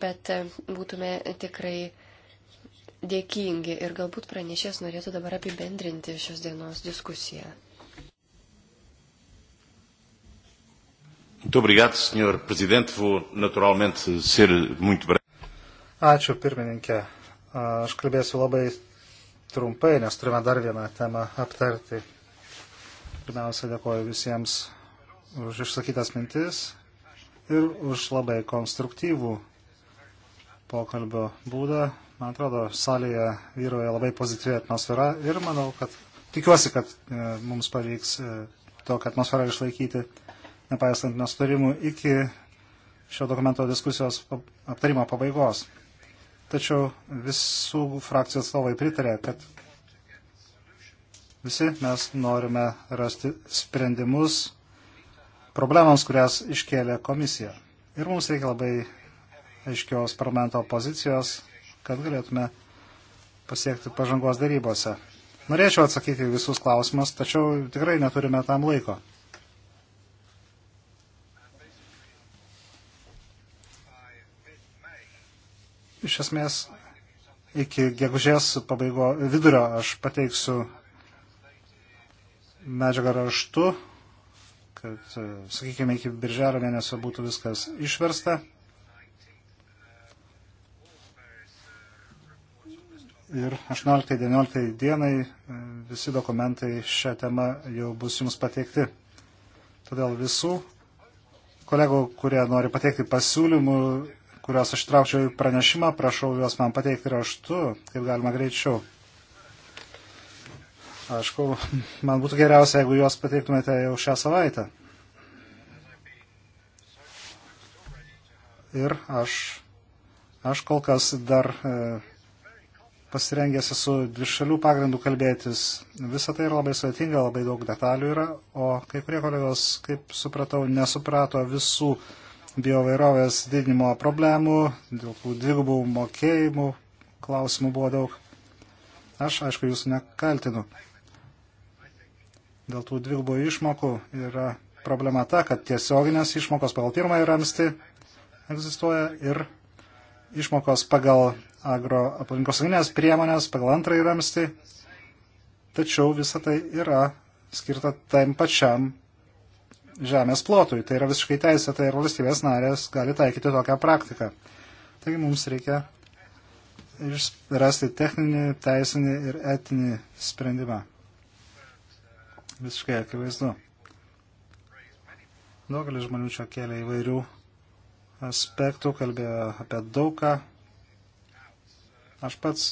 bet e, būtume tikrai dėkingi ir galbūt pranešės norėtų dabar apibendrinti šios dienos diskusiją. Ačiū, pirmininkė. Aš kalbėsiu labai trumpai, nes turime dar vieną temą aptarti. Pirmiausia, dėkoju visiems už išsakytas mintis ir už labai konstruktyvų pokalbio būdą, Man atrodo, salėje vyroja labai pozityvi atmosfera ir manau, kad tikiuosi, kad e, mums pavyks e, tokią atmosferą išlaikyti, nepaisant nesutarimų, iki šio dokumento diskusijos aptarimo pabaigos. Tačiau visų frakcijų atstovai pritarė, kad visi mes norime rasti sprendimus problemams, kurias iškėlė komisija. Ir mums reikia labai aiškios parlamento pozicijos kad galėtume pasiekti pažangos darybose. Norėčiau atsakyti visus klausimus, tačiau tikrai neturime tam laiko. Iš esmės, iki gegužės pabaigo vidurio aš pateiksiu medžiagą raštu, kad, sakykime, iki birželio mėnesio būtų viskas išversta. ir 18-19 dienai e, visi dokumentai šią temą jau bus jums pateikti. Todėl visų kolegų, kurie nori pateikti pasiūlymų, kuriuos aš traukčiau į pranešimą, prašau juos man pateikti raštu, kaip galima greičiau. Aišku, man būtų geriausia, jeigu juos pateiktumėte jau šią savaitę. Ir aš, aš kol kas dar e, pasirengęs esu dvišalių pagrindų kalbėtis. Visą tai yra labai sudėtinga, labai daug detalių yra, o kai kurie kolegos, kaip supratau, nesuprato visų biovairovės didinimo problemų, dėl tų dvigubų mokėjimų klausimų buvo daug. Aš, aišku, jūsų nekaltinu. Dėl tų dvigubų išmokų yra problema ta, kad tiesioginės išmokos pagal pirmąjį ramsti egzistuoja ir išmokos pagal agroaplinkosauginės priemonės pagal antrąjį ramstį, tačiau visa tai yra skirta tam pačiam žemės plotui. Tai yra visiškai teisėta tai ir valstybės narės gali taikyti tokią praktiką. Taigi mums reikia rasti techninį, teisinį ir etinį sprendimą. Visiškai akivaizdu. Daugelis žmonių čia kėlė įvairių aspektų, kalbėjo apie daugą. Aš pats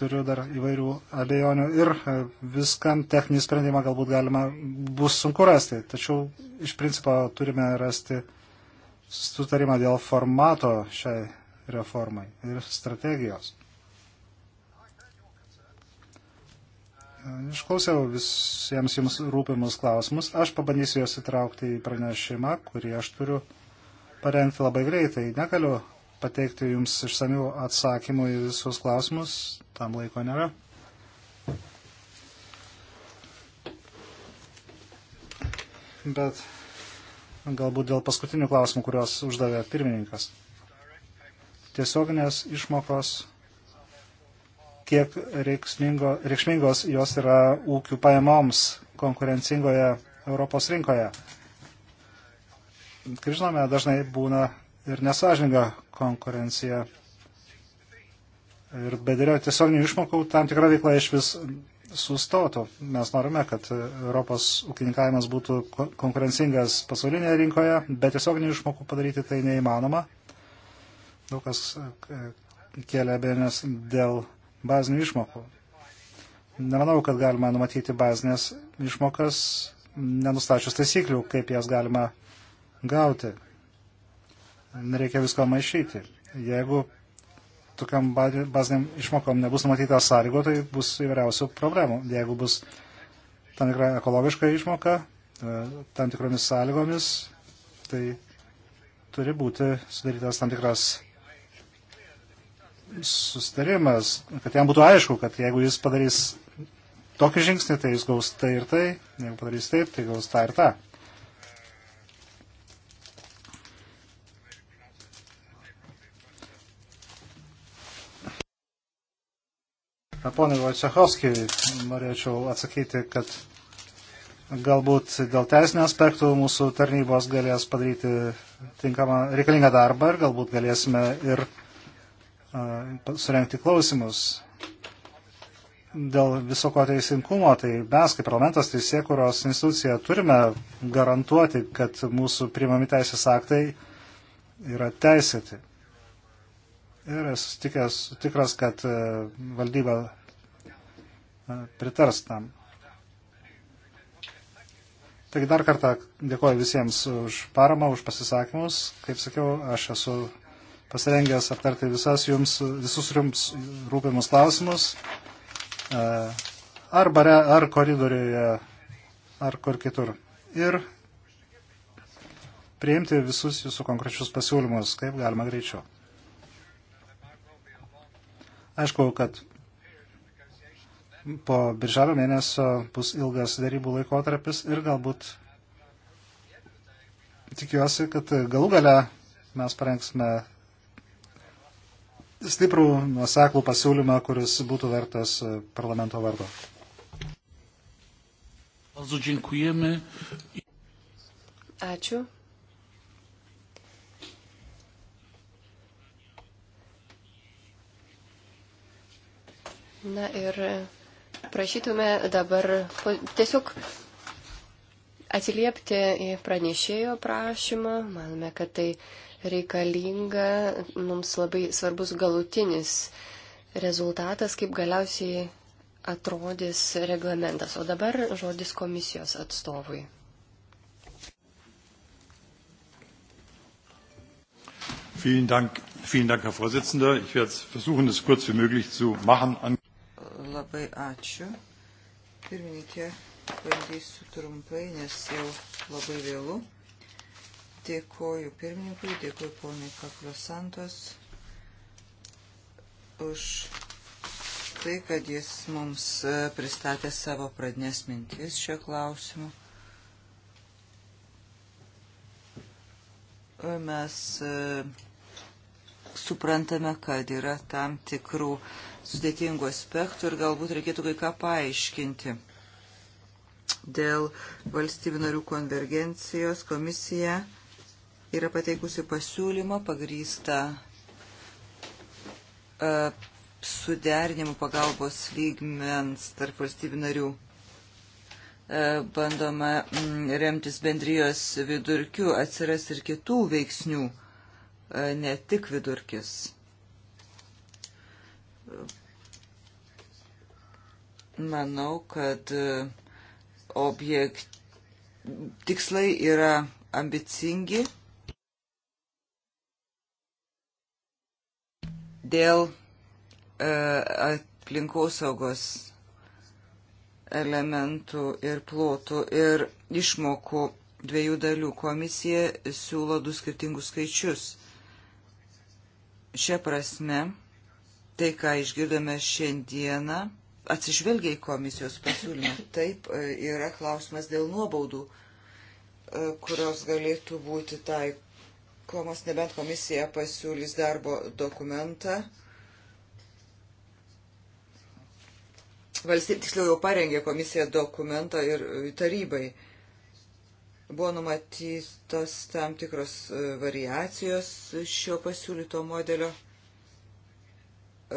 turiu dar įvairių abejonių ir e, viskam techninį sprendimą galbūt galima bus sunku rasti, tačiau iš principo turime rasti sutarimą dėl formato šiai reformai ir strategijos. Išklausiau visiems jums rūpimus klausimus. Aš pabandysiu juos įtraukti į pranešimą, kurį aš turiu parengti labai greitai. Negaliu pateikti Jums išsamių atsakymų į visus klausimus, tam laiko nėra. Bet galbūt dėl paskutinių klausimų, kuriuos uždavė pirmininkas. Tiesioginės išmokos, kiek reikšmingo, reikšmingos jos yra ūkių pajamoms konkurencingoje Europos rinkoje. Kaip žinome, dažnai būna ir nesažininga konkurencija. Ir be dėlio tiesioginių išmokų tam tikra veikla iš vis sustotų. Mes norime, kad Europos ūkininkavimas būtų konkurencingas pasaulinėje rinkoje, bet tiesioginių išmokų padaryti tai neįmanoma. Daug kas e, kėlė abejonės dėl bazinių išmokų. Nemanau, kad galima numatyti bazinės išmokas, nenustačius taisyklių, kaip jas galima gauti nereikia visko maišyti. Jeigu tokiam baziniam išmokom nebus numatyta sąlygo, tai bus įvairiausių problemų. Jeigu bus tam tikra ekologiška išmoka, e, tam tikromis sąlygomis, tai turi būti sudarytas tam tikras sustarimas, kad jam būtų aišku, kad jeigu jis padarys tokį žingsnį, tai jis gaus tai ir tai, jeigu padarys taip, tai gaus tą ir tą. Pone Vojcechovskijai, norėčiau atsakyti, kad galbūt dėl teisinio aspektų mūsų tarnybos galės padaryti tinkamą reikalingą darbą ir galbūt galėsime ir uh, surenkti klausimus. Dėl viso ko teisingumo, tai mes kaip parlamentas teisėkuros institucija turime garantuoti, kad mūsų priimami teisės aktai yra teisėti ir esu tikras, tikras kad e, valdyba e, pritars tam. Taigi dar kartą dėkoju visiems už paramą, už pasisakymus. Kaip sakiau, aš esu pasirengęs aptarti visas jums, visus jums rūpimus klausimus. E, ar bare, ar koridoriuje, ar kur kitur. Ir priimti visus jūsų konkrečius pasiūlymus, kaip galima greičiau. Aišku, kad po birželio mėnesio bus ilgas darybų laikotarpis ir galbūt tikiuosi, kad galų gale mes parengsime stiprų nuoseklų pasiūlymą, kuris būtų vertas parlamento vardo. Ačiū. Na ir prašytume dabar tiesiog atsiliepti į pranešėjo prašymą. Manome, kad tai reikalinga, mums labai svarbus galutinis rezultatas, kaip galiausiai atrodys reglamentas. O dabar žodis komisijos atstovui. Vielen Dank, vielen Dank, Herr Vorsitzender. Ich werde versuchen, es kurz wie möglich zu machen. Labai ačiū. Pirmininkė, bandysiu trumpai, nes jau labai vėlu. Dėkoju pirmininkui, dėkoju poniai Kaklosantos už tai, kad jis mums e, pristatė savo pradinės mintis šio klausimu. Mes e, suprantame, kad yra tam tikrų uh, sudėtingų aspektų ir galbūt reikėtų kai ką paaiškinti. Dėl valstybių narių konvergencijos komisija yra pateikusi pasiūlymą pagrįstą uh, suderinimų pagalbos lygmens tarp valstybių narių. Uh, bandoma um, remtis bendrijos vidurkiu, atsiras ir kitų veiksnių, uh, ne tik vidurkis manau, kad e, objekt tikslai yra ambicingi dėl e, aplinkosaugos elementų ir plotų ir išmokų dviejų dalių. Komisija siūlo du skirtingus skaičius. Šia prasme, tai, ką išgirdome šiandieną, atsižvelgia į komisijos pasiūlymą. Taip, e, yra klausimas dėl nuobaudų, e, kurios galėtų būti taikomos, nebent komisija pasiūlys darbo dokumentą. Valstybė tiksliau jau parengė komisiją dokumentą ir e, tarybai. Buvo numatytos tam tikros variacijos šio pasiūlyto modelio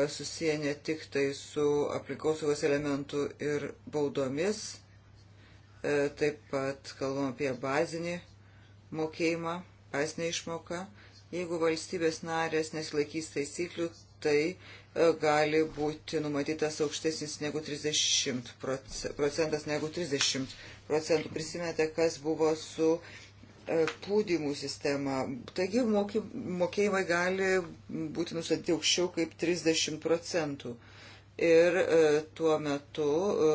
susiję ne tik tai su aplinkosaugos elementų ir baudomis, e, taip pat kalbam apie bazinį mokėjimą, bazinę išmoką. Jeigu valstybės narės nesilaikys taisyklių, tai e, gali būti numatytas aukštesnis negu 30 procentas, negu 30 procentų. Prisimenate, kas buvo su uh, E, plūdimų sistemą. Taigi moky, mokėjimai gali būti nustatyti aukščiau kaip 30 procentų. Ir e, tuo metu e,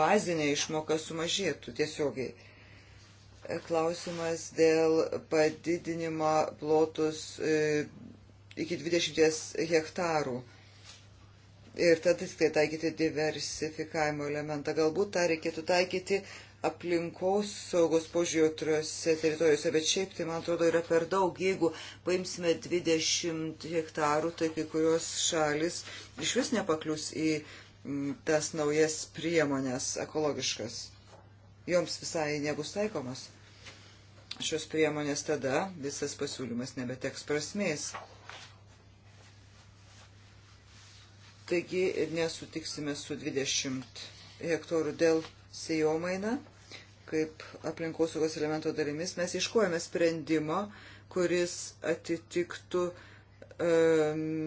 bazinė išmoka sumažėtų tiesiogiai. E, klausimas dėl padidinimo plotus e, iki 20 hektarų. Ir tada tik tai taikyti diversifikavimo elementą. Galbūt tą reikėtų taikyti aplinkos saugos požiūrio trose teritorijose, bet šiaip tai, man atrodo, yra per daug. Jeigu paimsime 20 hektarų, tai kai kurios šalis iš vis nepaklius į mm, tas naujas priemonės ekologiškas. Joms visai nebus taikomas. Šios priemonės tada visas pasiūlymas nebeteks prasmės. Taigi nesutiksime su 20 hektarų dėl sėjomainą kaip aplinkosaugos elemento dalimis, mes iškojame sprendimo, kuris atitiktų e,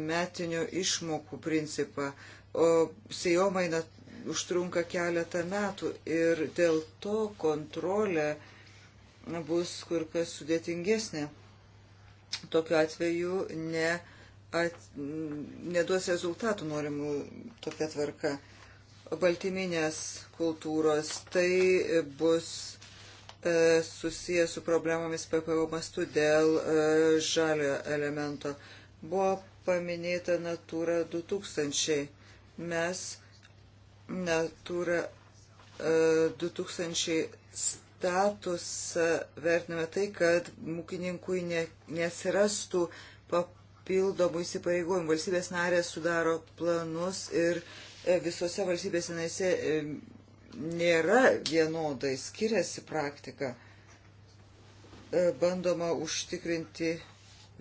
metinio išmokų principą. O sėjomaina užtrunka keletą metų ir dėl to kontrolė bus kur kas sudėtingesnė. Tokiu atveju ne, at, neduos rezultatų norimų tokia tvarka baltyminės kultūros. Tai bus e, susijęs su problemomis PPO mastu dėl e, žalio elemento. Buvo paminėta Natūra 2000. Mes Natūra 2000 e, statusą vertiname tai, kad mūkininkui ne, nesirastų papildomų įsipareigojimų. Valstybės narės sudaro planus ir uh, E, visose valstybėse naise e, nėra vienodai, skiriasi praktika. E, bandoma užtikrinti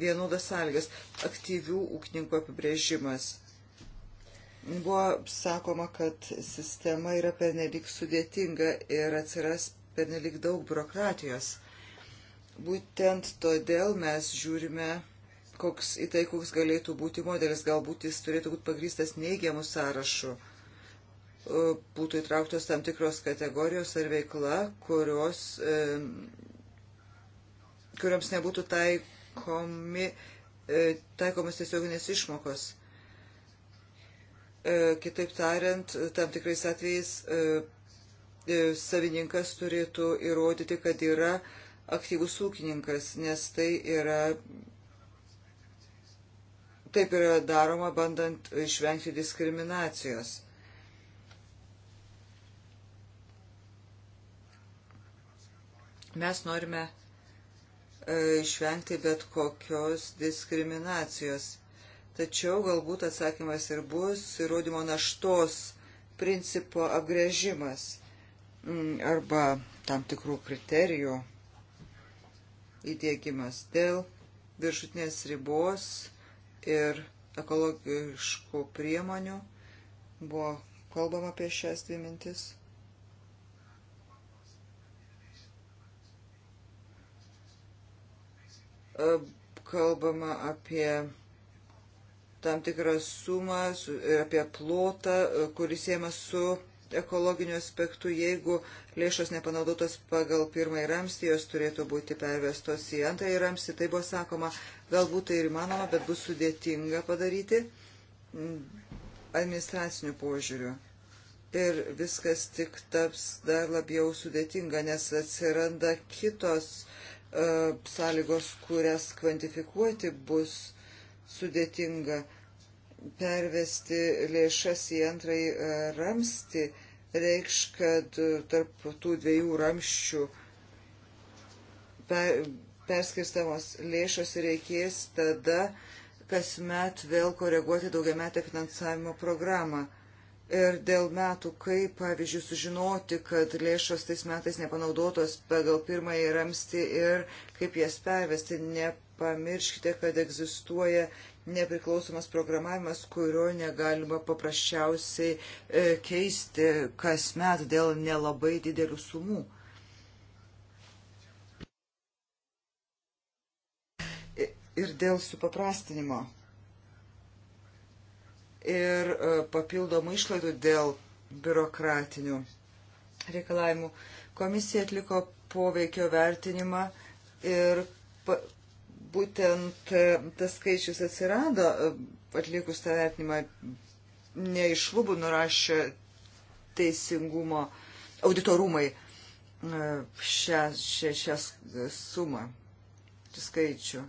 vienodas sąlygas, aktyvių ūkininkų apibrėžimas. Buvo sakoma, kad sistema yra pernelik sudėtinga ir atsiras pernelik daug biurokratijos. Būtent todėl mes žiūrime koks, į tai, koks galėtų būti modelis, galbūt jis turėtų būti pagrystas neigiamų sąrašų. Būtų įtrauktos tam tikros kategorijos ar veikla, kurios, kuriams nebūtų taikomi, e, taikomas tiesioginės išmokos. E, kitaip tariant, tam tikrais atvejais e, savininkas turėtų įrodyti, kad yra aktyvus ūkininkas, nes tai yra Taip yra daroma, bandant išvengti diskriminacijos. Mes norime e, išvengti bet kokios diskriminacijos. Tačiau galbūt atsakymas ir bus įrodymo naštos principo apgrėžimas mm, arba tam tikrų kriterijų įdėgymas dėl viršutinės ribos ir ekologiškų priemonių. Buvo kalbama apie šias dvi mintis. E, kalbama apie tam tikrą sumą, apie plotą, e, kuris siemas su ekologiniu aspektu, jeigu lėšos nepanaudotos pagal pirmąjį ramstį, jos turėtų būti pervestos į antrąjį ramstį. Tai buvo sakoma, Galbūt tai ir įmanoma, bet bus sudėtinga padaryti mm, administracinių požiūrių. Ir viskas tik taps dar labiau sudėtinga, nes atsiranda kitos uh, sąlygos, kurias kvantifikuoti bus sudėtinga. Pervesti lėšas į antrąjį uh, ramstį reikš, kad uh, tarp tų dviejų ramščių per, perskirstamos lėšos ir reikės tada kasmet vėl koreguoti daugiametę finansavimo programą. Ir dėl metų, kaip, pavyzdžiui, sužinoti, kad lėšos tais metais nepanaudotos pagal pirmąjį ramstį ir kaip jas pervesti. Nepamirškite, kad egzistuoja nepriklausomas programavimas, kurio negalima paprasčiausiai e, keisti kasmet dėl nelabai didelių sumų. ir dėl supaprastinimo ir e, papildomų išlaidų dėl biurokratinių reikalavimų. Komisija atliko poveikio vertinimą ir pa, būtent e, tas skaičius atsirado e, atlikus tą vertinimą neišlubų nurašė teisingumo auditorumai šią, šią, šią sumą skaičių.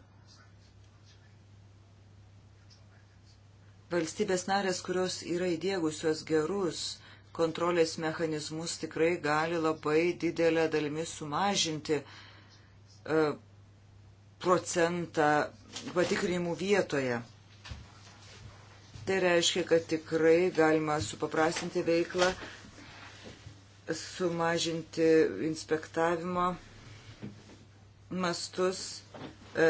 Valstybės narės, kurios yra įdėgusios gerus kontrolės mechanizmus, tikrai gali labai didelę dalimi sumažinti e, procentą patikrinimų vietoje. Tai reiškia, kad tikrai galima supaprastinti veiklą, sumažinti inspektavimo mastus,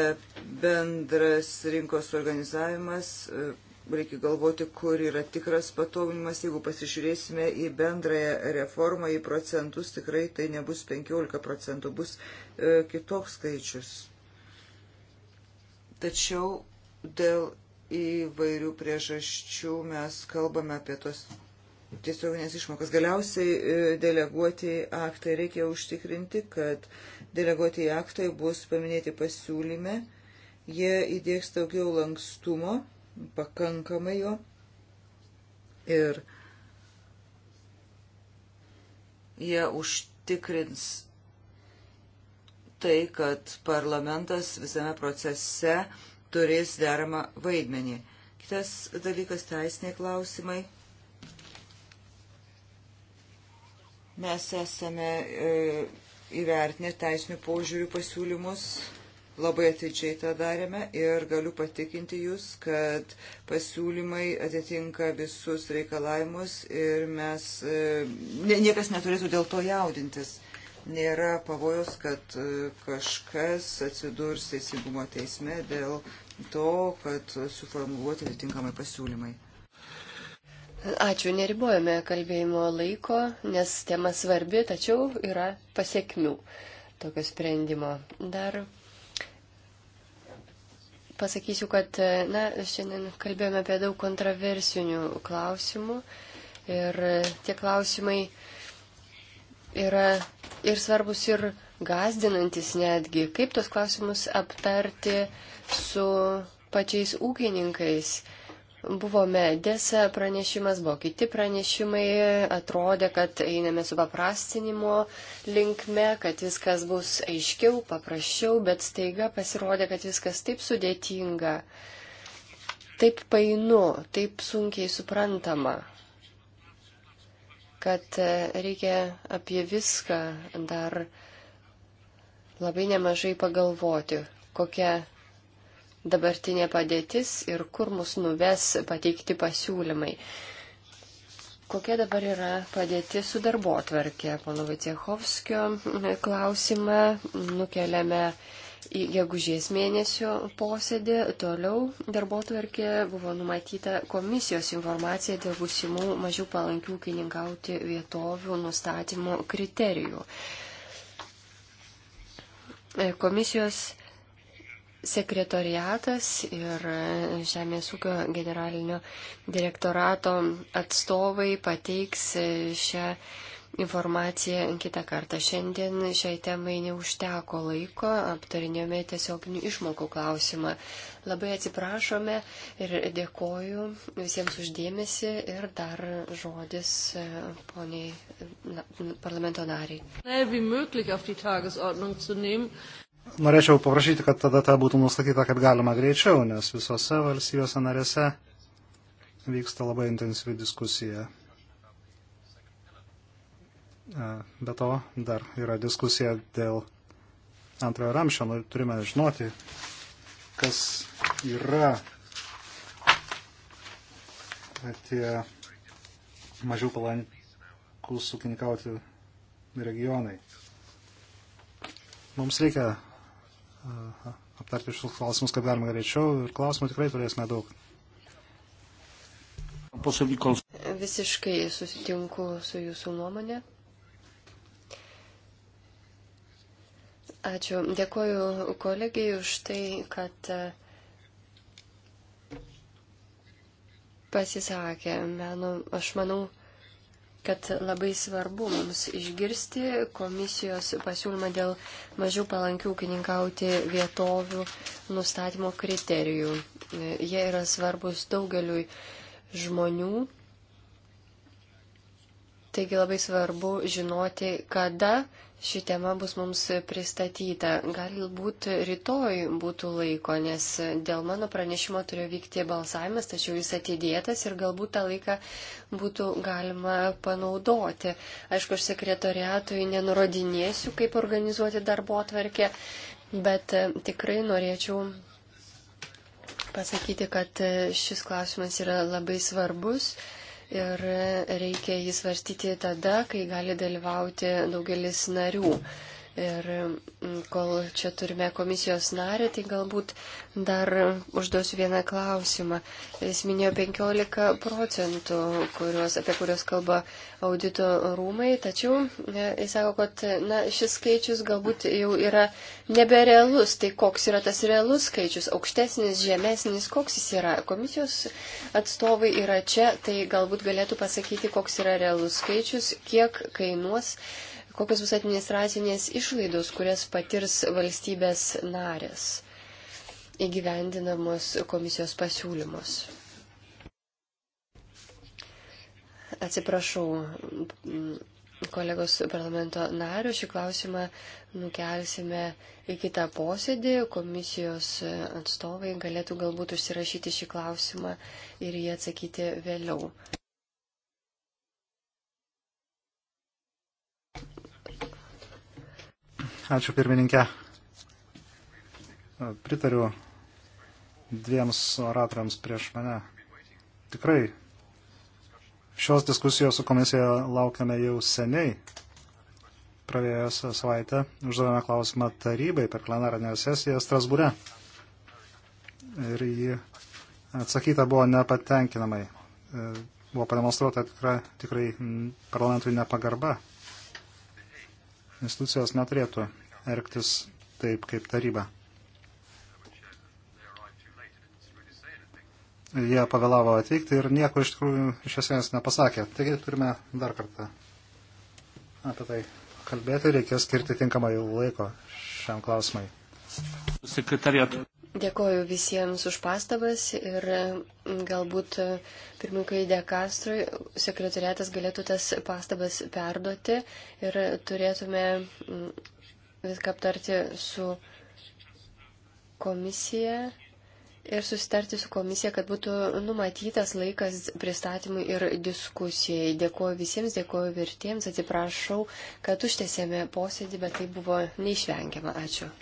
e, bendras rinkos organizavimas, e, reikia galvoti, kur yra tikras patobulinimas. Jeigu pasižiūrėsime į bendrąją reformą, į procentus, tikrai tai nebus 15 procentų, bus e, kitoks skaičius. Tačiau dėl įvairių priežasčių mes kalbame apie tos tiesioginės išmokas. Galiausiai e, deleguoti aktai reikia užtikrinti, kad deleguoti aktai bus paminėti pasiūlyme. Jie įdėks daugiau lankstumo pakankamai jo. Ir jie užtikrins tai, kad parlamentas visame procese turės deramą vaidmenį. Kitas dalykas - teisiniai klausimai. Mes esame e, įvertinę teisinių požiūrių pasiūlymus Labai atidžiai tą darėme ir galiu patikinti Jūs, kad pasiūlymai atitinka visus reikalavimus ir mes, e, ne, niekas neturėtų dėl to jaudintis. Nėra pavojos, kad e, kažkas atsidurs teisingumo teisme dėl to, kad suformuluoti atitinkamai pasiūlymai. Ačiū, neribojame kalbėjimo laiko, nes tema svarbi, tačiau yra pasiekmių tokio sprendimo. Dar pasakysiu, kad e, na, šiandien kalbėjome apie daug kontroversinių klausimų ir e, tie klausimai yra ir svarbus, ir gazdinantis netgi, kaip tos klausimus aptarti su pačiais ūkininkais. Buvo medės pranešimas, buvo kiti pranešimai, atrodė, kad einame su paprastinimo linkme, kad viskas bus aiškiau, paprasčiau, bet staiga pasirodė, kad viskas taip sudėtinga, taip painu, taip sunkiai suprantama, kad reikia apie viską dar labai nemažai pagalvoti, kokia dabartinė padėtis ir kur mus nuves pateikti pasiūlymai. Kokia dabar yra padėtis su darbo atverkė? Pono Vaitiehovskio e, klausimą nukeliame į gegužės mėnesio posėdį. Toliau darbo tvarkė buvo numatyta komisijos informacija dėl būsimų mažiau palankių kininkauti vietovių nustatymo kriterijų. E, komisijos sekretoriatas ir Žemės ūkio generalinio direktorato atstovai pateiks šią informaciją kitą kartą. Šiandien šiai temai neužteko laiko, aptarinėjome tiesioginių išmokų klausimą. Labai atsiprašome ir dėkoju visiems uždėmesi ir dar žodis e, poniai na, parlamento nariai norėčiau paprašyti, kad tada ta būtų nustatyta kaip galima greičiau, nes visose valstybėse narėse vyksta labai intensyvi diskusija. Be to, dar yra diskusija dėl antrojo ramšio. Nu, turime žinoti, kas yra tie mažiau palankus ūkininkauti regionai. Mums reikia aptarti šios klausimus, kaip galima greičiau ir klausimų tikrai turėsime daug. Visiškai susitinku su jūsų nuomonė. Ačiū. Dėkuoju kolegijai už tai, kad e, pasisakė. Menu, aš manau, kad labai svarbu mums išgirsti komisijos pasiūlymą dėl mažiau palankių ūkininkauti vietovių nustatymo kriterijų. Jie yra svarbus daugeliui žmonių. Taigi labai svarbu žinoti, kada ši tema bus mums pristatyta. Galbūt rytoj būtų laiko, nes dėl mano pranešimo turėjo vykti balsavimas, tačiau jis atidėtas ir galbūt tą laiką būtų galima panaudoti. Aišku, aš sekretoriatui nenurodinėsiu, kaip organizuoti darbo atverkę, bet e, tikrai norėčiau pasakyti, kad e, šis klausimas yra labai svarbus ir reikia jį svarstyti tada, kai gali dalyvauti daugelis narių. Ir mm, kol čia turime komisijos narį, tai galbūt dar užduosiu vieną klausimą. Jis minėjo 15 procentų, kurios, apie kuriuos kalba audito rūmai, tačiau e, jis sako, kad na, šis skaičius galbūt jau yra neberealus. Tai koks yra tas realus skaičius? Aukštesnis, žemesnis, koks jis yra? Komisijos atstovai yra čia, tai galbūt galėtų pasakyti, koks yra realus skaičius, kiek kainuos kokios bus administracinės išlaidos, kurias patirs valstybės narės įgyvendinamos komisijos pasiūlymus. Atsiprašau, kolegos parlamento nario, šį klausimą nukelsime į kitą posėdį. Komisijos atstovai galėtų galbūt užsirašyti šį klausimą ir jį atsakyti vėliau. Ačiū pirmininkė. Pritariu dviems oratoriams prieš mane. Tikrai šios diskusijos su komisija laukiame jau seniai. Pravėjusią savaitę uždavėme klausimą tarybai per plenarinę sesiją Strasbūre. Ir jį atsakyta buvo nepatenkinamai. E, buvo pademonstruota tikra, tikrai parlamentui nepagarba institucijos neturėtų elgtis taip kaip taryba. Jie pavėlavo atvykti ir nieko iš tikrųjų iš esmės nepasakė. Taigi turime dar kartą apie tai kalbėti, reikės skirti tinkamai laiko šiam klausimai. Sekretariatu. Dėkoju visiems už pastabas ir mm, galbūt pirmininkai Dekastrui sekretariatas galėtų tas pastabas perduoti ir turėtume mm, viską aptarti su komisija ir susitarti su komisija, kad būtų numatytas laikas pristatymui ir diskusijai. Dėkoju visiems, dėkoju vertiems, atsiprašau, kad užtėsėme posėdį, bet tai buvo neišvengiama. Ačiū.